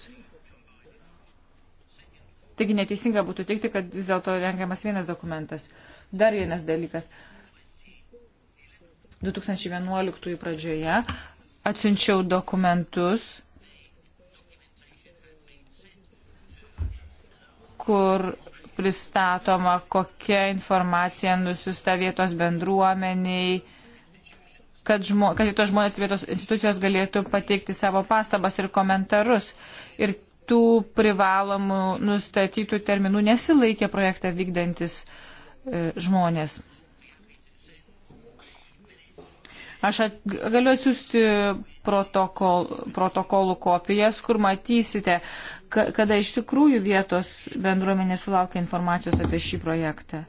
Taigi neteisinga būtų teikti, kad vis dėlto rengiamas vienas dokumentas. Dar vienas dalykas. 2011 pradžioje atsiunčiau dokumentus, kur pristatoma, kokia informacija nusiusta vietos bendruomeniai, kad, žmo, kad tos žmonės vietos institucijos galėtų pateikti savo pastabas ir komentarus. Ir tų privalomų nustatytų terminų nesilaikė projektą vykdantis e, žmonės. Aš at, galiu atsiųsti protokol, protokolų kopijas, kur matysite, ka, kada iš tikrųjų vietos bendruomenė sulaukia informacijos apie šį projektą.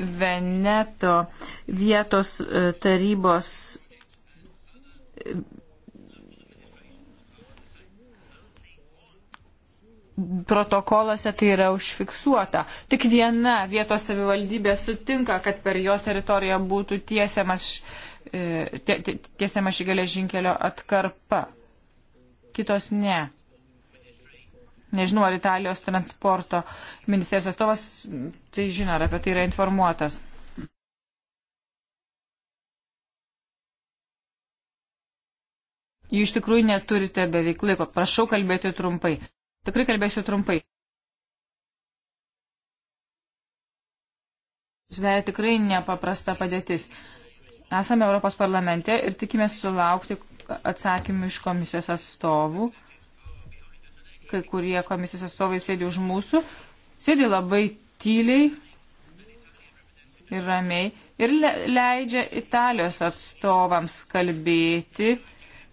Veneto vietos e, tarybos protokoluose tai yra užfiksuota. Tik viena vietos savivaldybė sutinka, kad per jos teritoriją būtų tiesiamas, e, tiesiama ši geležinkelio atkarpa. Kitos ne. Nežinau, ar Italijos transporto ministerijos atstovas tai žino, ar apie tai yra informuotas. Jūs iš tikrųjų neturite beveik laiko. Prašau kalbėti trumpai. Tikrai kalbėsiu trumpai. Susidarė tikrai nepaprasta padėtis. Esame Europos parlamente ir tikime sulaukti atsakymų iš komisijos atstovų kai kurie komisijos atstovai sėdi už mūsų, sėdi labai tyliai ir ramiai ir leidžia Italijos atstovams kalbėti.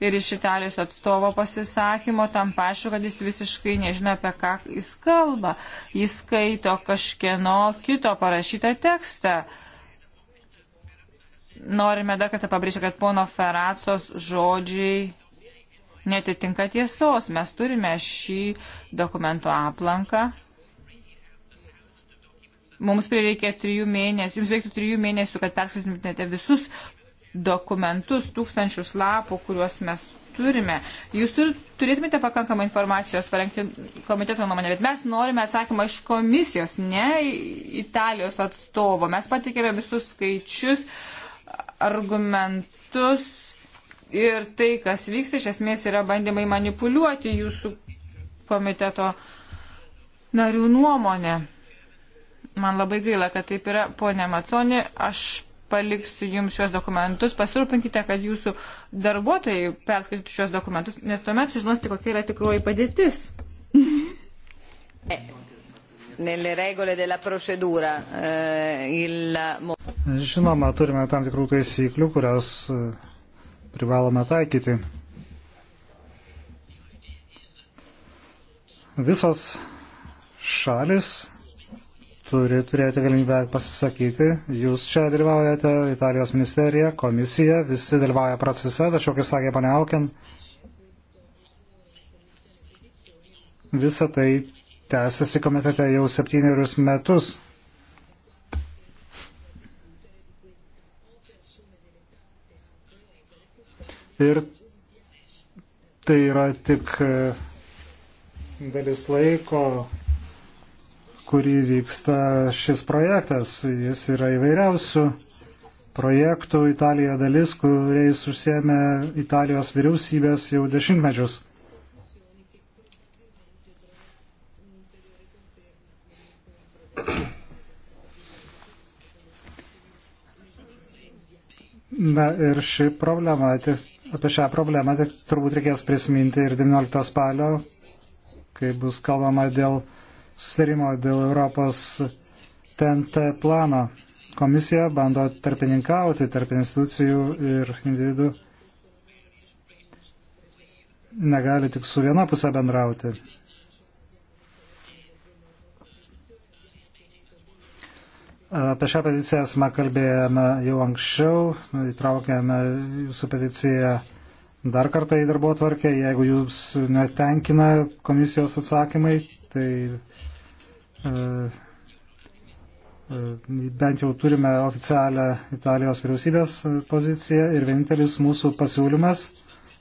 Ir iš Italijos atstovo pasisakymo tam pašu, kad jis visiškai nežino, apie ką jis kalba. Jis skaito kažkieno kito parašytą tekstą. Norime dar kartą pabrėžti, kad pono Feracos žodžiai netitinka tiesos. Mes turime šį dokumento aplanką. Mums prireikė trijų mėnesių, jums reiktų trijų mėnesių, kad perskaitytumėte visus dokumentus, tūkstančius lapų, kuriuos mes turime. Jūs tur, turėtumėte pakankamą informacijos parengti komiteto nuomonę, bet mes norime atsakymą iš komisijos, ne Italijos atstovo. Mes patikėme visus skaičius, argumentus, ir tai, kas vyksta, iš esmės yra bandymai manipuliuoti jūsų komiteto narių nuomonę. Man labai gaila, kad taip yra, ponė Maconi, aš paliksiu jums šios dokumentus, pasirūpinkite, kad jūsų darbuotojai perskaitytų šios dokumentus, nes tuomet sužinosite, kokia yra tikroji padėtis. Eh, Žinoma, turime tam tikrų taisyklių, kurios eh, privalome taikyti. Visos šalis turi turėti galimybę pasisakyti. Jūs čia dalyvaujate, Italijos ministerija, komisija, visi dalyvauja procese, tačiau, kaip sakė ponia Aukin, visa tai tęsiasi komitete jau septynerius metus. Ir tai yra tik e, dalis laiko, kurį vyksta šis projektas. Jis yra įvairiausių projektų Italijoje dalis, kuriais užsiemė Italijos vyriausybės jau dešimtmečius. Na ir ši problema ties, Apie šią problemą tai turbūt reikės prisiminti ir 19 spalio, kai bus kalbama dėl susirimo dėl Europos TNT plano. Komisija bando tarpininkauti tarp institucijų ir individų. Negali tik su viena pusė bendrauti. Apie šią peticiją mes kalbėjome jau anksčiau, įtraukėme jūsų peticiją dar kartą į darbo tvarkę. Jeigu jūs netenkina komisijos atsakymai, tai uh, bent jau turime oficialią Italijos vyriausybės poziciją ir vienintelis mūsų pasiūlymas,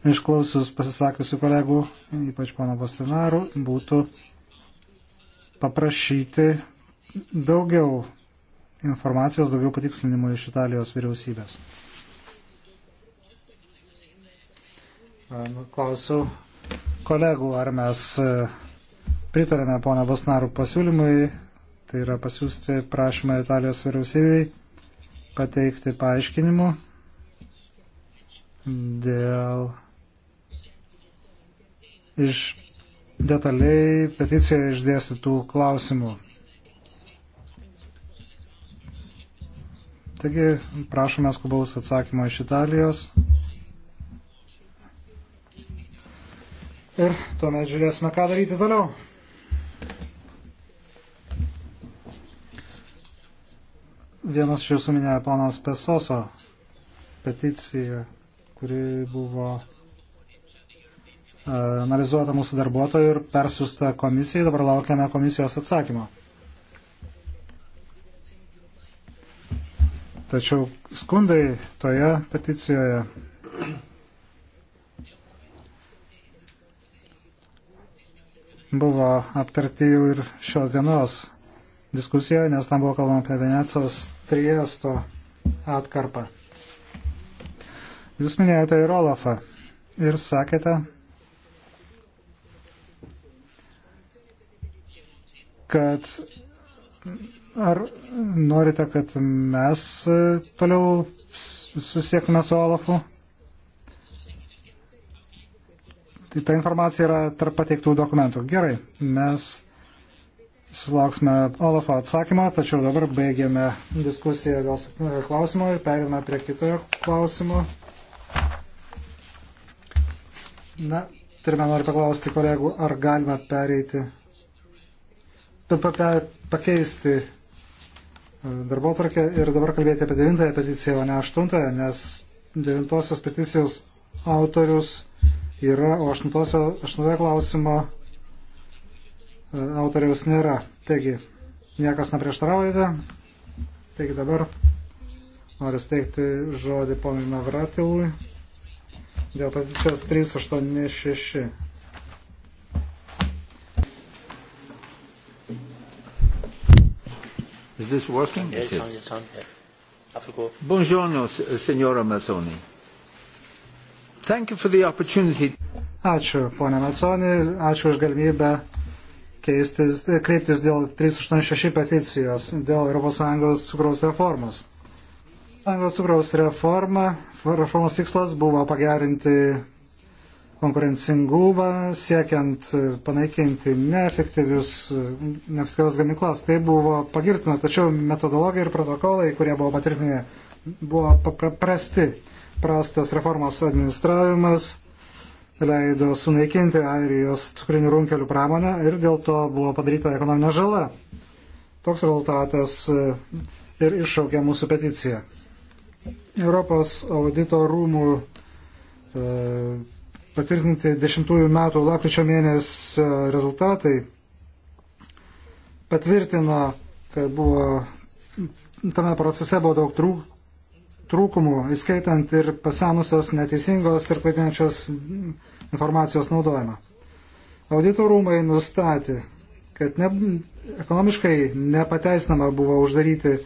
išklausius pasisakiusių kolegų, ypač pono Bastinarų, būtų paprašyti daugiau informacijos, daugiau patikslinimų iš Italijos vyriausybės. Nu, klausiu kolegų, ar mes e, pritarėme pono Bosnarų pasiūlymui, tai yra pasiūsti prašymą Italijos vyriausybei pateikti paaiškinimų dėl iš detaliai peticijoje išdėstytų klausimų. Taigi prašome skubaus atsakymą iš Italijos. Ir tuomet žiūrėsime, ką daryti toliau. Vienas iš jūsų minėjo ponas Pesoso peticiją, kuri buvo e, analizuota mūsų darbuotojų ir persiusta komisijai. Dabar laukiame komisijos atsakymo. Tačiau skundai toje peticijoje buvo aptarti jau ir šios dienos diskusijoje, nes tam buvo kalbama apie Venecijos triesto atkarpą. Jūs minėjote ir Olafą ir sakėte, kad Ar norite, kad mes e, toliau susiektume su Olafu? Tai ta informacija yra tarp pateiktų dokumentų. Gerai, mes sulauksime Olafo atsakymą, tačiau dabar baigėme diskusiją dėl klausimo ir perėmė prie kitojo klausimo. Na, pirmia noriu paklausti kolegų, ar galime pereiti, pakeisti darbo tvarkę ir dabar kalbėti apie devintąją peticiją, o ne aštuntąją, nes devintosios peticijos autorius yra, o aštuntojo, aštuntojo klausimo e, autoriaus nėra. Taigi, niekas neprieštaraujate. Taigi dabar noriu steigti žodį ponui Navratilui dėl peticijos 386. Is this working? Yeah, it's it is. on. It's on. Yeah. Have to go. Buongiorno, Signora Mazzoni. Thank you for the opportunity. Ačiū, ponia Mazzoni. Ačiū už galimybę keistis, kreiptis dėl 386 peticijos dėl ES cukraus reformos. ES cukraus reforma, reformos tikslas buvo pagerinti konkurencingumą, siekiant e, panaikinti e, neefektyvias gamyklas. Tai buvo pagirtina, tačiau metodologija ir protokolai, kurie buvo patvirtinę, buvo prasti. Prastas reformos administravimas leido sunaikinti Airijos cukrinių runkelių pramonę ir dėl to buvo padaryta ekonominė žala. Toks rezultatas e, ir iššaukė mūsų peticiją. Europos audito rūmų patvirtinti 10 metų lakryčio mėnesio rezultatai patvirtino, kad buvo tame procese buvo daug trūk, trūkumų, įskaitant ir pasenusios neteisingos ir klaidinančios informacijos naudojimą. Audito rūmai nustatė, kad ne, ekonomiškai nepateisinama buvo uždaryti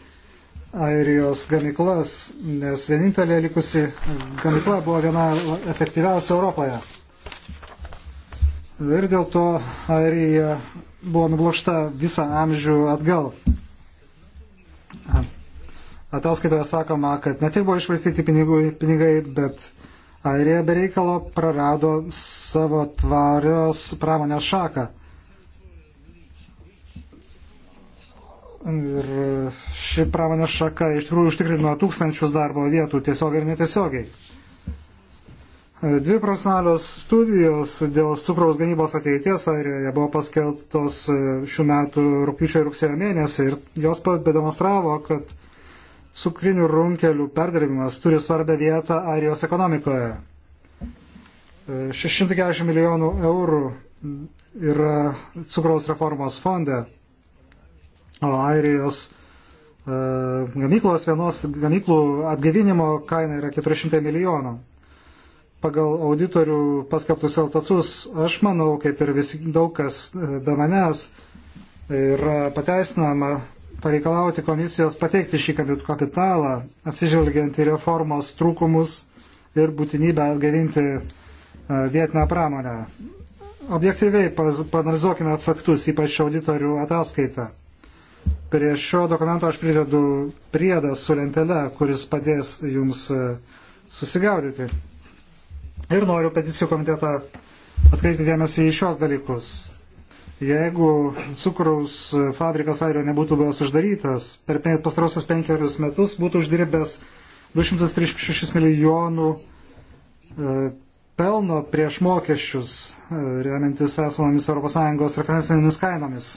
Airijos gamyklas, nes vienintelė likusi gamykla buvo viena efektyviausia Europoje. Ir dėl to Airija buvo nublokšta visą amžių atgal. Ataskaitoje sakoma, kad ne tik buvo išvaistyti pinigų, pinigai, bet Airija bereikalo prarado savo tvarios pramonės šaką. Ir ši pramonės šaka iš tikrųjų užtikrino tūkstančius darbo vietų tiesiogiai ir netiesiogiai. Dvi profesionalios studijos dėl cukraus gamybos ateities Airijoje buvo paskelbtos e, šių metų rūpiučio ir rugsėjo mėnesį ir jos pademonstravo, kad cukrinių runkelių perdirbimas turi svarbę vietą Airijos ekonomikoje. 640 e, milijonų eurų yra cukraus reformos fonde o Airijos e, gamyklos vienos gamyklų atgavinimo kaina yra 400 milijonų. Pagal auditorių paskaptus eltatus, aš manau, kaip ir visi daug kas e, be manęs, yra pateisinama pareikalauti komisijos pateikti šį kapitalą, atsižvelgiant į reformos trūkumus ir būtinybę atgavinti e, vietinę pramonę. Objektyviai panalizuokime faktus, ypač auditorių ataskaitą. Prie šio dokumento aš pridedu priedą su lentele, kuris padės jums e, susigaudyti. Ir noriu peticijų komitetą atkreipti dėmesį į šios dalykus. Jeigu cukraus fabrikas Airijoje nebūtų buvęs uždarytas, per pastarosius penkerius metus būtų uždirbęs 236 milijonų e, pelno prieš mokesčius, e, remiantis esamomis ES referencinėmis kainomis.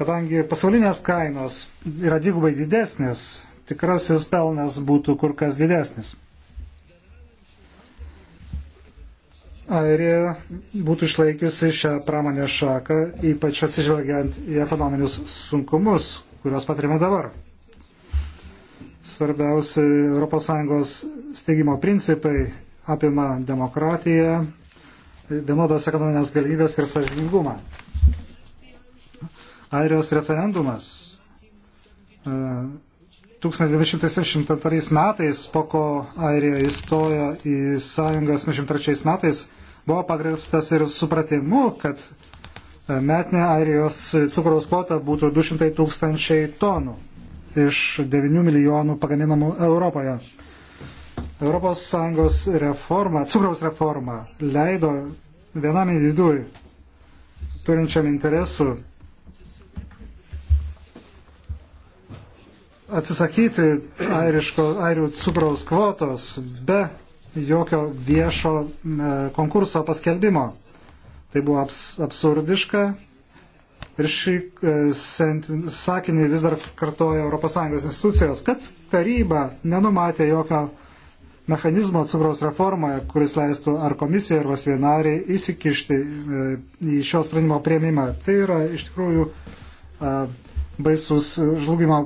Kadangi pasaulinės kainos yra dvigubai didesnės, tikrasis pelnas būtų kur kas didesnis. Airija būtų išlaikiusi šią pramonę šaką, ypač atsižvelgiant į ekonominius sunkumus, kuriuos patirime dabar. Svarbiausi ES steigimo principai apima demokratiją, vienodas ekonominės galimybės ir sažiningumą. Airijos referendumas 1972 e, metais, po ko Airija įstojo į sąjungą 1973 metais, buvo pagristas ir supratimu, kad e, metinė Airijos cukraus kvota būtų 200 tūkstančiai tonų iš 9 milijonų pagaminamų Europoje. ES reforma, cukraus reforma leido vienam individui turinčiam interesų atsisakyti airiško, airių cukraus kvotos be jokio viešo e, konkurso paskelbimo. Tai buvo abs, absurdiška ir šį e, sakinį vis dar kartoja ES institucijos, kad taryba nenumatė jokio mechanizmo cukraus reformoje, kuris leistų ar komisijai, ar vasvienariai įsikišti e, į šio sprendimo prieimimą. Tai yra iš tikrųjų uh, baisus žlugimo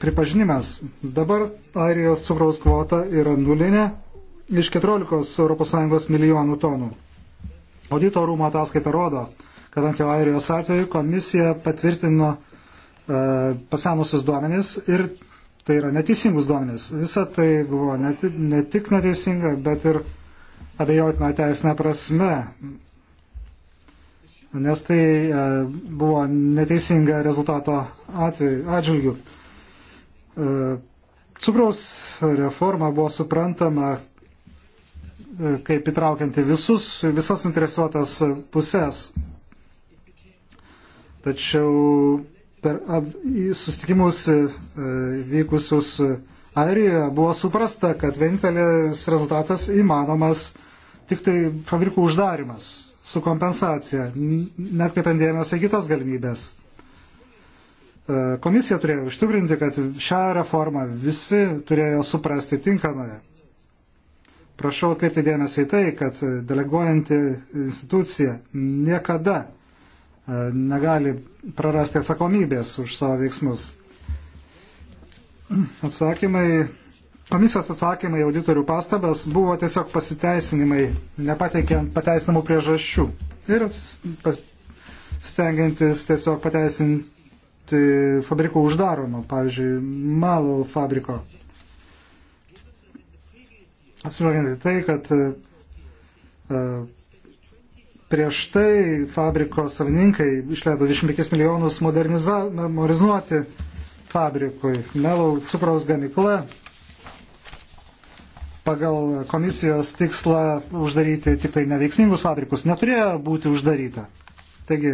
pripažinimas. Dabar Airijos cukraus kvota yra nulinė iš 14 ES milijonų tonų. Audito rūmo ataskaita rodo, kad ant jau Airijos atveju komisija patvirtino e, pasenusius duomenis ir tai yra neteisingus duomenis. Visa tai buvo ne, ne tik neteisinga, bet ir abejotina teisinė prasme nes tai e, buvo neteisinga rezultato atžvilgių. E, cukraus reforma buvo suprantama e, kaip įtraukianti visus, visas interesuotas pusės. Tačiau per susitikimus vykusius Airijoje buvo suprasta, kad vienintelis rezultatas įmanomas tik tai fabrikų uždarimas su kompensacija, net kaip endėmėse kitas galimybės. E, komisija turėjo užtikrinti, kad šią reformą visi turėjo suprasti tinkamai. Prašau atkreipti dėmesį į tai, kad deleguojanti institucija niekada e, negali prarasti atsakomybės už savo veiksmus. Atsakymai Komisijos atsakymai auditorių pastabas buvo tiesiog pasiteisinimai, nepateikiant pateisinamų priežasčių ir stengiantis tiesiog pateisinti fabrikų uždaromą, pavyzdžiui, malo fabriko. Atsižvelgiant į tai, kad e, prieš tai fabriko savininkai išleido 25 milijonus modernizuoti fabrikui. Melau cukraus gamikla pagal komisijos tikslą uždaryti tik tai neveiksmingus fabrikus neturėjo būti uždaryta. Taigi,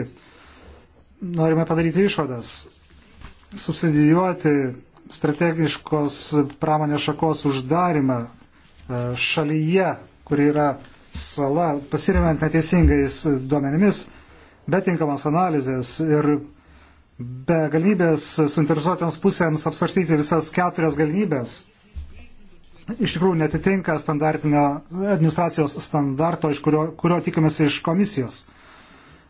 norime padaryti išvadas. Subsidijuoti strategiškos pramonės šakos uždarimą e, šalyje, kuri yra sala, pasiriamant neteisingais duomenimis, be tinkamos analizės ir be galimybės suinteresuotėms pusėms apsvarstyti visas keturias galimybės, iš tikrųjų netitinka standartinio administracijos standarto, iš kurio, kurio tikimasi iš komisijos.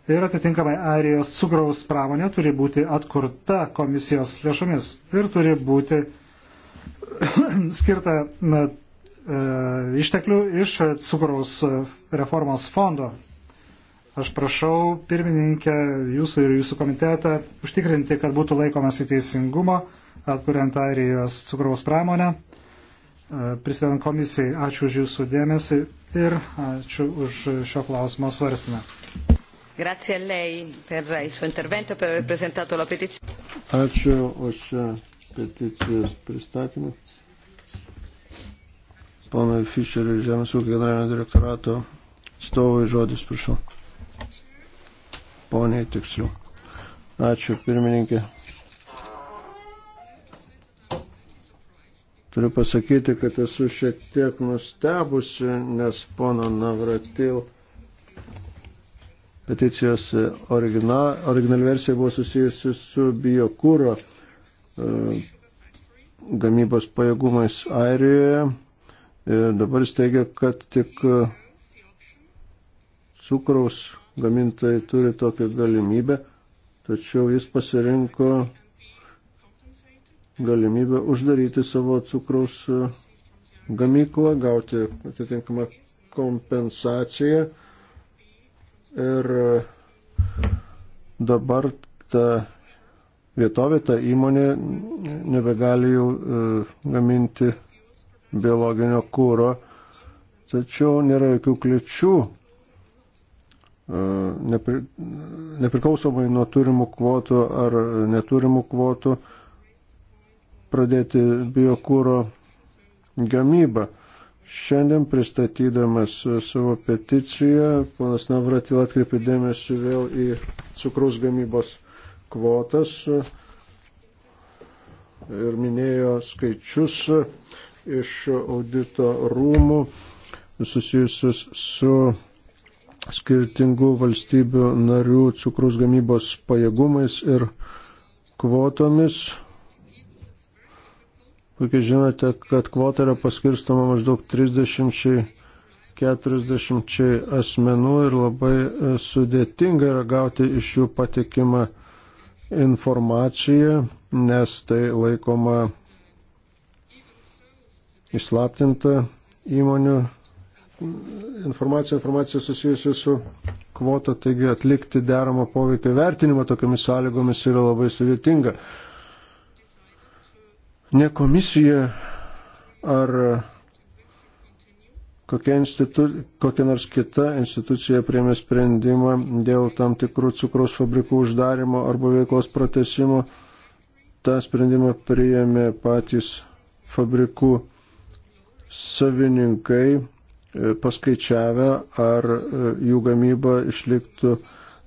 Ir atitinkamai Airijos cukraus pramonė turi būti atkurta komisijos lėšomis ir turi būti skirta na, e, išteklių iš cukraus reformos fondo. Aš prašau pirmininkę jūsų ir jūsų komitetą užtikrinti, kad būtų laikomasi teisingumo, atkuriant Airijos cukraus pramonę E, prisidedant komisijai. Ačiū už Jūsų dėmesį ir ačiū už šio klausimo svarstymą. Grazie a lei per il suo intervento e per aver presentato la petizione. Ačiū už peticijos pristatymą. Pana Fischeriui, Žemės ūkio generalinio direktorato atstovui žodis, prašau. Poniai tiksliau. Ačiū, pirmininkė. Turiu pasakyti, kad esu šiek tiek nustebusi, nes pono Navratil peticijos original, original versija buvo susijusi su biokūro e, gamybos pajėgumais Airijoje. Ir e, dabar steigia, kad tik cukraus gamintojai turi tokią galimybę, tačiau jis pasirinko galimybę uždaryti savo cukraus e, gamyklą, gauti atitinkamą kompensaciją. Ir e, dabar ta vietovė, ta įmonė nebegali jau e, gaminti biologinio kūro, tačiau nėra jokių kliučių nepri, nepriklausomai nuo turimų kvotų ar neturimų kvotų pradėti biokūro gamybą. Šiandien pristatydamas savo peticiją, ponas Navratil atkreipė dėmesį vėl į cukraus gamybos kvotas ir minėjo skaičius iš audito rūmų susijusius su skirtingų valstybių narių cukraus gamybos pajėgumais ir kvotomis Puikiai žinote, kad kvota yra paskirstama maždaug 30-40 asmenų ir labai e, sudėtinga yra gauti iš jų patikimą informaciją, nes tai laikoma įslaptinta įmonių informacija, informacija susijusi su kvota, taigi atlikti deramą poveikio vertinimą tokiamis sąlygomis yra labai sudėtinga. Ne komisija ar kokia, institu, kokia nors kita institucija priemė sprendimą dėl tam tikrų cukraus fabrikų uždarimo arba veiklos pratesimo, tą sprendimą priėmė patys fabrikų savininkai, e, paskaičiavę, ar e, jų gamyba išliktų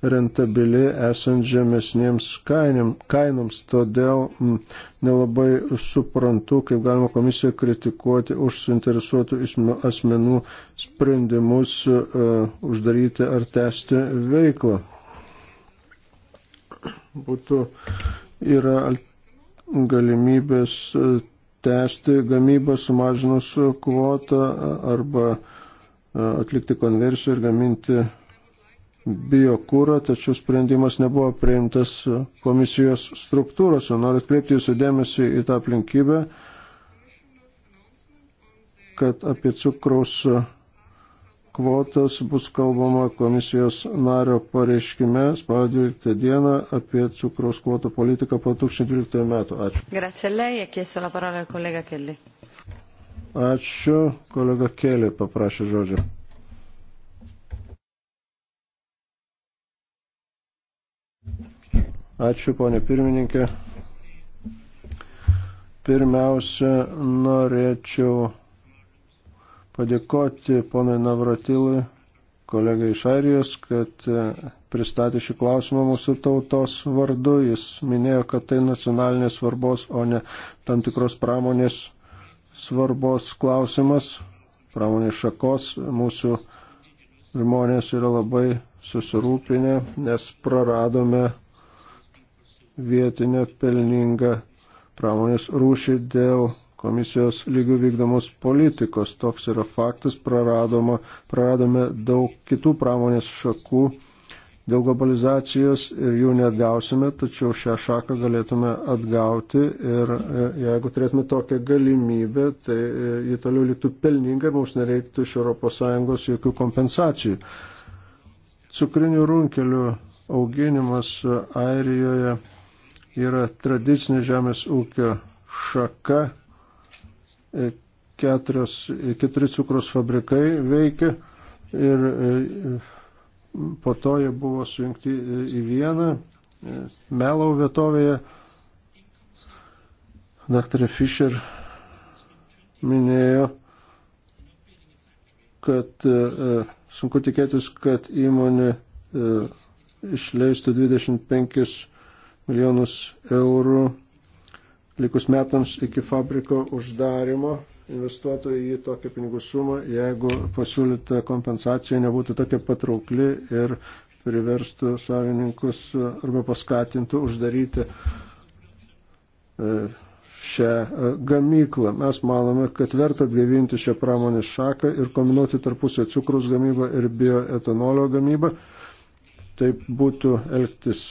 rentabili esant žemesniems kainim, kainoms. Todėl m, mm, nelabai suprantu, kaip galima komisiją kritikuoti už suinteresuotų asmenų sprendimus uh, uždaryti ar tęsti veiklą. Būtų yra galimybės e, tęsti gamybą sumažinus kvotą arba atlikti konversiją ir gaminti biokūrą, tačiau sprendimas nebuvo priimtas komisijos struktūrose. Noriu atkreipti jūsų dėmesį į tą aplinkybę, kad apie cukraus kvotas bus kalbama komisijos nario pareiškime spalio 12 dieną apie cukraus kvotų politiką po 2012 metų. Ačiū. Grazie lei, chiesto la parola al collega Kelly. Ačiū, kolega Kelly paprašė žodžio. Ačiū, ponė pirmininkė. Pirmiausia, norėčiau padėkoti ponai Navratilui, kolegai iš Airijos, kad e, pristatė šį klausimą mūsų tautos vardu. Jis minėjo, kad tai nacionalinės svarbos, o ne tam tikros pramonės svarbos klausimas. Pramonės šakos mūsų žmonės yra labai susirūpinę, nes praradome vietinę pelningą pramonės rūšį dėl komisijos lygių vykdomos politikos. Toks yra faktas, praradoma, praradome daug kitų pramonės šakų dėl globalizacijos ir jų neatgausime, tačiau šią šaką galėtume atgauti ir e, jeigu turėtume tokią galimybę, tai e, ji toliau liktų pelninga ir mums nereiktų iš ES jokių kompensacijų. Cukrinių runkelių auginimas e, Airijoje yra tradicinė žemės ūkio šaka. E, Keturios, e, keturi cukros fabrikai veikia ir e, po to jie buvo sujungti į vieną Melau vietovėje. Dr. Fischer minėjo, kad sunku tikėtis, kad įmonė išleistų 25 milijonus eurų likus metams iki fabriko uždarimo investuotų į tokią pinigų sumą, jeigu pasiūlyta kompensacija nebūtų tokia patraukli ir priverstų savininkus arba paskatintų uždaryti e, šią e, gamyklą. Mes manome, kad verta atgaivinti šią pramonės šaką ir kombinuoti tarpusio cukrus gamybą ir bioetanolio gamybą. Taip būtų elgtis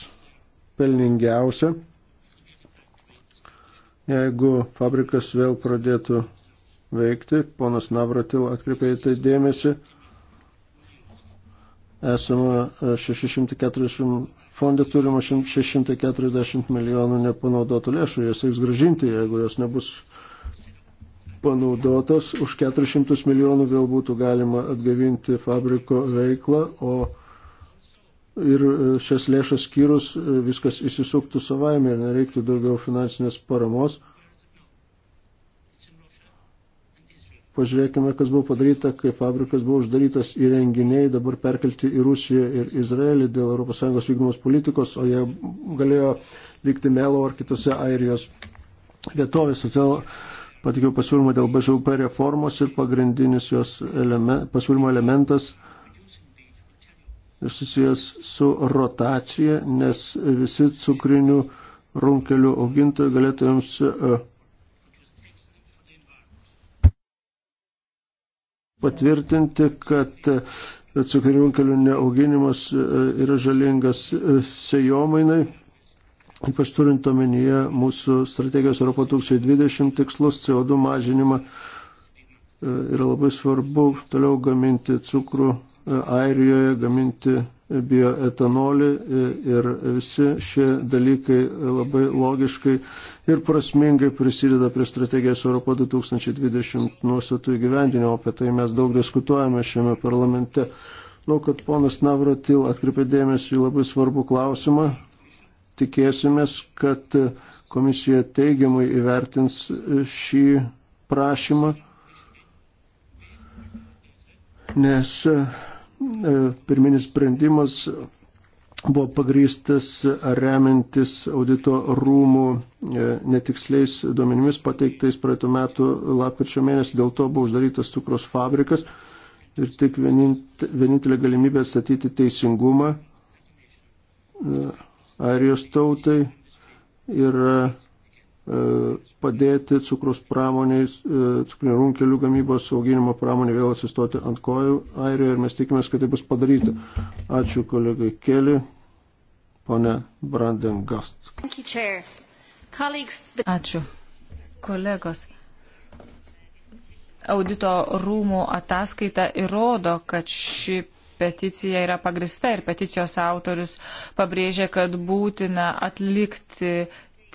pelningiausia, jeigu fabrikas vėl pradėtų veikti. Ponas Navratil atkreipė į tai dėmesį. Esame 640, fondė turime 640 milijonų nepanaudotų lėšų, jas reiks gražinti, jeigu jos nebus panaudotas, už 400 milijonų vėl būtų galima atgavinti fabriko veiklą, o ir e, šias lėšas skyrus e, viskas įsisuktų savaime ir nereiktų daugiau finansinės paramos. Pažiūrėkime, kas buvo padaryta, kai fabrikas buvo uždarytas įrenginiai, dabar perkelti į Rusiją ir Izraelį dėl ES vykdomos politikos, o jie galėjo vykti Melo ar kitose Airijos vietovės. Todėl patikiau pasiūlymą dėl BŽUP reformos ir pagrindinis jos elemen, pasiūlymo elementas susijęs su rotacija, nes visi cukrinių runkelių augintojai galėtų jums e, patvirtinti, kad e, cukrinių runkelių neauginimas e, yra žalingas sejomainai. Ypač turint omenyje mūsų strategijos Europo 2020 tikslus CO2 mažinimą, yra labai svarbu toliau gaminti cukrų E, Airijoje gaminti bioetanolį e, ir visi šie dalykai labai logiškai ir prasmingai prisideda prie strategijos Europo 2020 nuostatų įgyvendinimo, apie tai mes daug diskutuojame šiame parlamente. Manau, kad ponas Navratil atkreipė dėmesį į labai svarbų klausimą. Tikėsimės, kad komisija teigiamai įvertins šį prašymą, nes E, pirminis sprendimas buvo pagrystas remintis audito rūmų e, netiksliais duomenimis pateiktais praeitų metų lapkričio mėnesį, dėl to buvo uždarytas cukros fabrikas ir tik vienintelė galimybė statyti teisingumą e, Airijos tautai yra E, padėti cukrus pramoniai, e, cukrinių runkelių gamybos auginimo pramonė vėl atsistoti ant kojų Airijoje ir mes tikimės, kad tai bus padaryta. Ačiū kolegai Keli, pone Brandengast. Ačiū. Kolegos, audito rūmų ataskaita įrodo, kad ši peticija yra pagrista ir peticijos autorius pabrėžė, kad būtina atlikti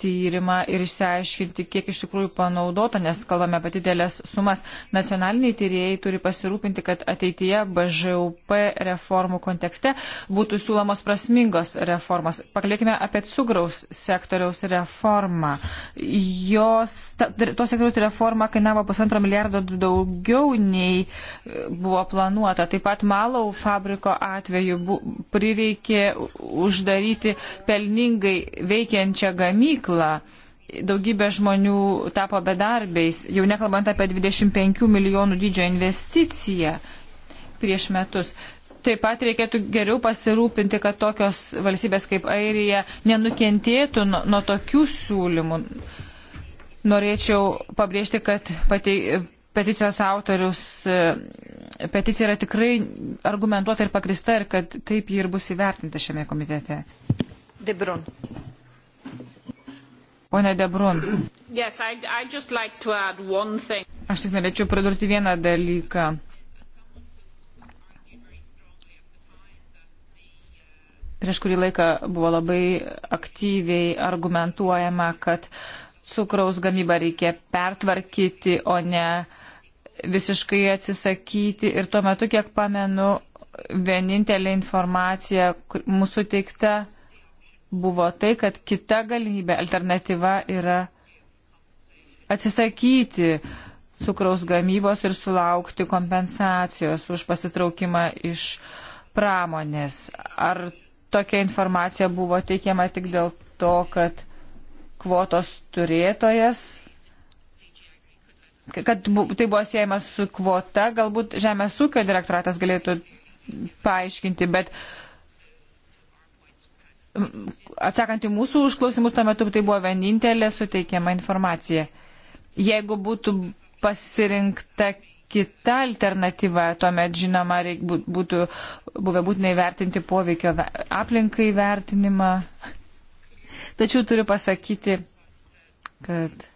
tyrimą ir išsiaiškinti, kiek iš tikrųjų panaudota, nes kalbame apie didelės sumas. Nacionaliniai tyrėjai turi pasirūpinti, kad ateityje BŽUP reformų kontekste būtų siūlomos prasmingos reformos. Pakalbėkime apie cukraus sektoriaus reformą. Jos, ta, tos sektoriaus reforma kainavo pusantro milijardo daugiau nei e, buvo planuota. Taip pat Malau fabriko atveju bu, prireikė uždaryti pelningai veikiančią gamyklą veiklą. Daugybė žmonių tapo bedarbiais, jau nekalbant apie 25 milijonų dydžio investiciją prieš metus. Taip pat reikėtų geriau pasirūpinti, kad tokios valstybės kaip Airija nenukentėtų nuo, nuo tokių siūlymų. Norėčiau pabrėžti, kad patei, peticijos autorius, e, peticija yra tikrai argumentuota ir pakrista ir kad taip ji ir bus įvertinta šiame komitete. Debrun. Pone Debrun. Yes, I, I like Aš tik norėčiau pridurti vieną dalyką. Prieš kurį laiką buvo labai aktyviai argumentuojama, kad cukraus gamybą reikia pertvarkyti, o ne visiškai atsisakyti. Ir tuo metu, kiek pamenu, vienintelė informacija mūsų teikta buvo tai, kad kita galimybė, alternatyva yra atsisakyti cukraus gamybos ir sulaukti kompensacijos už pasitraukimą iš pramonės. Ar tokia informacija buvo teikiama tik dėl to, kad kvotos turėtojas, kad tai buvo siejama su kvota, galbūt Žemės ūkio direktoratas galėtų paaiškinti, bet uh, atsakant į mūsų užklausimus, tuo metu tai buvo vienintelė suteikiama informacija. Jeigu būtų pasirinkta kita alternatyva, tuomet žinoma, reik, būtų buvę būtinai vertinti poveikio aplinkai vertinimą. Tačiau turiu pasakyti, kad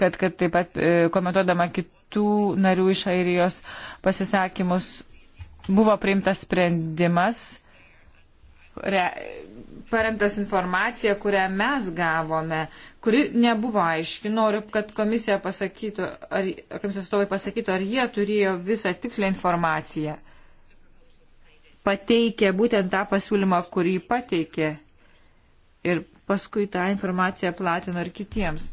kad, kad taip pat e, komentuodama kitų narių iš Airijos pasisakymus buvo priimtas sprendimas, re, paremtas informacija, kurią mes gavome, kuri nebuvo aiški. Noriu, kad komisija pasakytų, ar, komisijos atstovai pasakytų, ar jie turėjo visą tikslę informaciją. Pateikė būtent tą pasiūlymą, kurį pateikė. Ir paskui tą informaciją platino ir kitiems.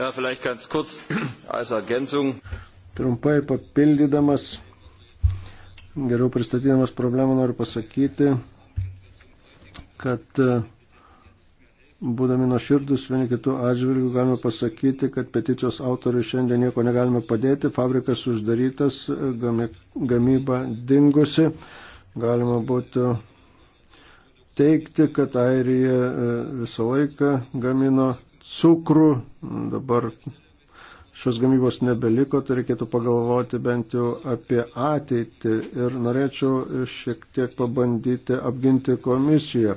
Ja, vielleicht ganz kurz als Ergänzung. Trumpai papildydamas, geriau pristatydamas problemą noriu pasakyti, kad e, būdami nuoširdus vieni kitų atžvilgių galime pasakyti, kad peticijos autoriui šiandien nieko negalime padėti, fabrikas uždarytas, gamyba dingusi. Galima būtų teikti, kad Airija e, visą laiką gamino cukrų, dabar šios gamybos nebeliko, tai reikėtų pagalvoti bent jau apie ateitį ir norėčiau šiek tiek pabandyti apginti komisiją.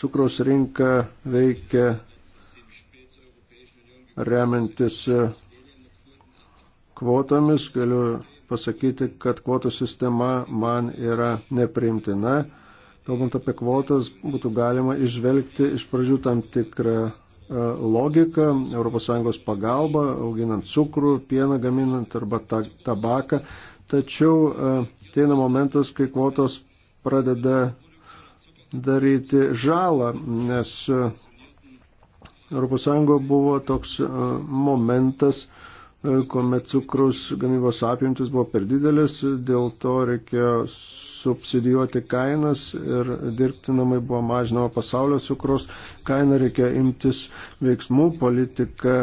Cukraus rinka veikia remiantis kvotomis, galiu pasakyti, kad kvotų sistema man yra nepriimtina. Kalbant apie kvotas, būtų galima išvelgti iš pradžių tam tikrą E, logika, ES pagalba, auginant cukrų, pieną gaminant arba tabaką. Tačiau e, ateina momentas, kai kvotos pradeda daryti žalą, nes e, ES buvo toks momentas, kuomet cukrus gamybos apimtis buvo per didelis, dėl to reikėjo subsidijuoti kainas ir dirbtinamai buvo mažinama pasaulio cukros kaina, reikėjo imtis veiksmų, politika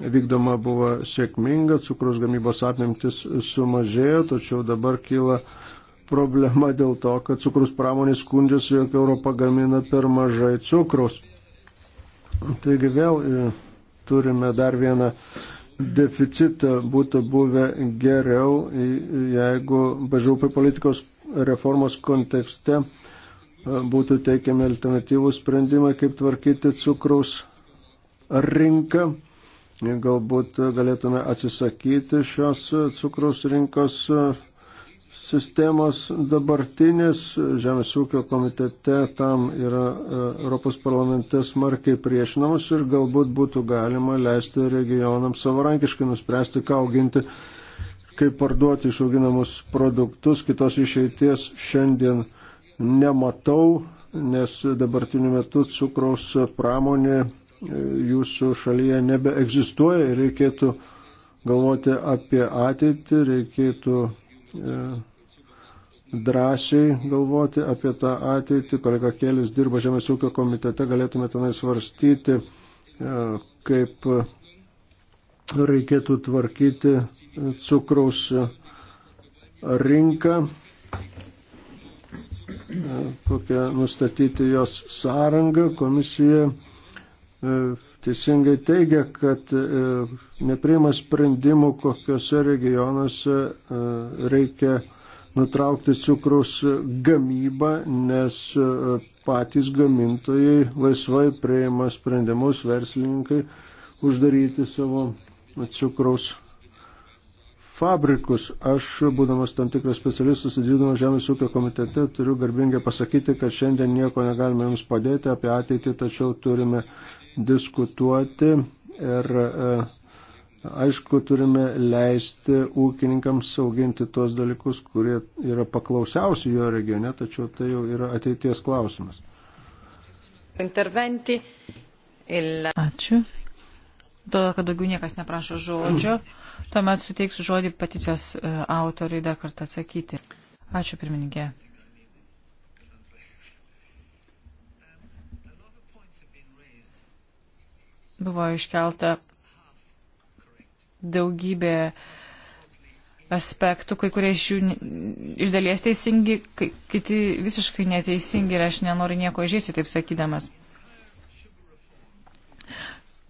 vykdoma buvo sėkminga, cukros gamybos apimtis sumažėjo, tačiau dabar kyla problema dėl to, kad cukrus pramonės skundžiasi, jog Europa gamina per mažai cukrus. Taigi vėl e, turime dar vieną deficitą būtų buvę geriau, jeigu bažiaupai politikos reformos kontekste būtų teikiami alternatyvų sprendimai, kaip tvarkyti cukraus rinką. Galbūt galėtume atsisakyti šios cukraus rinkos sistemos dabartinis. Žemės ūkio komitete tam yra e, Europos parlamente smarkiai priešinamas ir galbūt būtų galima leisti regionams savarankiškai nuspręsti, ką auginti, kaip parduoti išauginamus produktus. Kitos išeities šiandien nematau, nes dabartiniu metu cukraus pramonė e, jūsų šalyje nebeegzistuoja ir reikėtų galvoti apie ateitį, reikėtų e, drąsiai galvoti apie tą ateitį. Kolega Kėlis dirba Žemės ūkio komitete, galėtume tenai svarstyti, e, kaip reikėtų tvarkyti cukraus rinką, e, kokią nustatyti jos sąrangą. Komisija e, teisingai teigia, kad nepriima sprendimų, kokiuose regionuose reikia nutraukti cukraus gamybą, nes e, patys gamintojai laisvai prieima sprendimus, verslininkai uždaryti savo cukraus fabrikus. Aš, būdamas tam tikras specialistas, dirbdamas Žemės ūkio komitete, turiu garbingai pasakyti, kad šiandien nieko negalime jums padėti apie ateitį, tačiau turime diskutuoti ir e, Aišku, turime leisti ūkininkams sauginti tuos dalykus, kurie yra paklausiausi jo regione, tačiau tai jau yra ateities klausimas. Interventi. Il... Ačiū. Todėl, kad daugiau niekas neprašo žodžio, tuomet suteiksiu žodį peticijos e, autoriai dar kartą atsakyti. Ačiū, pirmininkė. Buvo iškelta daugybė aspektų, kai kurie iš jų iš dalies teisingi, kiti visiškai neteisingi ir aš nenoriu nieko žaisti, taip sakydamas.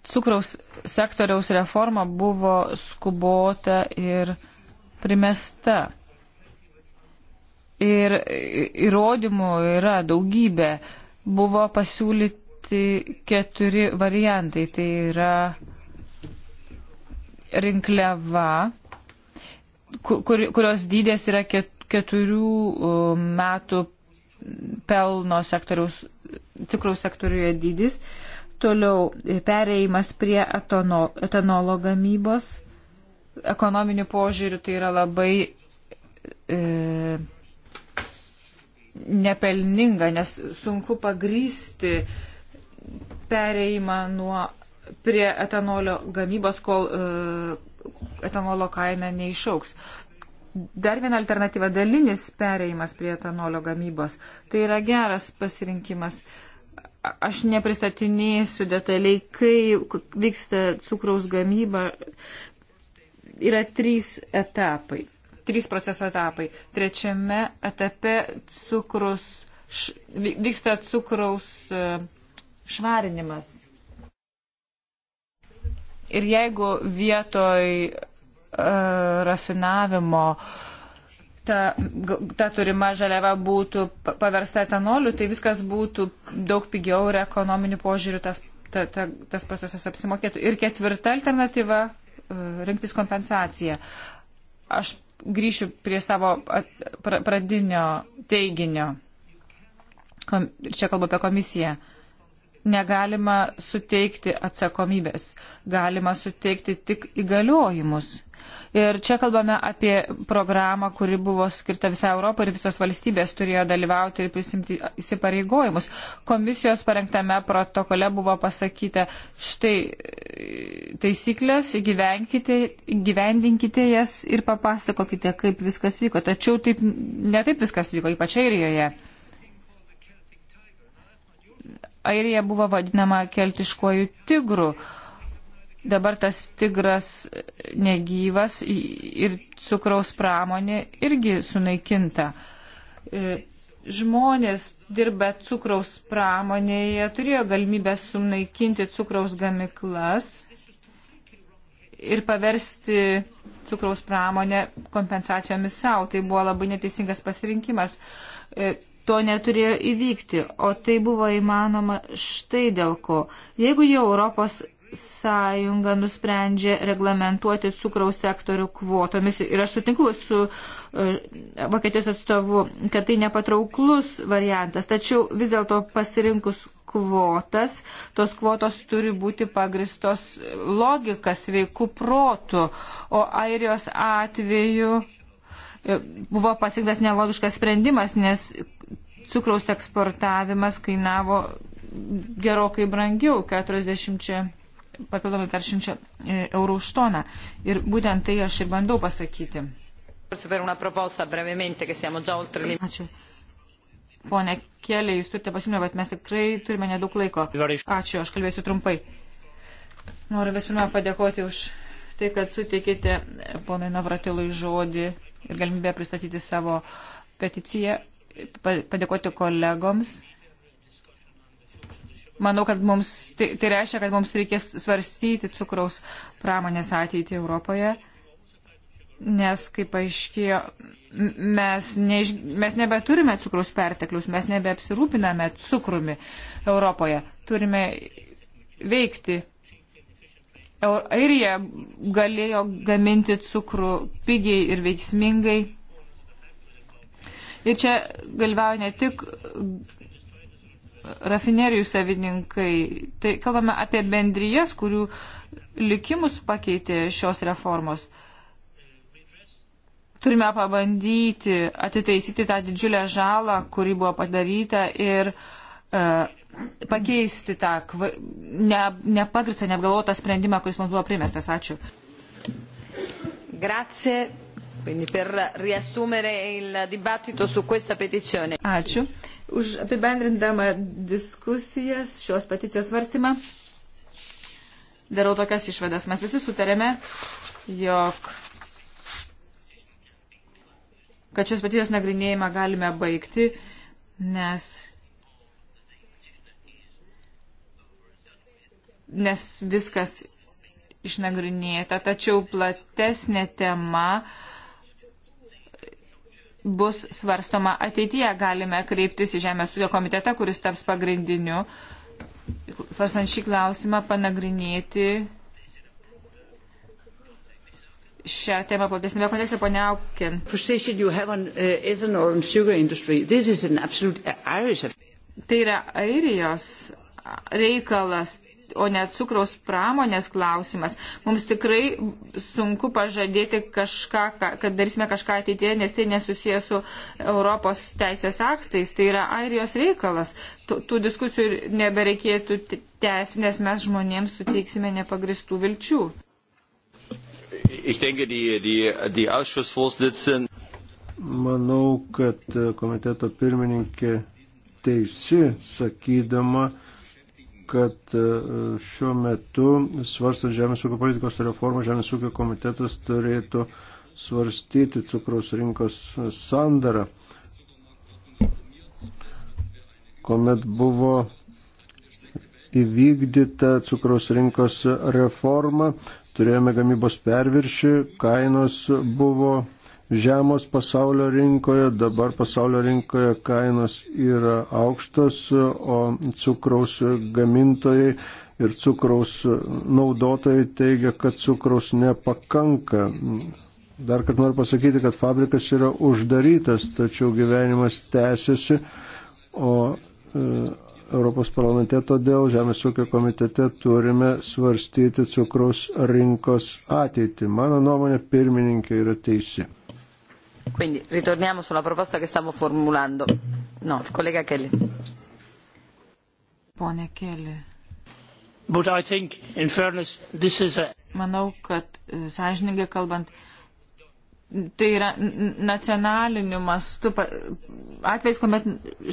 Cukraus sektoriaus reforma buvo skubota ir primesta. Ir įrodymų yra daugybė. Buvo pasiūlyti keturi variantai. Tai yra rinkliava, kur, kurios dydės yra keturių metų pelno sektoriaus, cukraus sektoriuje dydis. Toliau e, pereimas prie etanolo, etanolo gamybos. Ekonominių požiūrių tai yra labai e, nepelninga, nes sunku pagrysti pereimą nuo prie etanolio gamybos, kol uh, etanolo kaina neišauks. Dar viena alternatyva - dalinis pereimas prie etanolio gamybos. Tai yra geras pasirinkimas. Aš nepristatinėsiu detaliai, kai vyksta cukraus gamyba. Yra trys etapai, trys proceso etapai. Trečiame etape cukrus, š, vyksta cukraus e, švarinimas Ir jeigu vietoj uh, rafinavimo ta, ta turima žaliava būtų paversta etanoliu, tai viskas būtų daug pigiau ir ekonominiu požiūriu tas, ta, ta, tas procesas apsimokėtų. Ir ketvirta alternatyva e, - rinktis kompensaciją. Aš grįšiu prie savo pradinio teiginio. Kom, čia kalbu apie komisiją. Uh, negalima suteikti atsakomybės, galima suteikti tik įgaliojimus. Ir čia kalbame apie programą, kuri buvo skirta visai Europai ir visos valstybės turėjo dalyvauti ir prisimti įsipareigojimus. Komisijos parengtame protokole buvo pasakyta, štai e, taisyklės, gyvendinkite jas ir papasakokite, kaip viskas vyko. Tačiau taip, ne taip viskas vyko, ypač Airijoje. Airija buvo vadinama keltiškuoju tigru. Dabar tas tigras negyvas ir cukraus pramonė irgi sunaikinta. E, žmonės dirbę cukraus pramonėje turėjo galimybę sunaikinti cukraus gamiklas ir paversti cukraus pramonę kompensacijomis savo. Tai buvo labai neteisingas pasirinkimas. E, to neturėjo įvykti, o tai buvo įmanoma štai dėl ko. Jeigu jau Europos sąjunga nusprendžia reglamentuoti cukraus sektorių kvotomis ir aš sutinku su e, Vokietijos atstovu, kad tai nepatrauklus variantas, tačiau vis dėlto pasirinkus kvotas, tos kvotos turi būti pagristos logika, sveiku protu, o Airijos atveju E, buvo pasiktas nelogiškas sprendimas, nes cukraus eksportavimas kainavo gerokai brangiau - 40 papildomai per 100 e, eurų už toną. Ir būtent tai aš ir bandau pasakyti. Ačiū. Pone Keliai, jūs turite pasiūlymą, bet mes tikrai turime nedaug laiko. Ačiū, aš kalbėsiu trumpai. Noriu vis pirma padėkoti už tai, kad suteikėte ponai Navratilui žodį ir galimybę pristatyti savo peticiją, padėkoti kolegoms. Manau, kad mums, tai, tai reiškia, kad mums reikės svarstyti cukraus pramonės ateitį Europoje, nes, kaip aiškėjo, mes, neiš, mes nebeturime cukraus perteklius, mes nebeapsirūpiname cukrumi Europoje. Turime veikti Airija galėjo gaminti cukrų pigiai ir veiksmingai. Ir čia galvoja ne tik rafinerijų savininkai, tai kalbame apie bendrijas, kurių likimus pakeitė šios reformos. Turime pabandyti atitaisyti tą didžiulę žalą, kuri buvo padaryta ir uh, pakeisti tą ne, nepagristą, neapgalvotą sprendimą, kuris man buvo primestas. Ačiū. Grazie. Quindi per riassumere il dibattito su questa petizione. Ačiū. Už apibendrindamą diskusijas šios peticijos svarstymą darau tokias išvadas. Mes visi sutarėme, jog kad šios peticijos nagrinėjimą galime baigti, nes nes viskas išnagrinėta, tačiau platesnė tema bus svarstoma ateityje. Galime kreiptis į Žemės ūkio komitetą, kuris taps pagrindiniu, svarstant šį klausimą, panagrinėti šią temą platesnėme kontekste, ponia Aukin. Uh, tai yra Airijos reikalas o ne cukraus pramonės klausimas. Mums tikrai sunku pažadėti kažką, kad darysime kažką ateityje, nes tai nesusijęs su Europos teisės aktais. Tai yra airijos reikalas. Tų diskusijų nebereikėtų tęsti, nes mes žmonėms suteiksime nepagristų vilčių. Manau, kad komiteto pirmininkė teisi, sakydama, kad e, šiuo metu svarstant Žemės ūkio politikos reformą Žemės ūkio komitetas turėtų svarstyti cukraus rinkos sandarą, kuomet buvo įvykdyta cukraus rinkos reforma, turėjome gamybos perviršį, kainos buvo žemos pasaulio rinkoje, dabar pasaulio rinkoje kainos yra aukštos, o cukraus gamintojai ir cukraus naudotojai teigia, kad cukraus nepakanka. Dar kartą noriu pasakyti, kad fabrikas yra uždarytas, tačiau gyvenimas tęsiasi, o e, Europos parlamente todėl Žemės ūkio komitete turime svarstyti cukraus rinkos ateitį. Mano nuomonė pirmininkė yra teisi. Quindi ritorniamo sulla proposta che stavo formulando. No, il collega Kelly. Pone Kelly. But I think, in fairness, this is a... Manau, kad e, sąžininkai kalbant, tai yra nacionaliniu mastu, atvejs, kuomet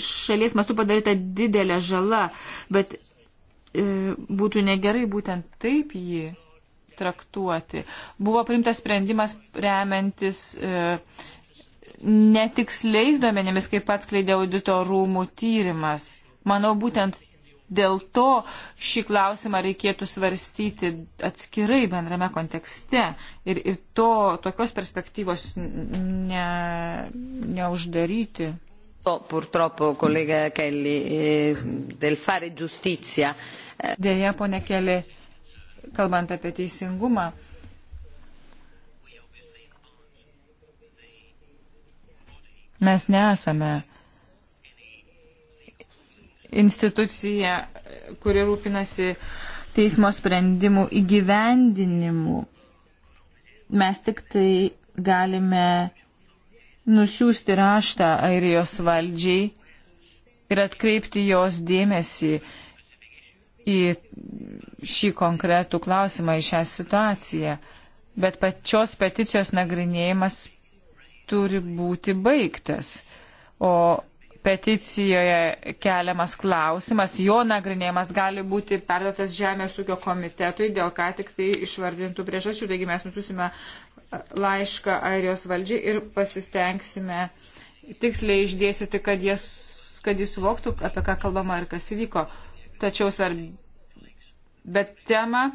šalies mastu padaryta didelė žala, bet e, būtų negerai būtent taip jį traktuoti. Buvo primtas sprendimas remiantis e, netiksliais duomenėmis, kaip atskleidė audito rūmų tyrimas. Manau, būtent dėl to šį klausimą reikėtų svarstyti atskirai bendrame kontekste ir, ir to, tokios perspektyvos ne, neuždaryti. Purtroppo, kolega Kelly, eh, del fare giustizia. Deja, ponia Kelly, kalbant apie teisingumą, Mes nesame institucija, kuri rūpinasi teismo sprendimų įgyvendinimu. Mes tik tai galime nusiųsti raštą Airijos valdžiai ir atkreipti jos dėmesį į šį konkretų klausimą, į šią situaciją. Bet pačios peticijos nagrinėjimas turi būti baigtas. O peticijoje keliamas klausimas, jo nagrinėjimas gali būti perduotas Žemės ūkio komitetui dėl ką tik tai išvardintų priežasčių. Taigi mes nusiusime laišką Airijos valdžiai ir pasistengsime tiksliai išdėsyti, kad, jie, kad jis suvoktų, apie ką kalbama ir kas įvyko. Tačiau svarbi. Bet temą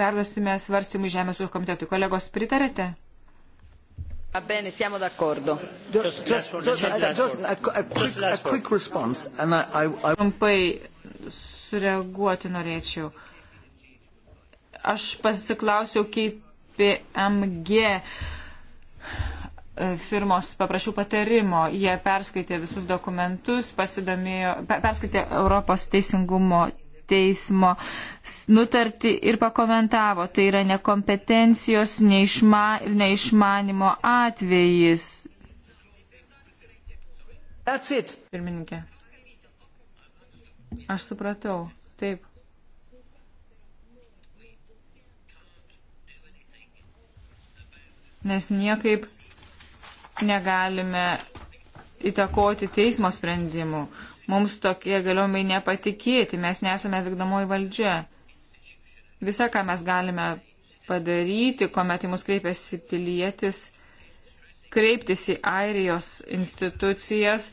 perduosime svarstymui Žemės ūkio komitetui. Kolegos, pritarėte? Va bene, siamo d'accordo. Just, just, just, just a, a, quick, a quick response. And I, I, I... Trumpai sureaguoti norėčiau. Aš pasiklausiau kaip PMG e, firmos paprašiau patarimo. Jie perskaitė visus dokumentus, pasidomėjo, perskaitė Europos teisingumo teismo nutartį ir pakomentavo, tai yra nekompetencijos neišma, ir neišmanimo atvejis. Pirmininkė. Aš supratau. Taip. Nes niekaip negalime įtakoti teismo sprendimų. Mums tokie galiomai nepatikėti, mes nesame vykdomoji valdžia. Visa, ką mes galime padaryti, kuomet į mus kreipiasi pilietis, kreiptis į Airijos institucijas,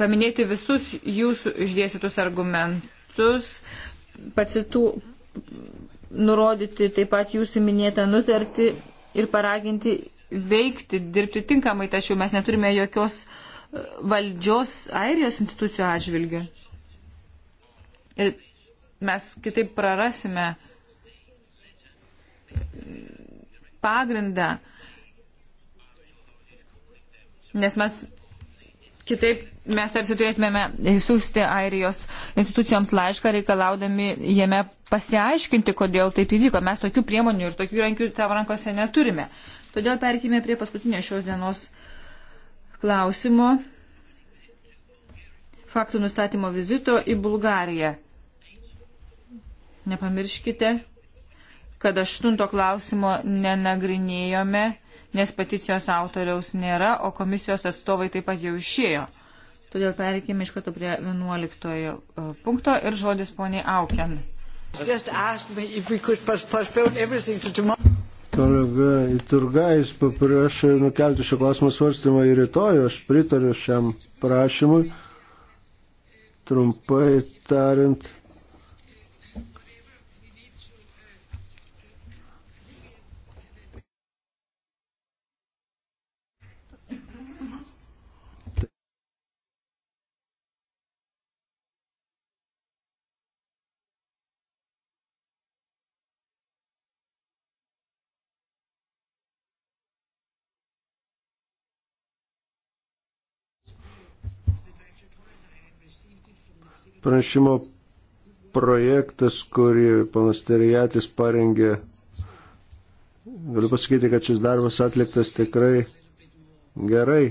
paminėti visus jūsų išdėstytus argumentus, pacitų, nurodyti taip pat jūsų minėtą nutartį ir paraginti veikti, dirbti tinkamai, tačiau mes neturime jokios uh, valdžios Airijos institucijų atžvilgių. Ir mes kitaip prarasime pagrindą, nes mes kitaip mes tarsi turėtumėme siūsti Airijos institucijoms laišką reikalaudami jame pasiaiškinti, kodėl taip įvyko. Mes tokių priemonių ir tokių rankių tavo rankose neturime. Todėl perkime prie paskutinės šios dienos klausimo faktų nustatymo vizito į Bulgariją. Nepamirškite, kad aštunto klausimo nenagrinėjome, nes peticijos autoriaus nėra, o komisijos atstovai taip pat jau išėjo. Todėl pereikime iš karto prie 11 e, punkto ir žodis poniai Auken. Kolega Iturgais paprašė nukelti šio klausimo svarstymą į rytoj, aš pritariu šiam prašymui. Trumpai tariant, Pranešimo projektas, kurį panas Terijatis parengė, galiu pasakyti, kad šis darbas atliktas tikrai gerai,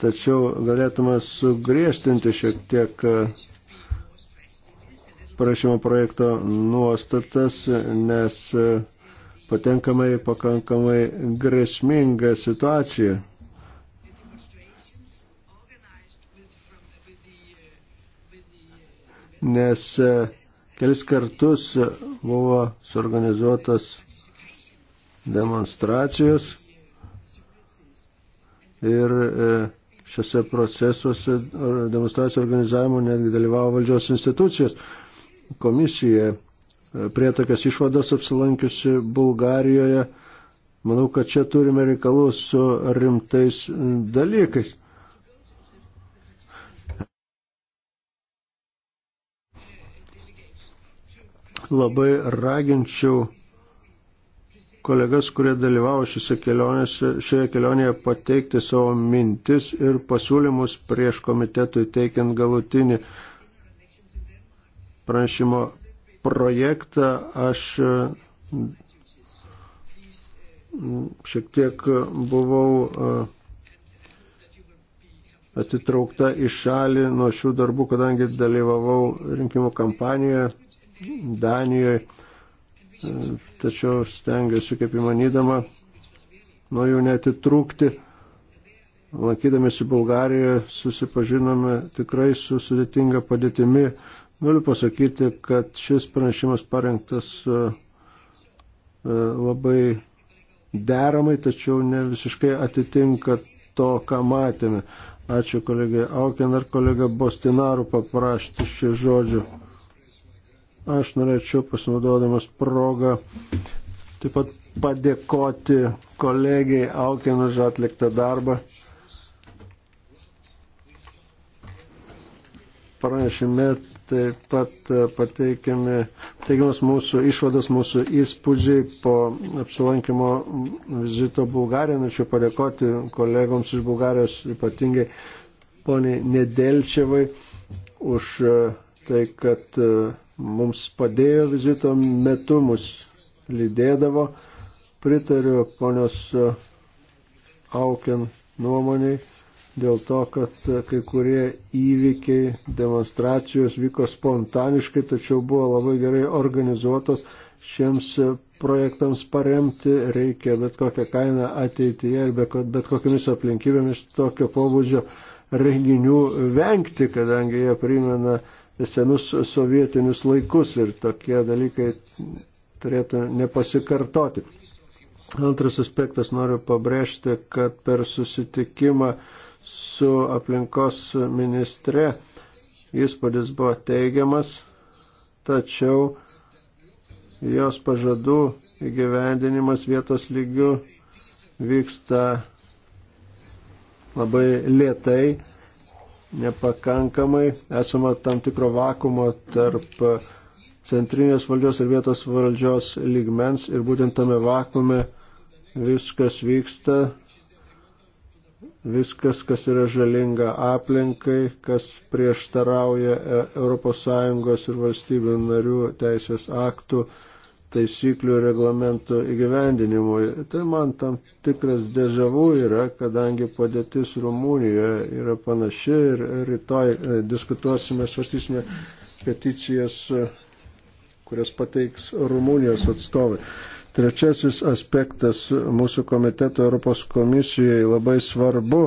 tačiau galėtume sugriežtinti šiek tiek e, parašymo projekto nuostatas, nes e, patenkame į pakankamai grėsmingą situaciją. nes e, kelis kartus buvo suorganizuotas demonstracijos ir e, šiuose procesuose demonstracijų organizavimo netgi dalyvavo valdžios institucijos. Komisija e, prie tokias išvadas apsilankiusi Bulgarijoje. Manau, kad čia turime reikalų su rimtais dalykais. Labai raginčiau kolegas, kurie dalyvavo šioje kelionėje, pateikti savo mintis ir pasiūlymus prieš komitetui teikiant galutinį pranešimo projektą. Aš mm, šiek tiek buvau atitraukta į šalį nuo šių darbų, kadangi dalyvavau rinkimų kampanijoje Danijoje, tačiau stengiuosi, kaip įmanydama, nuo jų netitrūkti. Lankydamėsi Bulgarijoje susipažinome tikrai su sudėtinga padėtimi. Galiu pasakyti, kad šis pranešimas parengtas e, e, labai deramai, tačiau ne visiškai atitinka to, ką matėme. Ačiū kolegai Aukin ir kolega Bostinarų paprašyti šį žodžių. Aš norėčiau pasinaudodamas progą taip pat padėkoti kolegijai Aukien už atliktą darbą. Pranešime taip pat pateikiami, pateikiamas mūsų išvadas, mūsų įspūdžiai po apsilankimo vizito Bulgarijoje. Norėčiau padėkoti kolegoms iš Bulgarijos, ypatingai poniai Nedelčiavai, už tai, kad uh, mums padėjo vizito metu, mus lydėdavo. Pritariu ponios e, Aukin nuomoniai dėl to, kad e, kai kurie įvykiai, demonstracijos vyko spontaniškai, tačiau buvo labai gerai organizuotos. Šiems e, projektams paremti reikia bet kokią kainą ateityje ir bet kokiamis aplinkybėmis tokio pobūdžio renginių vengti, kadangi jie primena senus sovietinius laikus ir tokie dalykai turėtų nepasikartoti. Antras aspektas noriu pabrėžti, kad per susitikimą su aplinkos ministre įspūdis buvo teigiamas, tačiau jos pažadų įgyvendinimas vietos lygių vyksta labai lietai nepakankamai, esama tam tikro vakumo tarp centrinės valdžios ir vietos valdžios lygmens ir būtent tame vakume viskas vyksta, viskas, kas yra žalinga aplinkai, kas prieštarauja ES ir valstybių narių teisės aktų taisyklių reglamento įgyvendinimui. Tai man tam tikras dėžavų yra, kadangi padėtis Rumunijoje yra panaši ir rytoj e, diskutuosime, svarstysime peticijas, e, kurias pateiks Rumunijos atstovai. Trečiasis aspektas mūsų komiteto Europos komisijai labai svarbu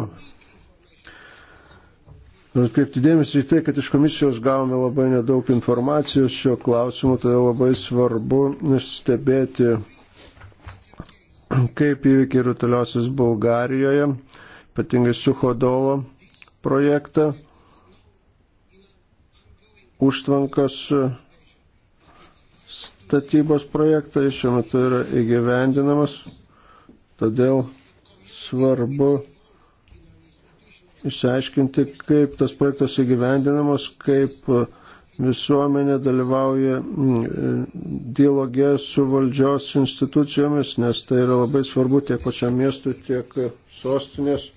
Noriu atkreipti dėmesį į tai, kad iš komisijos gavome labai nedaug informacijos šio klausimu, todėl labai svarbu stebėti, kaip įvykiai rutuliosis Bulgarijoje, ypatingai Suhodovo projektą, užtvankos statybos projektą, šiuo metu yra įgyvendinamas, todėl svarbu išsiaiškinti, kaip tas projektas įgyvendinamas, kaip e, visuomenė dalyvauja e, dialogė su valdžios institucijomis, nes tai yra labai svarbu tiek pačiam miestui, tiek sostinės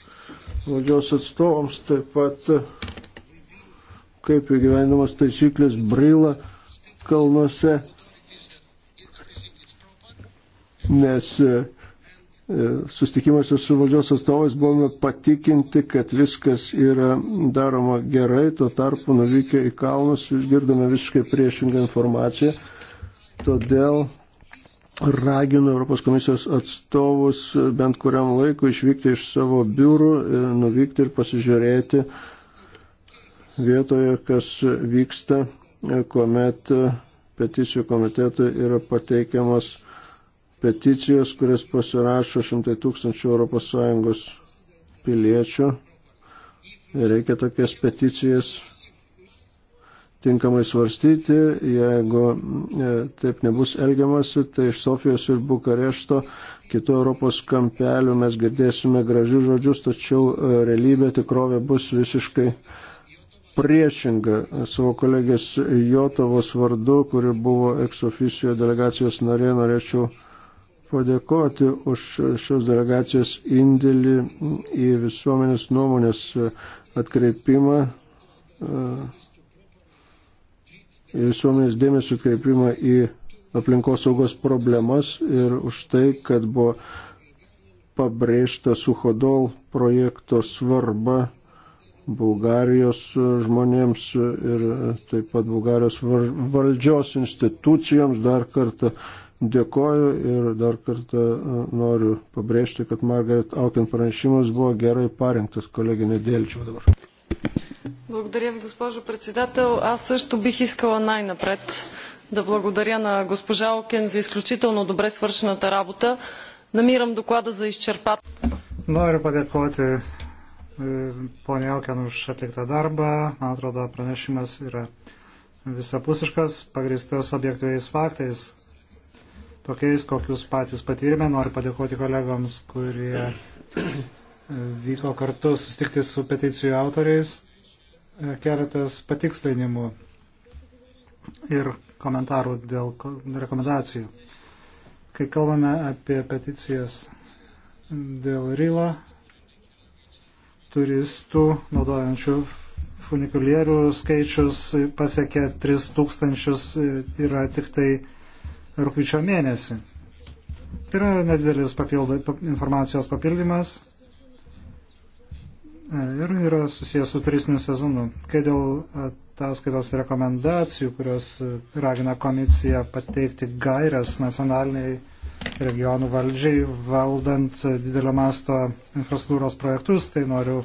valdžios atstovams. Taip pat e, kaip įgyvendinamas taisyklės Braila kalnuose, nes uh, E, sustikimuose su valdžios atstovais buvome patikinti, kad viskas yra daroma gerai, tuo tarpu nuvykę į kalnus išgirdome visiškai priešingą informaciją. Todėl raginu Europos komisijos atstovus bent kuriam laiku išvykti iš savo biurų, e, nuvykti ir pasižiūrėti vietoje, kas vyksta, e, kuomet peticijų komitetui yra pateikiamas peticijos, kurias pasirašo šimtai tūkstančių ES piliečių. Reikia tokias peticijas tinkamai svarstyti. Jeigu e, taip nebus elgiamasi, tai iš Sofijos ir Bukarešto kitų Europos kampelių mes girdėsime gražių žodžius, tačiau e, realybė tikrovė bus visiškai priešinga savo kolegės Jotovos vardu, kuri buvo eksoficijo delegacijos narė, norėčiau padėkoti už šios delegacijos indėlį į visuomenės nuomonės atkreipimą, e, į visuomenės dėmesio atkreipimą į aplinkos saugos problemas ir už tai, kad buvo pabrėžta Suhodol projekto svarba Bulgarijos žmonėms ir taip pat Bulgarijos valdžios institucijoms dar kartą uh, dėkoju ir dar kartą e, noriu pabrėžti, kad Margaret Aukin pranešimas buvo gerai parinktas, kolegė Nedėlčiau dabar. Благодаря ви, госпожо председател. Аз също бих искала най-напред да благодаря на госпожа Окен за изключително добре свършената работа. Намирам доклада за изчерпателен. Noriu padėkoti ponia Oken už atliktą darbą. Man atrodo, pranešimas yra visapusiškas, pagristas objektyviais faktais tokiais, kokius patys patyrėme. Noriu padėkoti kolegoms, kurie e, vyko kartu sustikti su peticijų autoriais. E, keletas patikslinimų ir komentarų dėl rekomendacijų. Kai kalbame apie peticijas dėl Rylo, turistų naudojančių funikulierių skaičius pasiekė 3000, e, yra tik tai rūpiučio mėnesį. Tai yra nedidelis papildo, informacijos papildymas e, ir yra susijęs su turistiniu sezonu. Kai dėl ataskaitos rekomendacijų, kurios ragina komisiją pateikti gairias nacionaliniai regionų valdžiai valdant didelio masto infrastruktūros projektus, tai noriu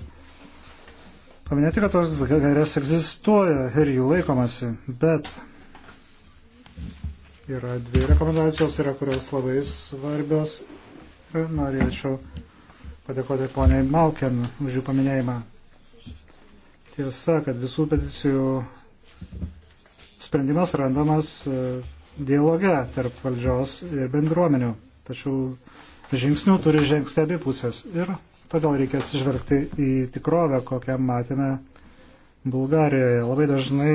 paminėti, kad tos gairės egzistuoja ir jų laikomasi, bet Yra dvi rekomendacijos, yra kurios labai svarbios. Ir norėčiau padėkoti poniai Malken už jų paminėjimą. Tiesa, kad visų peticijų sprendimas randamas e, dialoge tarp valdžios ir bendruomenių. Tačiau žingsnių turi žengsti abi pusės. Ir todėl reikia atsižvelgti į tikrovę, kokią matėme Bulgarijoje. Labai dažnai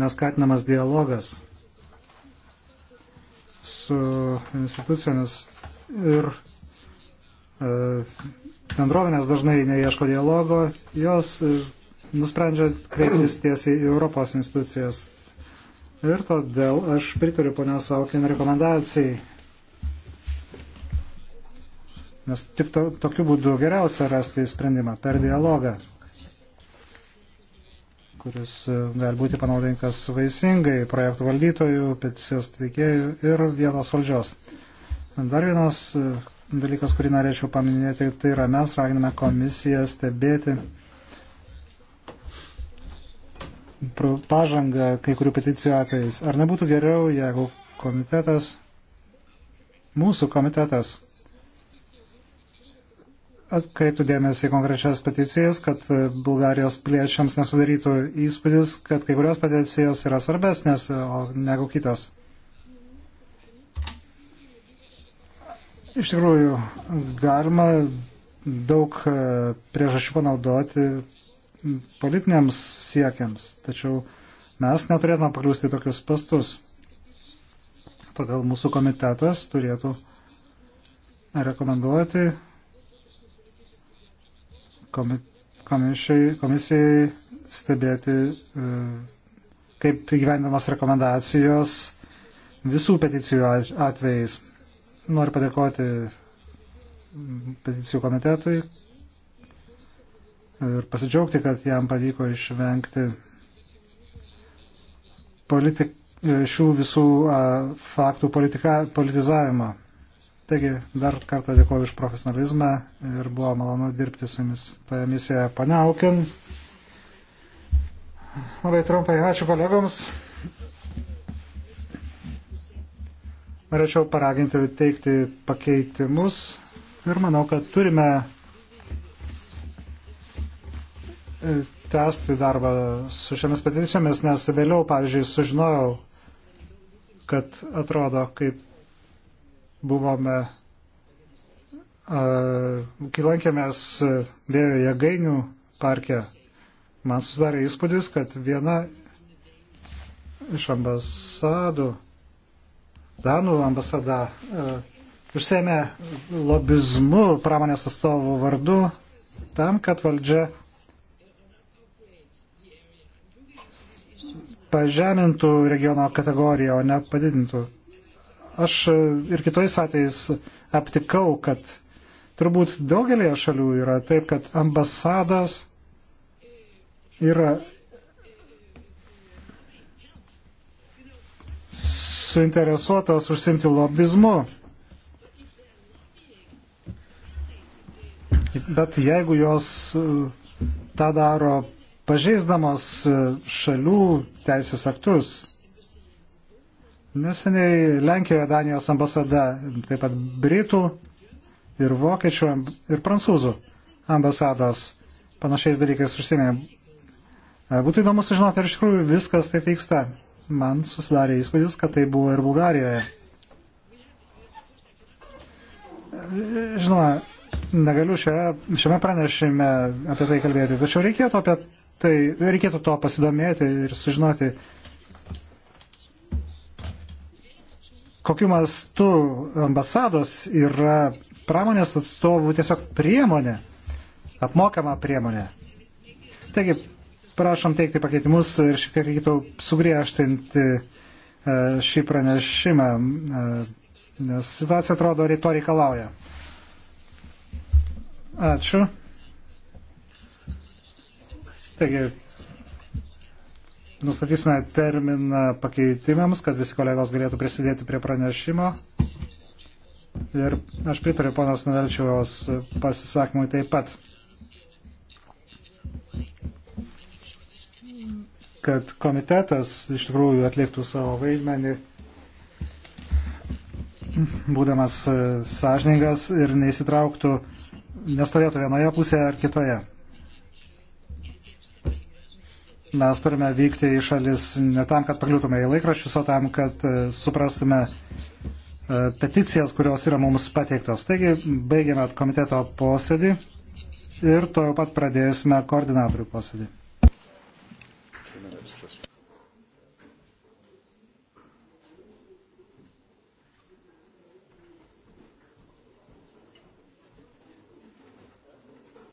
neskatinamas dialogas su institucijomis ir e, bendrovinės dažnai neieško dialogo, jos e, nusprendžia kreiptis tiesiai į Europos institucijas. Ir todėl aš pritariu ponios Aukin rekomendacijai. Nes tik to, tokiu būdu geriausia rasti sprendimą per dialogą kuris e, gali būti panaudotas vaisingai projektų valdytojų, peticijos teikėjų ir vietos valdžios. Dar vienas e, dalykas, kurį norėčiau paminėti, tai yra mes raginame komisiją stebėti pažangą kai kurių peticijų atvejais. Ar nebūtų geriau, jeigu komitetas, mūsų komitetas, atkreiptų dėmesį į konkrečias peticijas, kad Bulgarijos piliečiams nesudarytų įspūdis, kad kai kurios peticijos yra svarbesnės negu kitos. Iš tikrųjų, galima daug e, priežasčių panaudoti politiniams siekiams, tačiau mes neturėtume pakliūsti tokius pastus. Todėl mūsų komitetas turėtų rekomenduoti komisijai, komisijai stebėti, e, kaip įgyvendamos rekomendacijos visų peticijų atvejais. Noriu padėkoti peticijų komitetui ir pasidžiaugti, kad jam pavyko išvengti politik, e, šių visų a, faktų politika, politizavimą. Taigi, dar kartą dėkuoju už profesionalizmą ir buvo malonu dirbti su jumis toje misijoje. Pane Aukin, labai trumpai ačiū kolegoms. Norėčiau paraginti teikti pakeitimus ir manau, kad turime e, tęsti darbą su šiomis peticijomis, nes vėliau, pavyzdžiui, sužinojau, kad atrodo, kaip buvome, kai lankėmės vėjo jėgainių parke, man susidarė įspūdis, kad viena iš ambasadų, Danų ambasada, užsėmė lobizmu pramonės atstovų vardu tam, kad valdžia pažemintų regiono kategoriją, o ne padidintų. Aš e, ir kitais atvejais aptikau, kad turbūt daugelėje šalių yra taip, kad ambasados yra suinteresuotos užsimti lobizmu. Bet jeigu jos e, tą daro pažeisdamos e, šalių teisės aktus, Neseniai Lenkijoje Danijos ambasada, taip pat Britų ir Vokiečių ir Prancūzų ambasados panašiais dalykais užsienė. E, būtų įdomu sužinoti, ar iš tikrųjų viskas taip vyksta. Man susidarė įspūdis, kad tai buvo ir Bulgarijoje. Žinoma, negaliu šioje, šiame pranešime apie tai kalbėti, tačiau reikėtų, apie tai, reikėtų to pasidomėti ir sužinoti, uh, kokiu mastu ambasados yra pramonės atstovų tiesiog priemonė, apmokama priemonė. Taigi, prašom teikti pakeitimus ir šiek tiek reikėtų sugriežtinti e, šį pranešimą, e, nes situacija atrodo to reikalauja. Ačiū. Taigi, nustatysime terminą pakeitimams, kad visi kolegos galėtų prisidėti prie pranešimo. Ir aš pritariu ponas Nadalčiaus pasisakymui taip pat, kad komitetas iš tikrųjų atliktų savo vaidmenį, būdamas e, sąžiningas ir neįsitrauktų, nestovėtų vienoje pusėje ar kitoje mes turime vykti į šalis ne tam, kad pakliūtume į laikraščius, o tam, kad e, suprastume e, peticijas, kurios yra mums pateiktos. Taigi, baigiame komiteto posėdį ir to jau pat pradėsime koordinatorių posėdį.